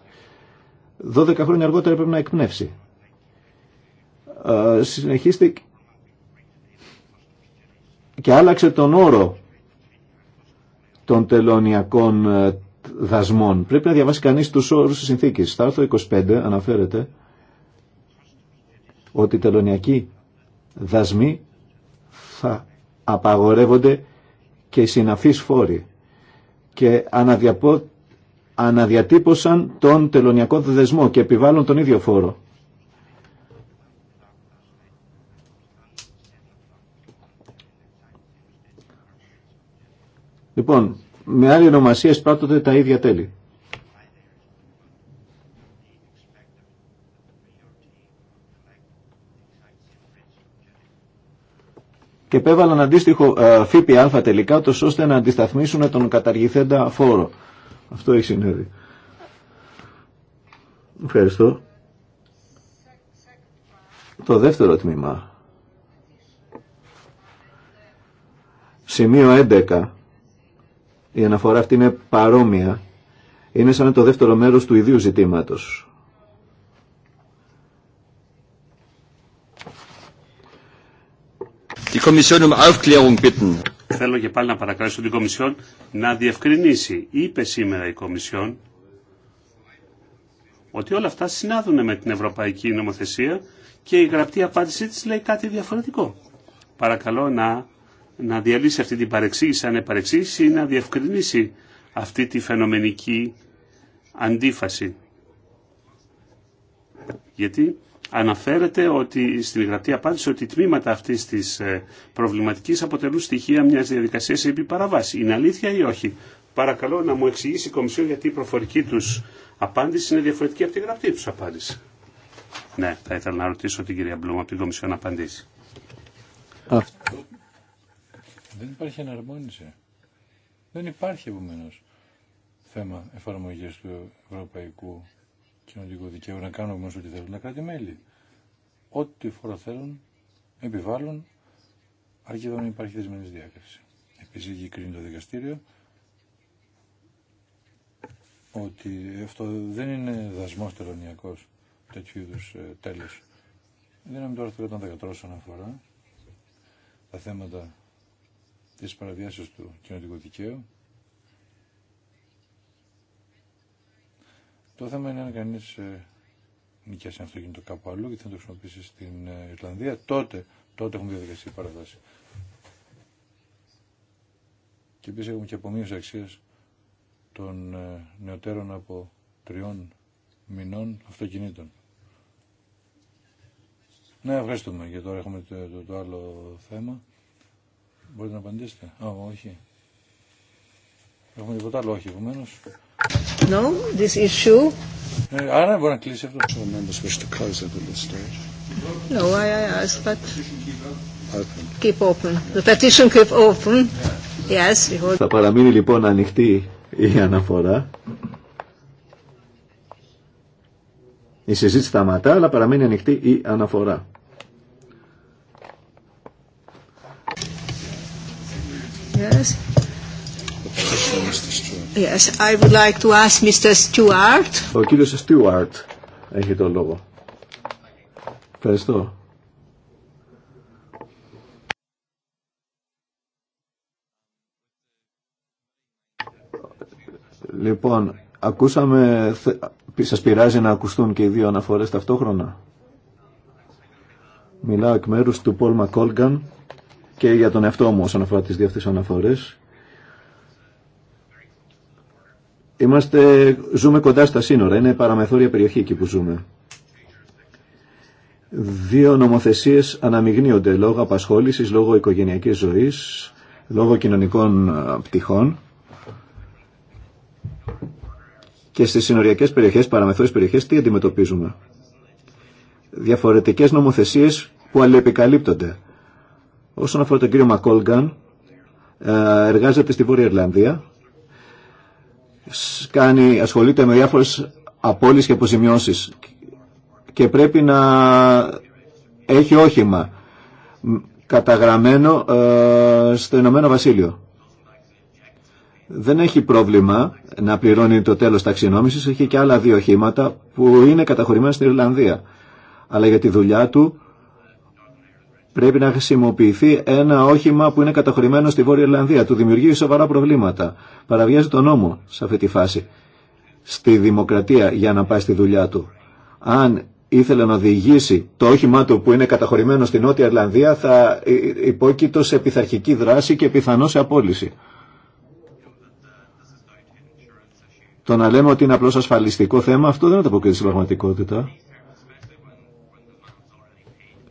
Δώδεκα χρόνια αργότερα έπρεπε να εκπνεύσει. Ε, συνεχίστηκε και άλλαξε τον όρο των τελωνιακών ε, δασμών. Πρέπει να διαβάσει κανείς τους όρους της συνθήκης. Στα άρθρο 25 αναφέρεται ότι τελωνιακή δασμοί θα απαγορεύονται και οι συναφείς φόροι και αναδιαπο... αναδιατύπωσαν τον τελωνιακό δεσμό και επιβάλλουν τον ίδιο φόρο. Λοιπόν, με άλλη ονομασία εισπράττονται τα ίδια τέλη. και επέβαλαν αντίστοιχο ε, ΦΠΑ τελικά, τόσο ώστε να αντισταθμίσουν τον καταργηθέντα φόρο. Αυτό έχει συνέβη. Ευχαριστώ. Το δεύτερο τμήμα. Σημείο 11. Η αναφορά αυτή είναι παρόμοια. Είναι σαν το δεύτερο μέρος του ιδίου ζητήματος. Um Θέλω και πάλι να παρακαλέσω την Κομισιόν να διευκρινίσει. Είπε σήμερα η Κομισιόν ότι όλα αυτά συνάδουν με την Ευρωπαϊκή Νομοθεσία και η γραπτή απάντησή της λέει κάτι διαφορετικό. Παρακαλώ να, να διαλύσει αυτή την παρεξήγηση, αν παρεξήγηση, ή να διευκρινίσει αυτή τη φαινομενική αντίφαση. Γιατί αναφέρεται ότι στην γραπτή απάντηση ότι τμήματα αυτή τη ε, προβληματική αποτελούν στοιχεία μια διαδικασία επί παραβάση. Είναι αλήθεια ή όχι. Παρακαλώ να μου εξηγήσει η Κομισιόν γιατί η προφορική του απάντηση είναι διαφορετική από τη γραπτή του απάντηση. Ναι, θα ήθελα να ρωτήσω την κυρία Μπλουμ από την Κομισιόν να απαντήσει. Δεν υπάρχει εναρμόνιση. Δεν υπάρχει επομένω θέμα εφαρμογή του ευρωπαϊκού κοινωνικό δικαίωμα να κάνουν όμως ό,τι θέλουν τα κράτη-μέλη. Ό,τι φορά θέλουν, επιβάλλουν, αρκεί να υπάρχει δεσμενής διάκριση. Επίσης κρίνει το δικαστήριο ότι αυτό δεν είναι δασμός τελωνιακός τέτοιου είδου ε, τέλος. τώρα το άρθρο 113 όσον αφορά τα θέματα της παραβιάσεως του κοινωνικού δικαίου Το θέμα είναι αν κανεί ε, νοικιάσει ένα αυτοκίνητο κάπου αλλού και θα το χρησιμοποιήσει στην ε, Ιρλανδία, τότε, τότε έχουμε διαδικασία παραδάση. Και επίση έχουμε και απομείωση αξία των ε, νεωτέρων από τριών μηνών αυτοκινήτων. Ναι, ευχαριστούμε και τώρα έχουμε το, άλλο θέμα. Μπορείτε να απαντήσετε. Α, όχι. Έχουμε τίποτα άλλο, όχι επομένως. No, this issue. I μπορεί να to αυτό. All members wish to close it at this stage. No, I, I asked, but open. keep open. The petition keep open. Yes. Hold... Θα παραμείνει λοιπόν ανοιχτή η αναφορά. Η συζήτηση σταματά, αλλά παραμένει ανοιχτή η αναφορά. Yes. Yes, I would like to ask Mr. Stewart. Ο κύριος Stewart έχει τον λόγο. Ευχαριστώ. Λοιπόν, ακούσαμε, σας πειράζει να ακουστούν και οι δύο αναφορές ταυτόχρονα. Μιλάω εκ μέρους του Πολ Μακόλγκαν και για τον εαυτό μου όσον αφορά τις δύο αυτές αναφορές. Είμαστε, ζούμε κοντά στα σύνορα, είναι παραμεθόρια περιοχή εκεί που ζούμε. Δύο νομοθεσίες αναμειγνύονται λόγω απασχόλησης, λόγω οικογενειακής ζωής, λόγω κοινωνικών πτυχών και στις συνοριακές περιοχές, παραμεθόριες περιοχές, τι αντιμετωπίζουμε. Διαφορετικές νομοθεσίες που αλληλεπικαλύπτονται. Όσον αφορά τον κύριο Μακόλγκαν, ε, εργάζεται στη Βόρεια Ιρλανδία, κάνει, ασχολείται με διάφορες απώλειες και αποζημιώσεις και πρέπει να έχει όχημα καταγραμμένο ε, στο Ηνωμένο Βασίλειο. Δεν έχει πρόβλημα να πληρώνει το τέλος ταξινόμησης, έχει και άλλα δύο οχήματα που είναι καταχωρημένα στην Ιρλανδία. Αλλά για τη δουλειά του Πρέπει να χρησιμοποιηθεί ένα όχημα που είναι καταχωρημένο στη Βόρεια Ιρλανδία. Του δημιουργεί σοβαρά προβλήματα. Παραβιάζει τον νόμο σε αυτή τη φάση. Στη δημοκρατία για να πάει στη δουλειά του. Αν ήθελε να οδηγήσει το όχημά του που είναι καταχωρημένο στη Νότια Ιρλανδία θα υπόκειτο σε πειθαρχική δράση και πιθανώ σε απόλυση. Το να λέμε ότι είναι απλώ ασφαλιστικό θέμα αυτό δεν ανταποκρίνεται στην πραγματικότητα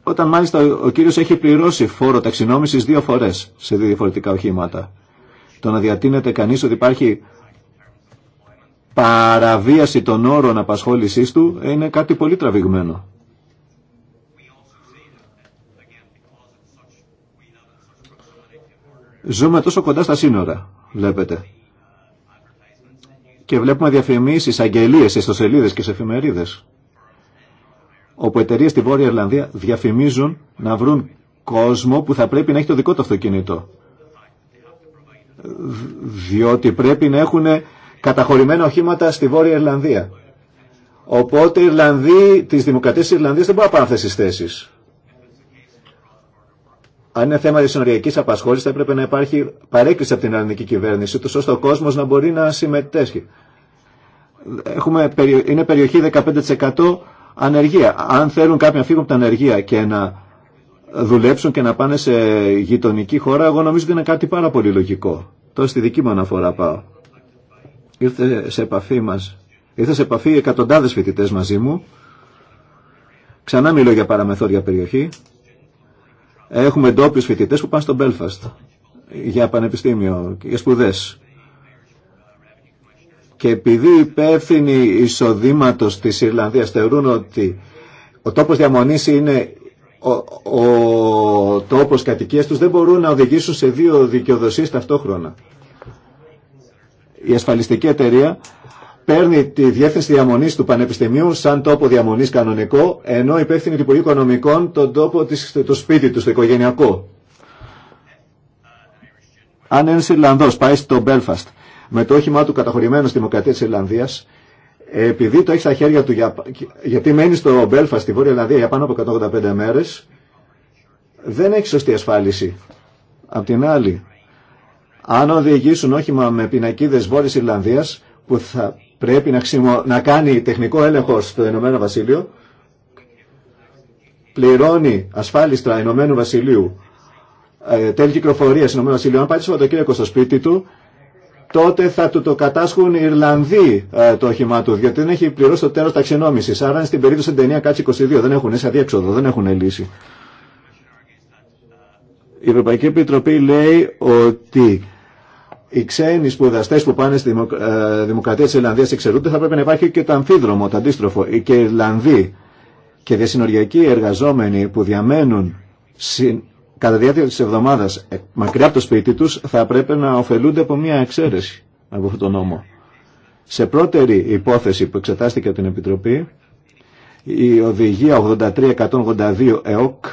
όταν μάλιστα ο κύριος έχει πληρώσει φόρο ταξινόμησης δύο φορές σε δύο διαφορετικά οχήματα. Το να διατείνεται κανείς ότι υπάρχει παραβίαση των όρων απασχόλησής του ε, είναι κάτι πολύ τραβηγμένο. Ζούμε τόσο κοντά στα σύνορα, βλέπετε. Και βλέπουμε διαφημίσεις, αγγελίες ιστοσελίδες και σε εφημερίδες όπου εταιρείε στη Βόρεια Ιρλανδία διαφημίζουν να βρουν κόσμο που θα πρέπει να έχει το δικό του αυτοκίνητο. Διότι πρέπει να έχουν καταχωρημένα οχήματα στη Βόρεια Ιρλανδία. Οπότε οι Ιρλανδοί τι Δημοκρατία τη Ιρλανδία δεν μπορούν να πάρουν αυτέ τι θέσει. Αν είναι θέμα συνοριακή απασχόληση, θα έπρεπε να υπάρχει παρέκκληση από την Ιρλανδική κυβέρνηση, τους, ώστε ο κόσμο να μπορεί να συμμετέχει. Έχουμε, είναι περιοχή 15% ανεργία. Αν θέλουν κάποιοι να φύγουν από την ανεργία και να δουλέψουν και να πάνε σε γειτονική χώρα, εγώ νομίζω ότι είναι κάτι πάρα πολύ λογικό. Τώρα στη δική μου αναφορά πάω. Ήρθε σε επαφή μας. Ήρθε σε επαφή εκατοντάδες φοιτητές μαζί μου. Ξανά μιλώ για παραμεθόρια περιοχή. Έχουμε ντόπιου φοιτητέ που πάνε στο Belfast για πανεπιστήμιο, για σπουδές και επειδή οι υπεύθυνοι εισοδήματο της Ιρλανδίας θεωρούν ότι ο τόπος διαμονής είναι ο, ο τόπος κατοικίας τους δεν μπορούν να οδηγήσουν σε δύο δικαιοδοσίες ταυτόχρονα. Η ασφαλιστική εταιρεία παίρνει τη διεύθυνση διαμονή του Πανεπιστημίου σαν τόπο διαμονή κανονικό, ενώ υπεύθυνοι του Υπουργείου Οικονομικών τον τόπο της, το σπίτι του, το οικογενειακό. Αν ένα Ιρλανδό πάει στο Μπέλφαστ με το όχημά του καταχωρημένο στη Δημοκρατία τη Ιρλανδία, επειδή το έχει στα χέρια του για, γιατί μένει στο Μπέλφα στη Βόρεια Ιρλανδία για πάνω από 185 μέρες δεν έχει σωστή ασφάλιση. Απ' την άλλη, αν οδηγήσουν όχημα με πινακίδες βόρεια Ιρλανδίας που θα πρέπει να, να κάνει τεχνικό έλεγχο στο Ηνωμένο Βασίλειο πληρώνει ασφάλιστρα Ηνωμένου Βασιλείου ε, τέλη κυκλοφορία Ηνωμένου Βασιλείου. Αν πάει το στο σπίτι του, τότε θα του το κατάσχουν οι Ιρλανδοί ε, το όχημά του, γιατί δεν έχει πληρώσει το τέλο ταξινόμηση. Άρα στην περίπτωση ταινία κάτσε 22. Δεν έχουν σε αδιέξοδο, δεν έχουν λύση. Η Ευρωπαϊκή Επιτροπή λέει ότι οι ξένοι σπουδαστέ που πάνε στη ε, Δημοκρατία τη Ιρλανδία εξαιρούνται, θα πρέπει να υπάρχει και το αμφίδρομο, το αντίστροφο. Και οι Ιρλανδοί και διασυνοριακοί εργαζόμενοι που διαμένουν κατά διάρκεια της εβδομάδας ε, μακριά από το σπίτι του θα πρέπει να ωφελούνται από μια εξαίρεση από αυτόν τον νόμο. Σε πρώτερη υπόθεση που εξετάστηκε από την Επιτροπή η οδηγία 83-182 ΕΟΚ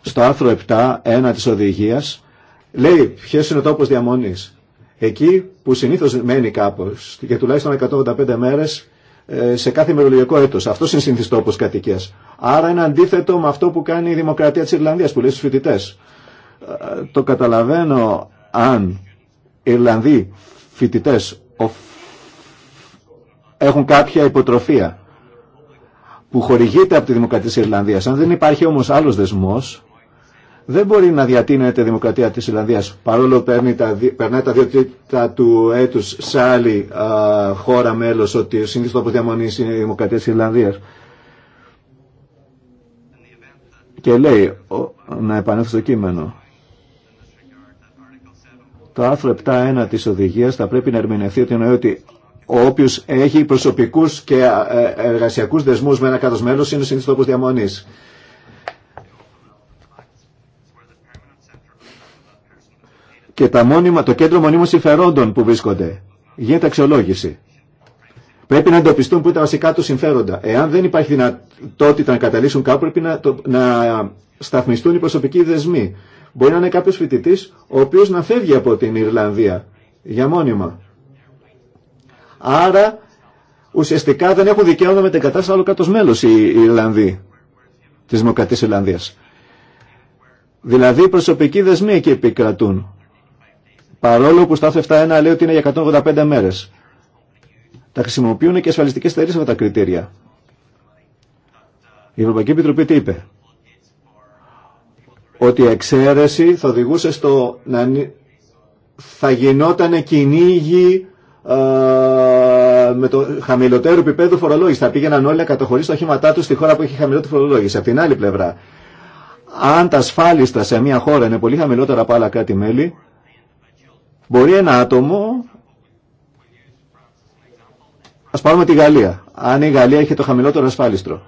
στο άρθρο 7 7-1 της οδηγίας λέει ποιος είναι ο τόπος διαμονής. Εκεί που συνήθως μένει κάπως και τουλάχιστον 185 μέρες ε, σε κάθε ημερολογικό έτος. Αυτό είναι συνηθιστό όπως κατοικία. Άρα είναι αντίθετο με αυτό που κάνει η Δημοκρατία της Ιρλανδίας που λέει στους φοιτητές. Ε, το καταλαβαίνω αν Ιρλανδοί φοιτητέ έχουν κάποια υποτροφία που χορηγείται από τη Δημοκρατία της Ιρλανδίας. Αν δεν υπάρχει όμως άλλος δεσμός, δεν μπορεί να διατείνεται η δημοκρατία της Ιλλανδίας παρόλο που περνάει τα δύο τρίτα του έτους σε άλλη α, χώρα μέλος ότι σύνδεσμος τόπος διαμονής είναι η δημοκρατία της Ιλλανδίας. Και λέει, να επανέλθω στο κείμενο, το άρθρο 7.1 της οδηγίας θα πρέπει να ερμηνευθεί ότι εννοεί ότι όποιος έχει προσωπικούς και ε, εργασιακούς δεσμούς με ένα κάτω μέλος είναι σύνδεσμος τόπος διαμονής. και τα το κέντρο μονίμων συμφερόντων που βρίσκονται. Γίνεται αξιολόγηση. Πρέπει να εντοπιστούν που ήταν τα βασικά του συμφέροντα. Εάν δεν υπάρχει δυνατότητα να καταλήξουν κάπου, πρέπει να, το, να σταθμιστούν οι προσωπικοί δεσμοί. Μπορεί να είναι κάποιο φοιτητή, ο οποίο να φεύγει από την Ιρλανδία για μόνιμα. Άρα, ουσιαστικά δεν έχουν δικαίωμα με την κατάσταση άλλο κάτω μέλο οι Ιρλανδοί τη Δημοκρατία Ιρλανδία. Δηλαδή, οι προσωπικοί δεσμοί εκεί επικρατούν. Παρόλο που στα άρθρο 7.1 λέει ότι είναι για 185 μέρε. Τα χρησιμοποιούν και ασφαλιστικέ εταιρείε αυτά τα κριτήρια. Η Ευρωπαϊκή Επιτροπή τι είπε. Ότι η εξαίρεση θα οδηγούσε στο να θα γινόταν κυνήγι ε, με το χαμηλότερο επίπεδο φορολόγηση. Θα πήγαιναν όλοι να καταχωρήσουν τα οχήματά του στη χώρα που έχει χαμηλότερη φορολόγηση. Από την άλλη πλευρά, αν τα ασφάλιστα σε μια χώρα είναι πολύ χαμηλότερα από άλλα κράτη-μέλη, Μπορεί ένα άτομο, α πάρουμε τη Γαλλία, αν η Γαλλία είχε το χαμηλότερο ασφάλιστρο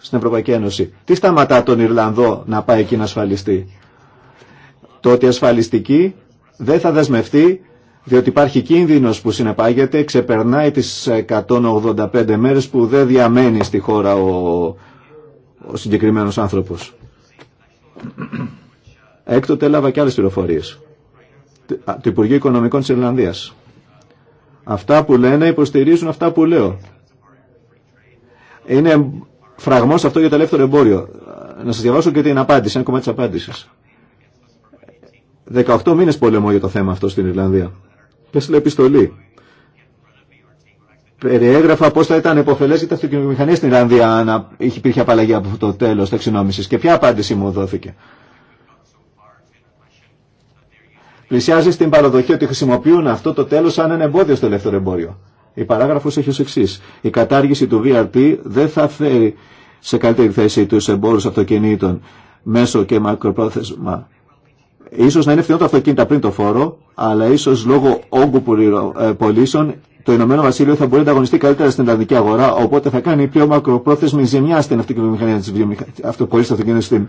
στην Ευρωπαϊκή Ένωση, τι σταματά τον Ιρλανδό να πάει εκεί να ασφαλιστεί. Το ότι ασφαλιστική δεν θα δεσμευτεί διότι υπάρχει κίνδυνος που συνεπάγεται, ξεπερνάει τις 185 μέρες που δεν διαμένει στη χώρα ο, ο συγκεκριμένος άνθρωπος. Έκτοτε έλαβα και άλλες πληροφορίες του Υπουργείου Οικονομικών της Ιρλανδίας. Αυτά που λένε υποστηρίζουν αυτά που λέω. Είναι φραγμός αυτό για το ελεύθερο εμπόριο. Να σας διαβάσω και την απάντηση, ένα κομμάτι της απάντησης. 18 μήνες πολεμώ για το θέμα αυτό στην Ιρλανδία. Και λέει επιστολή. Περιέγραφα πώ θα ήταν υποφελέ για τα αυτοκινητομηχανία στην Ιρλανδία αν υπήρχε απαλλαγή από το τέλο ταξινόμηση. Και ποια απάντηση μου δόθηκε. πλησιάζει στην παραδοχή ότι χρησιμοποιούν αυτό το τέλος σαν ένα εμπόδιο στο ελεύθερο εμπόριο. Η παράγραφος έχει ως εξή. Η κατάργηση του VRT δεν θα φέρει σε καλύτερη θέση τους εμπόρους αυτοκινήτων μέσω και μακροπρόθεσμα. Ίσως να είναι φθηνό το αυτοκίνητα πριν το φόρο, αλλά ίσως λόγω όγκου ε, πωλήσεων το Ηνωμένο Βασίλειο θα μπορεί να ανταγωνιστεί καλύτερα στην ελληνική αγορά, οπότε θα κάνει πιο μακροπρόθεσμη ζημιά στην αυτοκινητοβιομηχανία τη βιομηχανία στην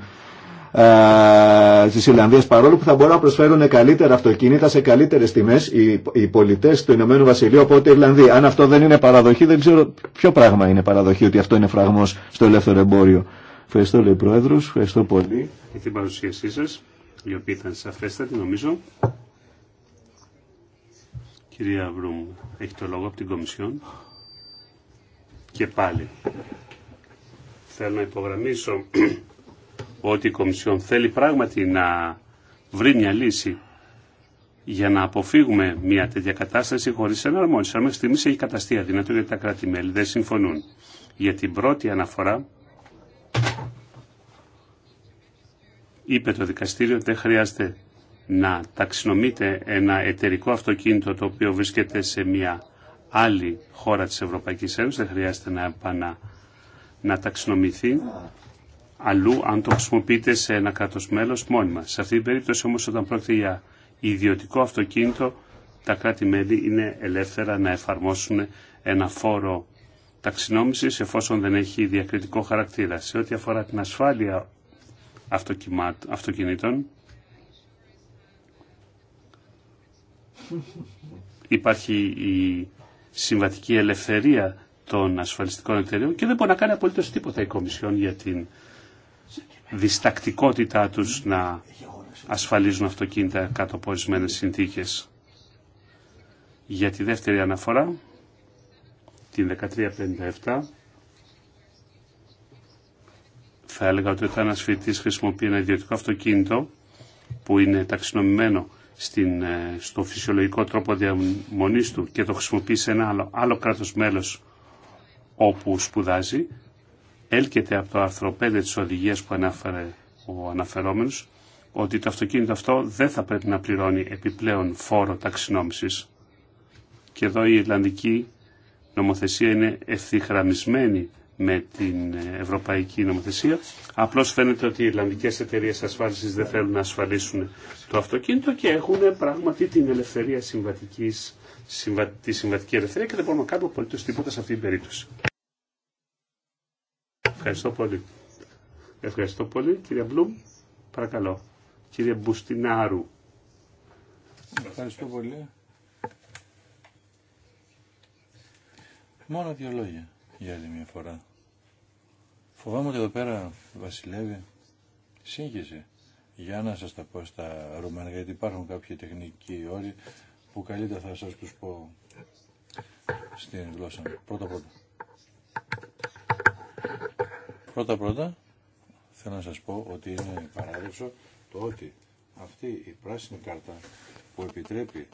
ε, Τη Ιρλανδία, παρόλο που θα μπορούν να προσφέρουν καλύτερα αυτοκίνητα σε καλύτερε τιμέ οι, οι πολιτές του Ηνωμένου Βασιλείου από ό,τι οι Ιρλανδοί. Αν αυτό δεν είναι παραδοχή δεν ξέρω ποιο πράγμα είναι παραδοχή ότι αυτό είναι φραγμός στο ελεύθερο εμπόριο. Ευχαριστώ λέει Πρόεδρος, ευχαριστώ πολύ. για την παρουσίασή σας, η οποία ήταν σαφέστατη νομίζω. Κυρία Βρούμ, έχει το λόγο από την Κομισιόν. Και πάλι. Θέλω να υπογραμμίσω ότι η Κομισιόν θέλει πράγματι να βρει μια λύση για να αποφύγουμε μια τέτοια κατάσταση χωρί εναρμόνιση. Αλλά μέχρι στιγμή έχει καταστεί αδύνατο γιατί τα κράτη-μέλη δεν συμφωνούν. Για την πρώτη αναφορά, είπε το δικαστήριο ότι δεν χρειάζεται να ταξινομείτε ένα εταιρικό αυτοκίνητο το οποίο βρίσκεται σε μια άλλη χώρα της Ευρωπαϊκής Ένωσης, δεν χρειάζεται να, να ταξινομηθεί αλλού αν το χρησιμοποιείτε σε ένα κράτος μόνιμα. Σε αυτή την περίπτωση όμως όταν πρόκειται για ιδιωτικό αυτοκίνητο τα κράτη-μέλη είναι ελεύθερα να εφαρμόσουν ένα φόρο ταξινόμησης εφόσον δεν έχει διακριτικό χαρακτήρα. Σε ό,τι αφορά την ασφάλεια αυτοκινήτων υπάρχει η συμβατική ελευθερία των ασφαλιστικών εταιρείων και δεν μπορεί να κάνει απολύτως τίποτα η Κομισιόν για την διστακτικότητά τους να ασφαλίζουν αυτοκίνητα κάτω από ορισμένε συνθήκες. Για τη δεύτερη αναφορά, την 1357, θα έλεγα ότι όταν ένας φοιτητής χρησιμοποιεί ένα ιδιωτικό αυτοκίνητο που είναι ταξινομημένο στην, ε, στο φυσιολογικό τρόπο διαμονής του και το χρησιμοποιεί σε ένα άλλο, άλλο κράτος όπου σπουδάζει, έλκεται από το άρθρο 5 της οδηγίας που ανάφερε ο αναφερόμενος ότι το αυτοκίνητο αυτό δεν θα πρέπει να πληρώνει επιπλέον φόρο ταξινόμησης. Και εδώ η Ιρλανδική νομοθεσία είναι ευθυγραμμισμένη με την Ευρωπαϊκή νομοθεσία. Απλώς φαίνεται ότι οι Ιρλανδικές εταιρείες ασφάλισης δεν θέλουν να ασφαλίσουν το αυτοκίνητο και έχουν πράγματι την ελευθερία συμβατικής, συμβα, τη συμβατική ελευθερία και δεν μπορούμε να κάνουμε απολύτως τίποτα σε αυτή την περίπτωση. Ευχαριστώ πολύ. Ευχαριστώ πολύ. Κύριε Μπλουμ, παρακαλώ. Κύριε Μπουστινάρου. Ευχαριστώ πολύ. Μόνο δύο λόγια για άλλη μια φορά. Φοβάμαι ότι εδώ πέρα βασιλεύει σύγχυση. Για να σας τα πω στα ρουμανικά, γιατί υπάρχουν κάποιοι τεχνικοί όροι που καλύτερα θα σας τους πω στην γλώσσα μου. Πρώτα πρώτα. Πρώτα πρώτα θέλω να σας πω ότι είναι παράδοξο το ότι αυτή η πράσινη κάρτα που επιτρέπει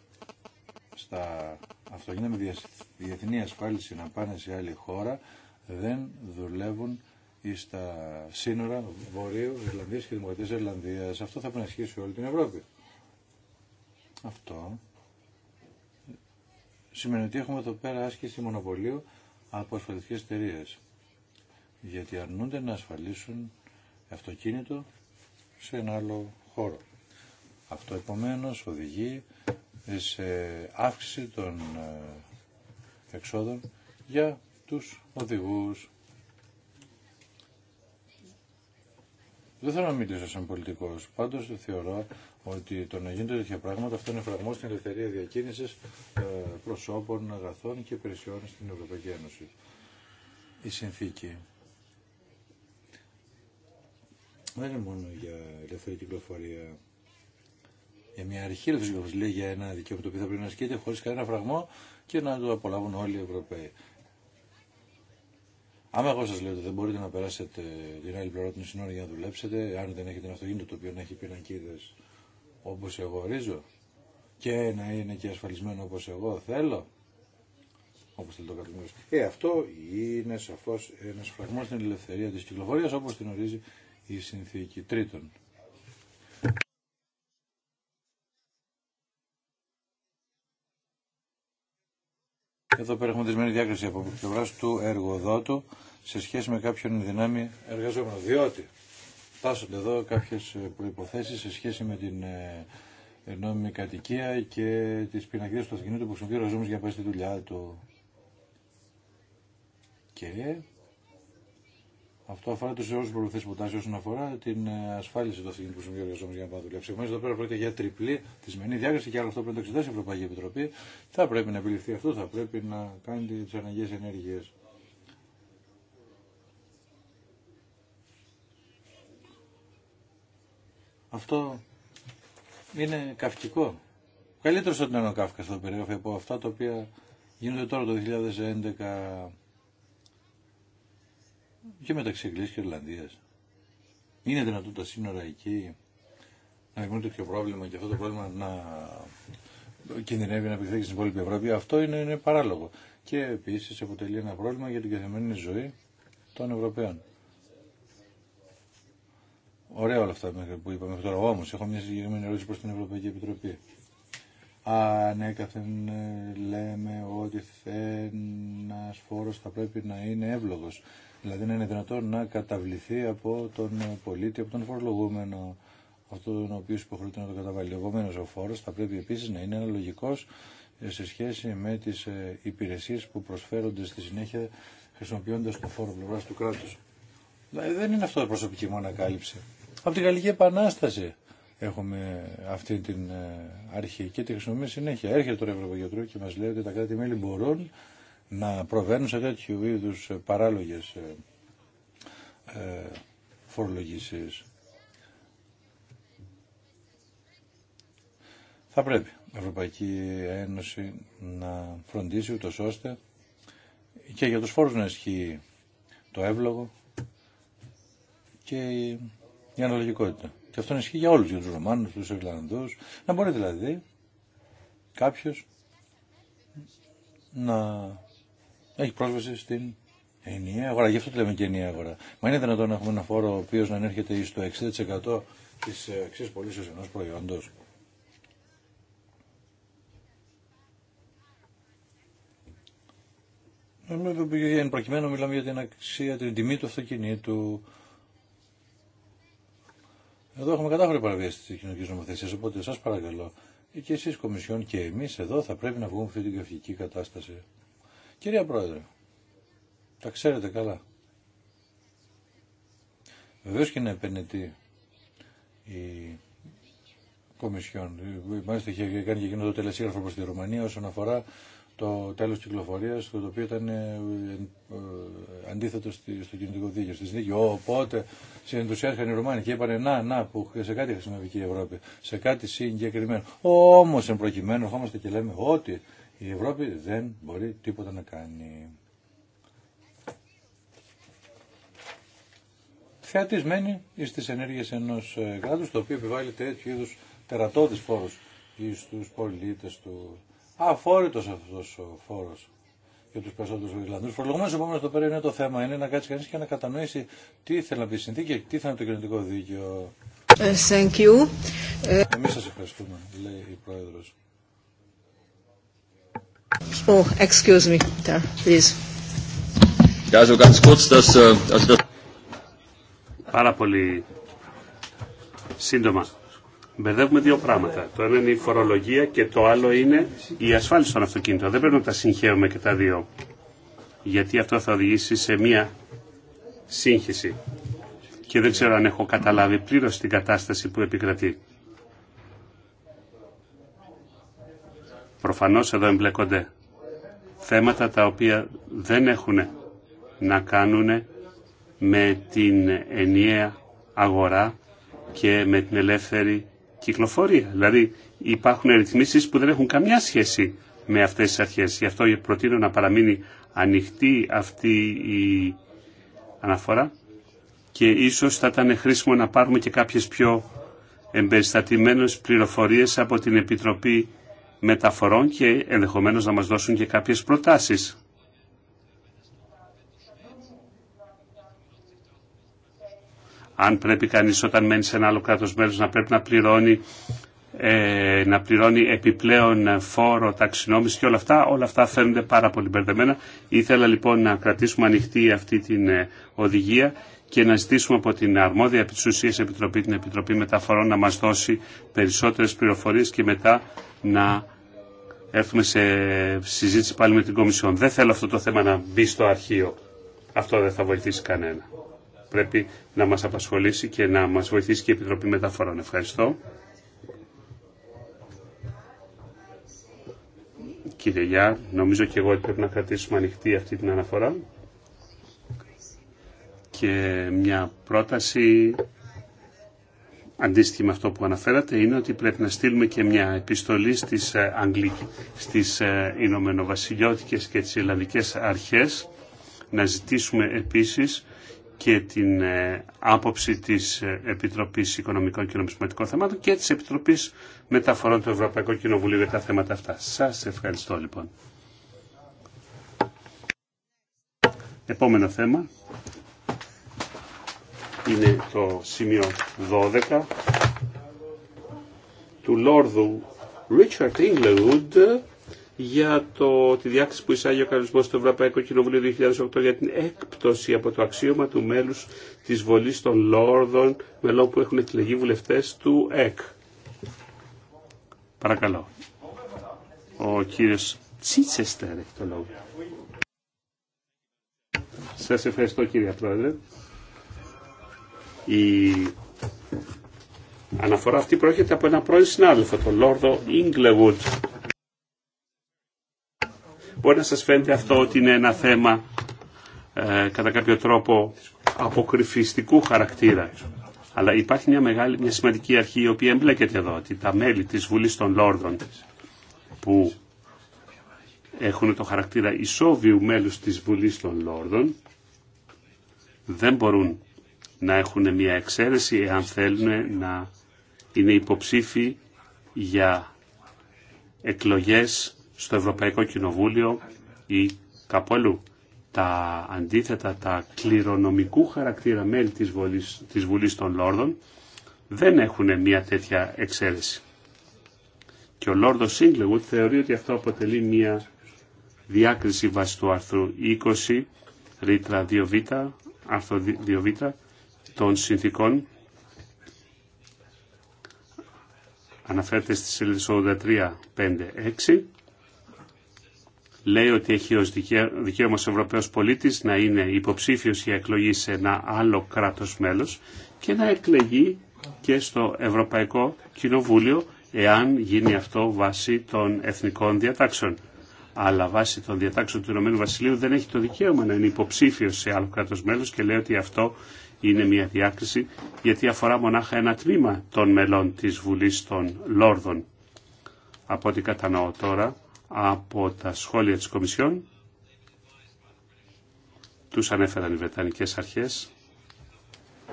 στα αυτοκίνητα με διεθνή ασφάλιση να πάνε σε άλλη χώρα δεν δουλεύουν στα σύνορα Βορείου Ιρλανδίας και Δημοκρατίας Ιρλανδίας. Αυτό θα πρέπει όλη την Ευρώπη. Αυτό σημαίνει ότι έχουμε εδώ πέρα άσκηση μονοπωλίου από ασφαλιστικές εταιρείε γιατί αρνούνται να ασφαλίσουν αυτοκίνητο σε ένα άλλο χώρο. Αυτό επομένως οδηγεί σε αύξηση των ε, εξόδων για τους οδηγούς. Δεν θέλω να μιλήσω σαν πολιτικός. Πάντως θεωρώ ότι το να γίνονται τέτοια πράγματα αυτό είναι φραγμό στην ελευθερία διακίνηση ε, προσώπων, αγαθών και υπηρεσιών στην Ευρωπαϊκή Ένωση. Η συνθήκη δεν είναι μόνο για ελεύθερη κυκλοφορία. Για μια αρχή ελεύθερη κυκλοφορία λέει για ένα δικαίωμα το οποίο θα πρέπει να ασκείται χωρί κανένα φραγμό και να το απολαύουν όλοι οι Ευρωπαίοι. Άμα εγώ σα λέω ότι δεν μπορείτε να περάσετε την άλλη πλευρά των συνόρων για να δουλέψετε, αν δεν έχετε ένα αυτοκίνητο το οποίο να έχει πινακίδε όπω εγώ ορίζω και να είναι και ασφαλισμένο όπω εγώ θέλω, όπω θέλει το καθένα. Ε, αυτό είναι σαφώ ένα φραγμό στην ελευθερία τη κυκλοφορία όπω την ορίζει η συνθήκη. Τρίτον, Εδώ πέρα έχουμε δεσμενή διάκριση από πλευρά του εργοδότου σε σχέση με κάποιον δυνάμει εργαζόμενο. Διότι τάσσονται εδώ κάποιε ε, προποθέσει σε σχέση με την ε, νόμιμη κατοικία και τι πινακίδε του αυτοκινήτου που χρησιμοποιεί ο για να πάει στη δουλειά του. Και αυτό αφορά του όρου προποθέσει που όσον αφορά την ε, ασφάλιση του αυτοκίνητου που για να πάει δουλειά. Εμεί εδώ πέρα πρόκειται για τριπλή τη μενή διάκριση και άλλο αυτό πρέπει να το εξετάσει η Ευρωπαϊκή Επιτροπή. Θα πρέπει να επιληφθεί αυτό, θα πρέπει να κάνει τι αναγκαίε ενέργειε. Αυτό είναι καυκικό. Καλύτερο στον Νέο Κάφκα θα περιγράφει από αυτά τα οποία γίνονται τώρα το 2011 και μεταξύ Αγγλίας και Ιρλανδίας. Είναι δυνατόν τα σύνορα εκεί να δημιουργούν τέτοιο πρόβλημα και αυτό το πρόβλημα να κινδυνεύει να επιθέσει στην υπόλοιπη Ευρώπη. Αυτό είναι, είναι παράλογο. Και επίση αποτελεί ένα πρόβλημα για την καθημερινή ζωή των Ευρωπαίων. Ωραία όλα αυτά που είπαμε τώρα. Όμω, έχω μια συγκεκριμένη ερώτηση προ την Ευρωπαϊκή Επιτροπή. Ανέκαθεν ναι, ε, λέμε ότι ένα φόρο θα πρέπει να είναι εύλογο. Δηλαδή να είναι δυνατόν να καταβληθεί από τον πολίτη, από τον φορολογούμενο, αυτό τον οποίο υποχρεωτεί να το καταβάλει. Επομένω, ο φόρο θα πρέπει επίση να είναι αναλογικό σε σχέση με τι ε, υπηρεσίε που προσφέρονται στη συνέχεια χρησιμοποιώντα το φόρο πλευρά του κράτου. Δηλαδή, δεν είναι αυτό η προσωπική μου ανακάλυψη. Από την Γαλλική Επανάσταση έχουμε αυτή την ε, αρχή και τη χρησιμοποιούμε συνέχεια. Έρχεται τώρα η Ευρωπαϊκή και μα λέει ότι τα κράτη-μέλη μπορούν να προβαίνουν σε τέτοιου είδου ε, παράλογες ε, ε, φορολογήσεις. Θα πρέπει η Ευρωπαϊκή Ένωση να φροντίσει ούτω ώστε και για τους φόρους να ισχύει το εύλογο και η αναλογικότητα. Και αυτό ισχύει για όλους, για τους Ρωμάνους, τους Ιρλανδούς. Να μπορεί δηλαδή κάποιος να έχει πρόσβαση στην ενιαία αγορά. Γι' αυτό το λέμε και ενιαία αγορά. Μα είναι δυνατόν να έχουμε ένα φόρο ο οποίο να ανέρχεται στο 60% τη ε, αξία πωλήσεω ενό προϊόντο. Εν προκειμένου μιλάμε για την αξία, την τιμή του αυτοκινήτου. Εδώ έχουμε κατάφορη παραβίαση τη κοινωνική νομοθεσία, οπότε σα παρακαλώ και εσεί Κομισιόν και εμεί εδώ θα πρέπει να βγούμε αυτή την κατάσταση. Κυρία Πρόεδρε, τα ξέρετε καλά. Βεβαίως και να επενετεί η Κομισιόν. Μάλιστα είχε κάνει και εκείνο το τελεσίγραφο προς τη Ρουμανία όσον αφορά το τέλος κυκλοφορίας, το οποίο ήταν ε, ε, αντίθετο στο κινητικό δίκαιο, στη Οπότε συνεντουσιάστηκαν οι Ρουμάνοι και είπαν να, να, που σε κάτι χρησιμοποιεί η Ευρώπη, σε κάτι συγκεκριμένο. Όμως εν προκειμένου ερχόμαστε και λέμε ότι η Ευρώπη δεν μπορεί τίποτα να κάνει. Θεατισμένη στι ενέργειες ενός ε, κράτους το οποίο επιβάλλει τέτοιου τερατώδης τερατώδει εις τους πολίτες του. Αφόρητος αυτός ο φόρος για του περισσότερου Ιρλανδούς. Προλογμένως επόμενος το πέρα είναι το θέμα. Είναι να κάτσει κανείς και να κατανοήσει τι θέλει να πει η συνθήκη και τι θα είναι το κοινωνικό δίκαιο. Ε, thank you. Ε, Εμεί σα ευχαριστούμε, λέει η Πρόεδρος. Oh, excuse me, please. Äh, Πάρα πολύ σύντομα. Μπερδεύουμε δύο πράγματα. Το ένα είναι η φορολογία και το άλλο είναι η ασφάλιση των αυτοκίνητων. Δεν πρέπει να τα συγχαίρουμε και τα δύο. Γιατί αυτό θα οδηγήσει σε μία σύγχυση. Και δεν ξέρω αν έχω καταλάβει πλήρως την κατάσταση που επικρατεί. Προφανώς εδώ εμπλέκονται θέματα τα οποία δεν έχουν να κάνουν με την ενιαία αγορά και με την ελεύθερη κυκλοφορία. Δηλαδή υπάρχουν ρυθμίσεις που δεν έχουν καμιά σχέση με αυτές τις αρχές. Γι' αυτό προτείνω να παραμείνει ανοιχτή αυτή η αναφορά και ίσως θα ήταν χρήσιμο να πάρουμε και κάποιες πιο εμπεριστατημένες πληροφορίες από την Επιτροπή μεταφορών και ενδεχομένως να μας δώσουν και κάποιες προτάσεις. Αν πρέπει κανείς όταν μένει σε ένα άλλο κράτος μέλος να πρέπει να πληρώνει, ε, να πληρώνει επιπλέον φόρο, ταξινόμηση και όλα αυτά, όλα αυτά φαίνονται πάρα πολύ μπερδεμένα. Ήθελα λοιπόν να κρατήσουμε ανοιχτή αυτή την ε, οδηγία και να ζητήσουμε από την αρμόδια επί της επιτροπή, την Επιτροπή Μεταφορών, να μας δώσει περισσότερες πληροφορίες και μετά να έρθουμε σε συζήτηση πάλι με την Κομισιόν. Δεν θέλω αυτό το θέμα να μπει στο αρχείο. Αυτό δεν θα βοηθήσει κανένα. Πρέπει να μας απασχολήσει και να μας βοηθήσει και η Επιτροπή Μεταφορών. Ευχαριστώ. Κύριε Γιά, νομίζω και εγώ ότι πρέπει να κρατήσουμε ανοιχτή αυτή την αναφορά και μια πρόταση αντίστοιχη με αυτό που αναφέρατε είναι ότι πρέπει να στείλουμε και μια επιστολή στις, ε, Αγγλικές, στις ε, Ηνωμενοβασιλιώτικες και τις ελληνικές αρχές να ζητήσουμε επίσης και την ε, άποψη της Επιτροπής Οικονομικών και Νομισματικών Θεμάτων και της Επιτροπής Μεταφορών του Ευρωπαϊκού Κοινοβουλίου για τα θέματα αυτά. Σας ευχαριστώ λοιπόν. Επόμενο θέμα είναι το σημείο 12 του Λόρδου Richard Inglewood για το, τη διάκριση που εισάγει ο κανονισμό του Ευρωπαϊκού Κοινοβουλίου 2008 για την έκπτωση από το αξίωμα του μέλους της βολή των Λόρδων, μελών που έχουν εκλεγεί βουλευτές του ΕΚ. Παρακαλώ. Ο κύριος Τσίτσεστερ έχει το λόγο. Σα ευχαριστώ κύριε Πρόεδρε. Η αναφορά αυτή προέρχεται από ένα πρώην συνάδελφο, τον Λόρδο Ίγκλεγουτ. Μπορεί να σας φαίνεται αυτό ότι είναι ένα θέμα ε, κατά κάποιο τρόπο αποκρυφιστικού χαρακτήρα. Αλλά υπάρχει μια, μεγάλη, μια σημαντική αρχή η οποία εμπλέκεται εδώ, ότι τα μέλη της Βουλής των Λόρδων που έχουν το χαρακτήρα ισόβιου μέλους της Βουλής των Λόρδων δεν μπορούν να έχουν μια εξαίρεση εάν θέλουν να είναι υποψήφοι για εκλογές στο Ευρωπαϊκό Κοινοβούλιο ή κάπου αλλού. Τα αντίθετα, τα κληρονομικού χαρακτήρα μέλη της Βουλής, της Βουλής των Λόρδων δεν έχουν μια τέτοια εξαίρεση. Και ο Λόρδος Σίγκλεγουτ θεωρεί ότι αυτό αποτελεί μια διάκριση βάσει του άρθρου 20, ρήτρα 2β, άρθρο 2β, των συνθήκων αναφέρεται στη σελίδα 83, 5, 6 λέει ότι έχει ως δικαίωμα ο Ευρωπαίος πολίτης να είναι υποψήφιος για εκλογή σε ένα άλλο κράτος μέλος και να εκλεγεί και στο Ευρωπαϊκό Κοινοβούλιο εάν γίνει αυτό βάσει των εθνικών διατάξεων. Αλλά βάσει των διατάξεων του Ηνωμένου Βασιλείου δεν έχει το δικαίωμα να είναι υποψήφιος σε άλλο κράτος μέλος και λέει ότι αυτό είναι μια διάκριση γιατί αφορά μονάχα ένα τμήμα των μελών της Βουλής των Λόρδων. Από ό,τι κατανοώ τώρα από τα σχόλια της Κομισιόν τους ανέφεραν οι Βρετανικές αρχές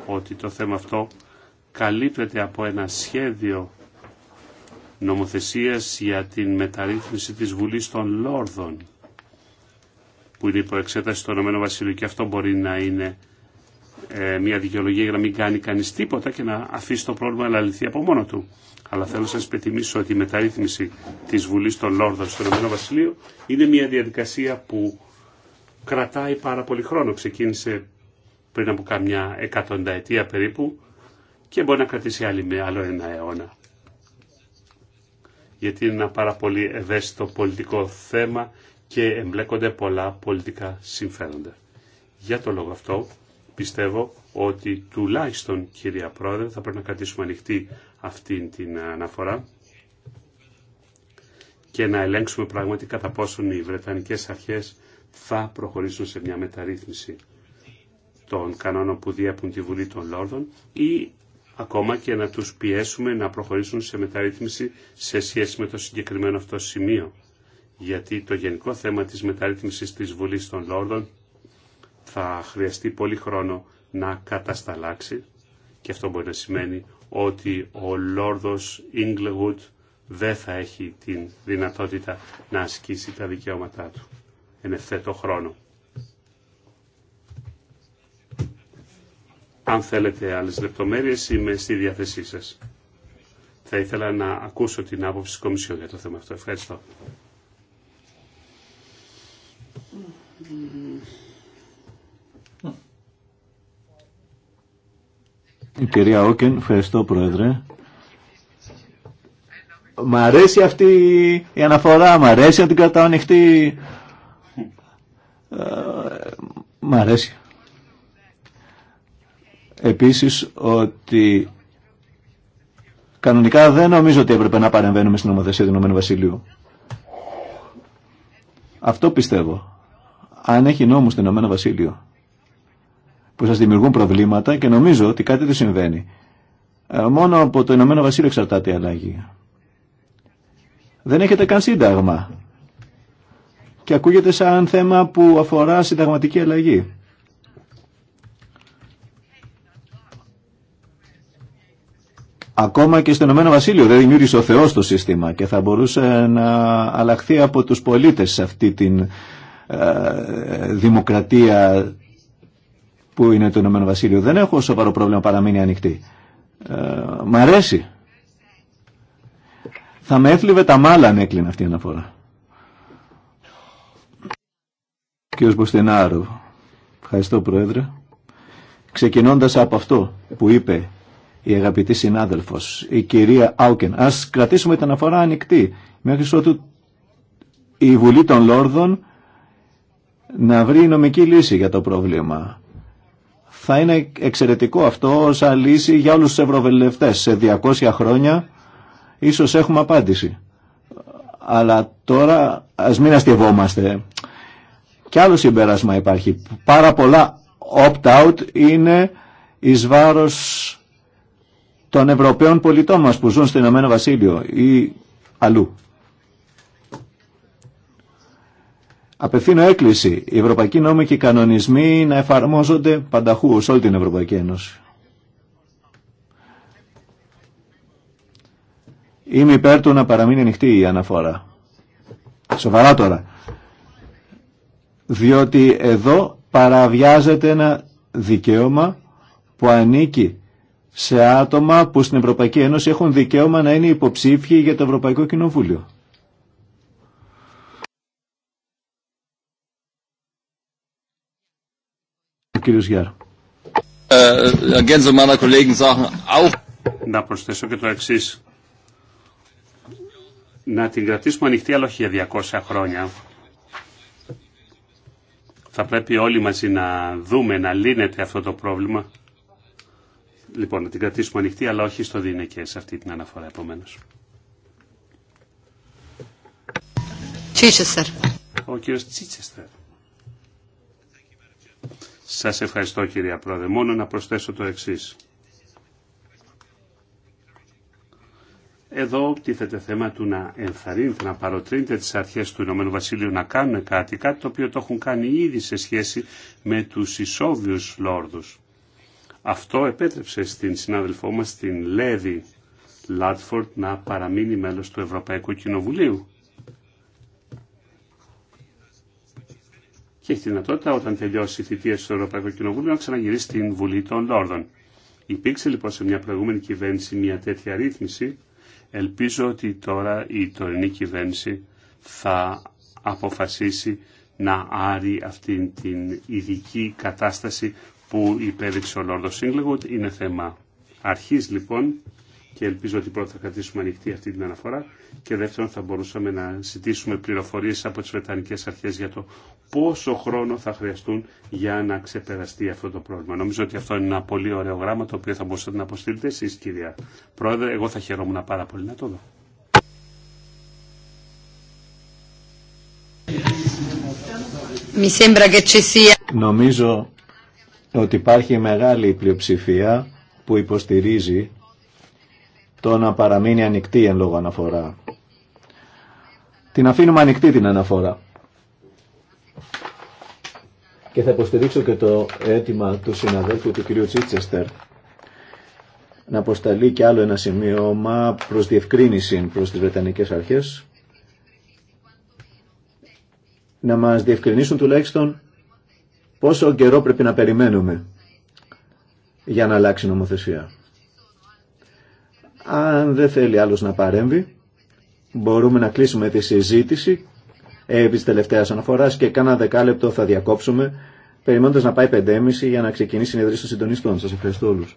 ότι το θέμα αυτό καλύπτεται από ένα σχέδιο νομοθεσίας για την μεταρρύθμιση της Βουλής των Λόρδων που είναι υπό εξέταση στο Ηνωμένο και αυτό μπορεί να είναι ε, μια δικαιολογία για να μην κάνει κανείς τίποτα και να αφήσει το πρόβλημα να λυθεί από μόνο του. Αλλά θέλω να σας υπενθυμίσω ότι η μεταρρύθμιση της Βουλής των Λόρδων στο Ηνωμένο Βασιλείο είναι μια διαδικασία που κρατάει πάρα πολύ χρόνο. Ξεκίνησε πριν από καμιά εκατονταετία περίπου και μπορεί να κρατήσει άλλη με άλλο ένα αιώνα. Γιατί είναι ένα πάρα πολύ ευαίσθητο πολιτικό θέμα και εμπλέκονται πολλά πολιτικά συμφέροντα. Για το λόγο αυτό πιστεύω ότι τουλάχιστον κυρία Πρόεδρε θα πρέπει να κρατήσουμε ανοιχτή αυτή την αναφορά και να ελέγξουμε πράγματι κατά πόσον οι Βρετανικές αρχές θα προχωρήσουν σε μια μεταρρύθμιση των κανόνων που διέπουν τη Βουλή των Λόρδων ή ακόμα και να τους πιέσουμε να προχωρήσουν σε μεταρρύθμιση σε σχέση με το συγκεκριμένο αυτό σημείο. Γιατί το γενικό θέμα της μεταρρύθμισης της Βουλής των Λόρδων θα χρειαστεί πολύ χρόνο να κατασταλάξει και αυτό μπορεί να σημαίνει ότι ο Λόρδος Ιγκλεγουτ δεν θα έχει την δυνατότητα να ασκήσει τα δικαιώματά του εν ευθέτω χρόνο. Αν θέλετε άλλες λεπτομέρειες είμαι στη διάθεσή σας. Θα ήθελα να ακούσω την άποψη της Κομισιόν για το θέμα αυτό. Ευχαριστώ. Η κυρία Όκεν, ευχαριστώ Πρόεδρε. Μ' αρέσει αυτή η αναφορά, μ' αρέσει να την κρατάω ανοιχτή. Ε, μ' αρέσει. Επίσης ότι κανονικά δεν νομίζω ότι έπρεπε να παρεμβαίνουμε στην νομοθεσία του Ηνωμένου Βασιλείου. Αυτό πιστεύω. Αν έχει νόμους το Ηνωμένο Βασίλειο που σας δημιουργούν προβλήματα και νομίζω ότι κάτι δεν συμβαίνει. Ε, μόνο από το Ηνωμένο Βασίλειο εξαρτάται η αλλαγή. Δεν έχετε καν σύνταγμα. Και ακούγεται σαν θέμα που αφορά συνταγματική αλλαγή. Ακόμα και στο Ηνωμένο Βασίλειο δεν δημιούργησε ο Θεός το σύστημα και θα μπορούσε να αλλάχθεί από τους πολίτες αυτή τη ε, δημοκρατία που είναι το Ηνωμένο Βασίλειο. Δεν έχω σοβαρό πρόβλημα παραμείνει ανοιχτή. Ε, μ' αρέσει. Θα με έθλιβε τα μάλα αν έκλεινε αυτή η αναφορά. Κύριο Μποστινάρου, ευχαριστώ Πρόεδρε. Ξεκινώντας από αυτό που είπε η αγαπητή συνάδελφος, η κυρία Άουκεν, ας κρατήσουμε την αναφορά ανοιχτή μέχρι ότου η Βουλή των Λόρδων να βρει νομική λύση για το πρόβλημα. Θα είναι εξαιρετικό αυτό ως λύση για όλους τους ευρωβελευτές. Σε 200 χρόνια ίσως έχουμε απάντηση. Αλλά τώρα ας μην αστευόμαστε. Κι άλλο συμπέρασμα υπάρχει. Πάρα πολλά opt-out είναι εις βάρος των Ευρωπαίων πολιτών μας που ζουν στο Ηνωμένο Βασίλειο ή αλλού. Απευθύνω έκκληση. Οι ευρωπαϊκοί νόμοι και οι κανονισμοί να εφαρμόζονται πανταχού σε όλη την Ευρωπαϊκή Ένωση. Είμαι υπέρ του να παραμείνει ανοιχτή η αναφορά. Σοβαρά τώρα. Διότι εδώ παραβιάζεται ένα δικαίωμα που ανήκει σε άτομα που στην Ευρωπαϊκή Ένωση έχουν δικαίωμα να είναι υποψήφιοι για το Ευρωπαϊκό Κοινοβούλιο. κύριος Γιάρ. Ε, ε, να προσθέσω και το εξή. Να την κρατήσουμε ανοιχτή, αλλά όχι για 200 χρόνια. Θα πρέπει όλοι μαζί να δούμε, να λύνεται αυτό το πρόβλημα. Λοιπόν, να την κρατήσουμε ανοιχτή, αλλά όχι στο σε αυτή την αναφορά, επομένω. Ο κύριος Τσίτσεστερ. Σας ευχαριστώ κυρία Πρόεδρε. Μόνο να προσθέσω το εξής. Εδώ τίθεται θέμα του να ενθαρρύνετε, να παροτρύνετε τις αρχές του Ηνωμένου Βασιλείου να κάνουν κάτι, κάτι το οποίο το έχουν κάνει ήδη σε σχέση με τους ισόβιους λόρδους. Αυτό επέτρεψε στην συνάδελφό μας την Λέδη Λάτφορντ να παραμείνει μέλος του Ευρωπαϊκού Κοινοβουλίου. και έχει τη δυνατότητα όταν τελειώσει η θητεία στο Ευρωπαϊκό Κοινοβούλιο να ξαναγυρίσει στην Βουλή των Λόρδων. Υπήρξε λοιπόν σε μια προηγούμενη κυβέρνηση μια τέτοια ρύθμιση. Ελπίζω ότι τώρα η τωρινή κυβέρνηση θα αποφασίσει να άρει αυτή την ειδική κατάσταση που υπέδειξε ο Λόρδος Σίγκλεγουτ. Είναι θέμα αρχής λοιπόν και ελπίζω ότι πρώτα θα κρατήσουμε ανοιχτή αυτή την αναφορά και δεύτερον θα μπορούσαμε να ζητήσουμε πληροφορίες από τις Βρετανικές Αρχές για το πόσο χρόνο θα χρειαστούν για να ξεπεραστεί αυτό το πρόβλημα. Νομίζω ότι αυτό είναι ένα πολύ ωραίο γράμμα το οποίο θα μπορούσατε να αποστείλετε εσείς κυρία Πρόεδρε. Εγώ θα χαιρόμουν πάρα πολύ να το δω. Νομίζω ότι υπάρχει μεγάλη πλειοψηφία που υποστηρίζει το να παραμείνει ανοιχτή εν λόγω αναφορά. Την αφήνουμε ανοιχτή την αναφορά. Και θα υποστηρίξω και το αίτημα του συναδέλφου του κ. Τσίτσεστερ να αποσταλεί και άλλο ένα σημείωμα προς διευκρίνηση προς τις Βρετανικές Αρχές να μας διευκρινίσουν τουλάχιστον πόσο καιρό πρέπει να περιμένουμε για να αλλάξει νομοθεσία. Αν δεν θέλει άλλος να παρέμβει, μπορούμε να κλείσουμε τη συζήτηση επί της τελευταίας αναφοράς και κάνα δεκάλεπτο θα διακόψουμε περιμένοντας να πάει 5.30 για να ξεκινήσει η συνέδριση των συντονιστών. Σας ευχαριστώ όλους.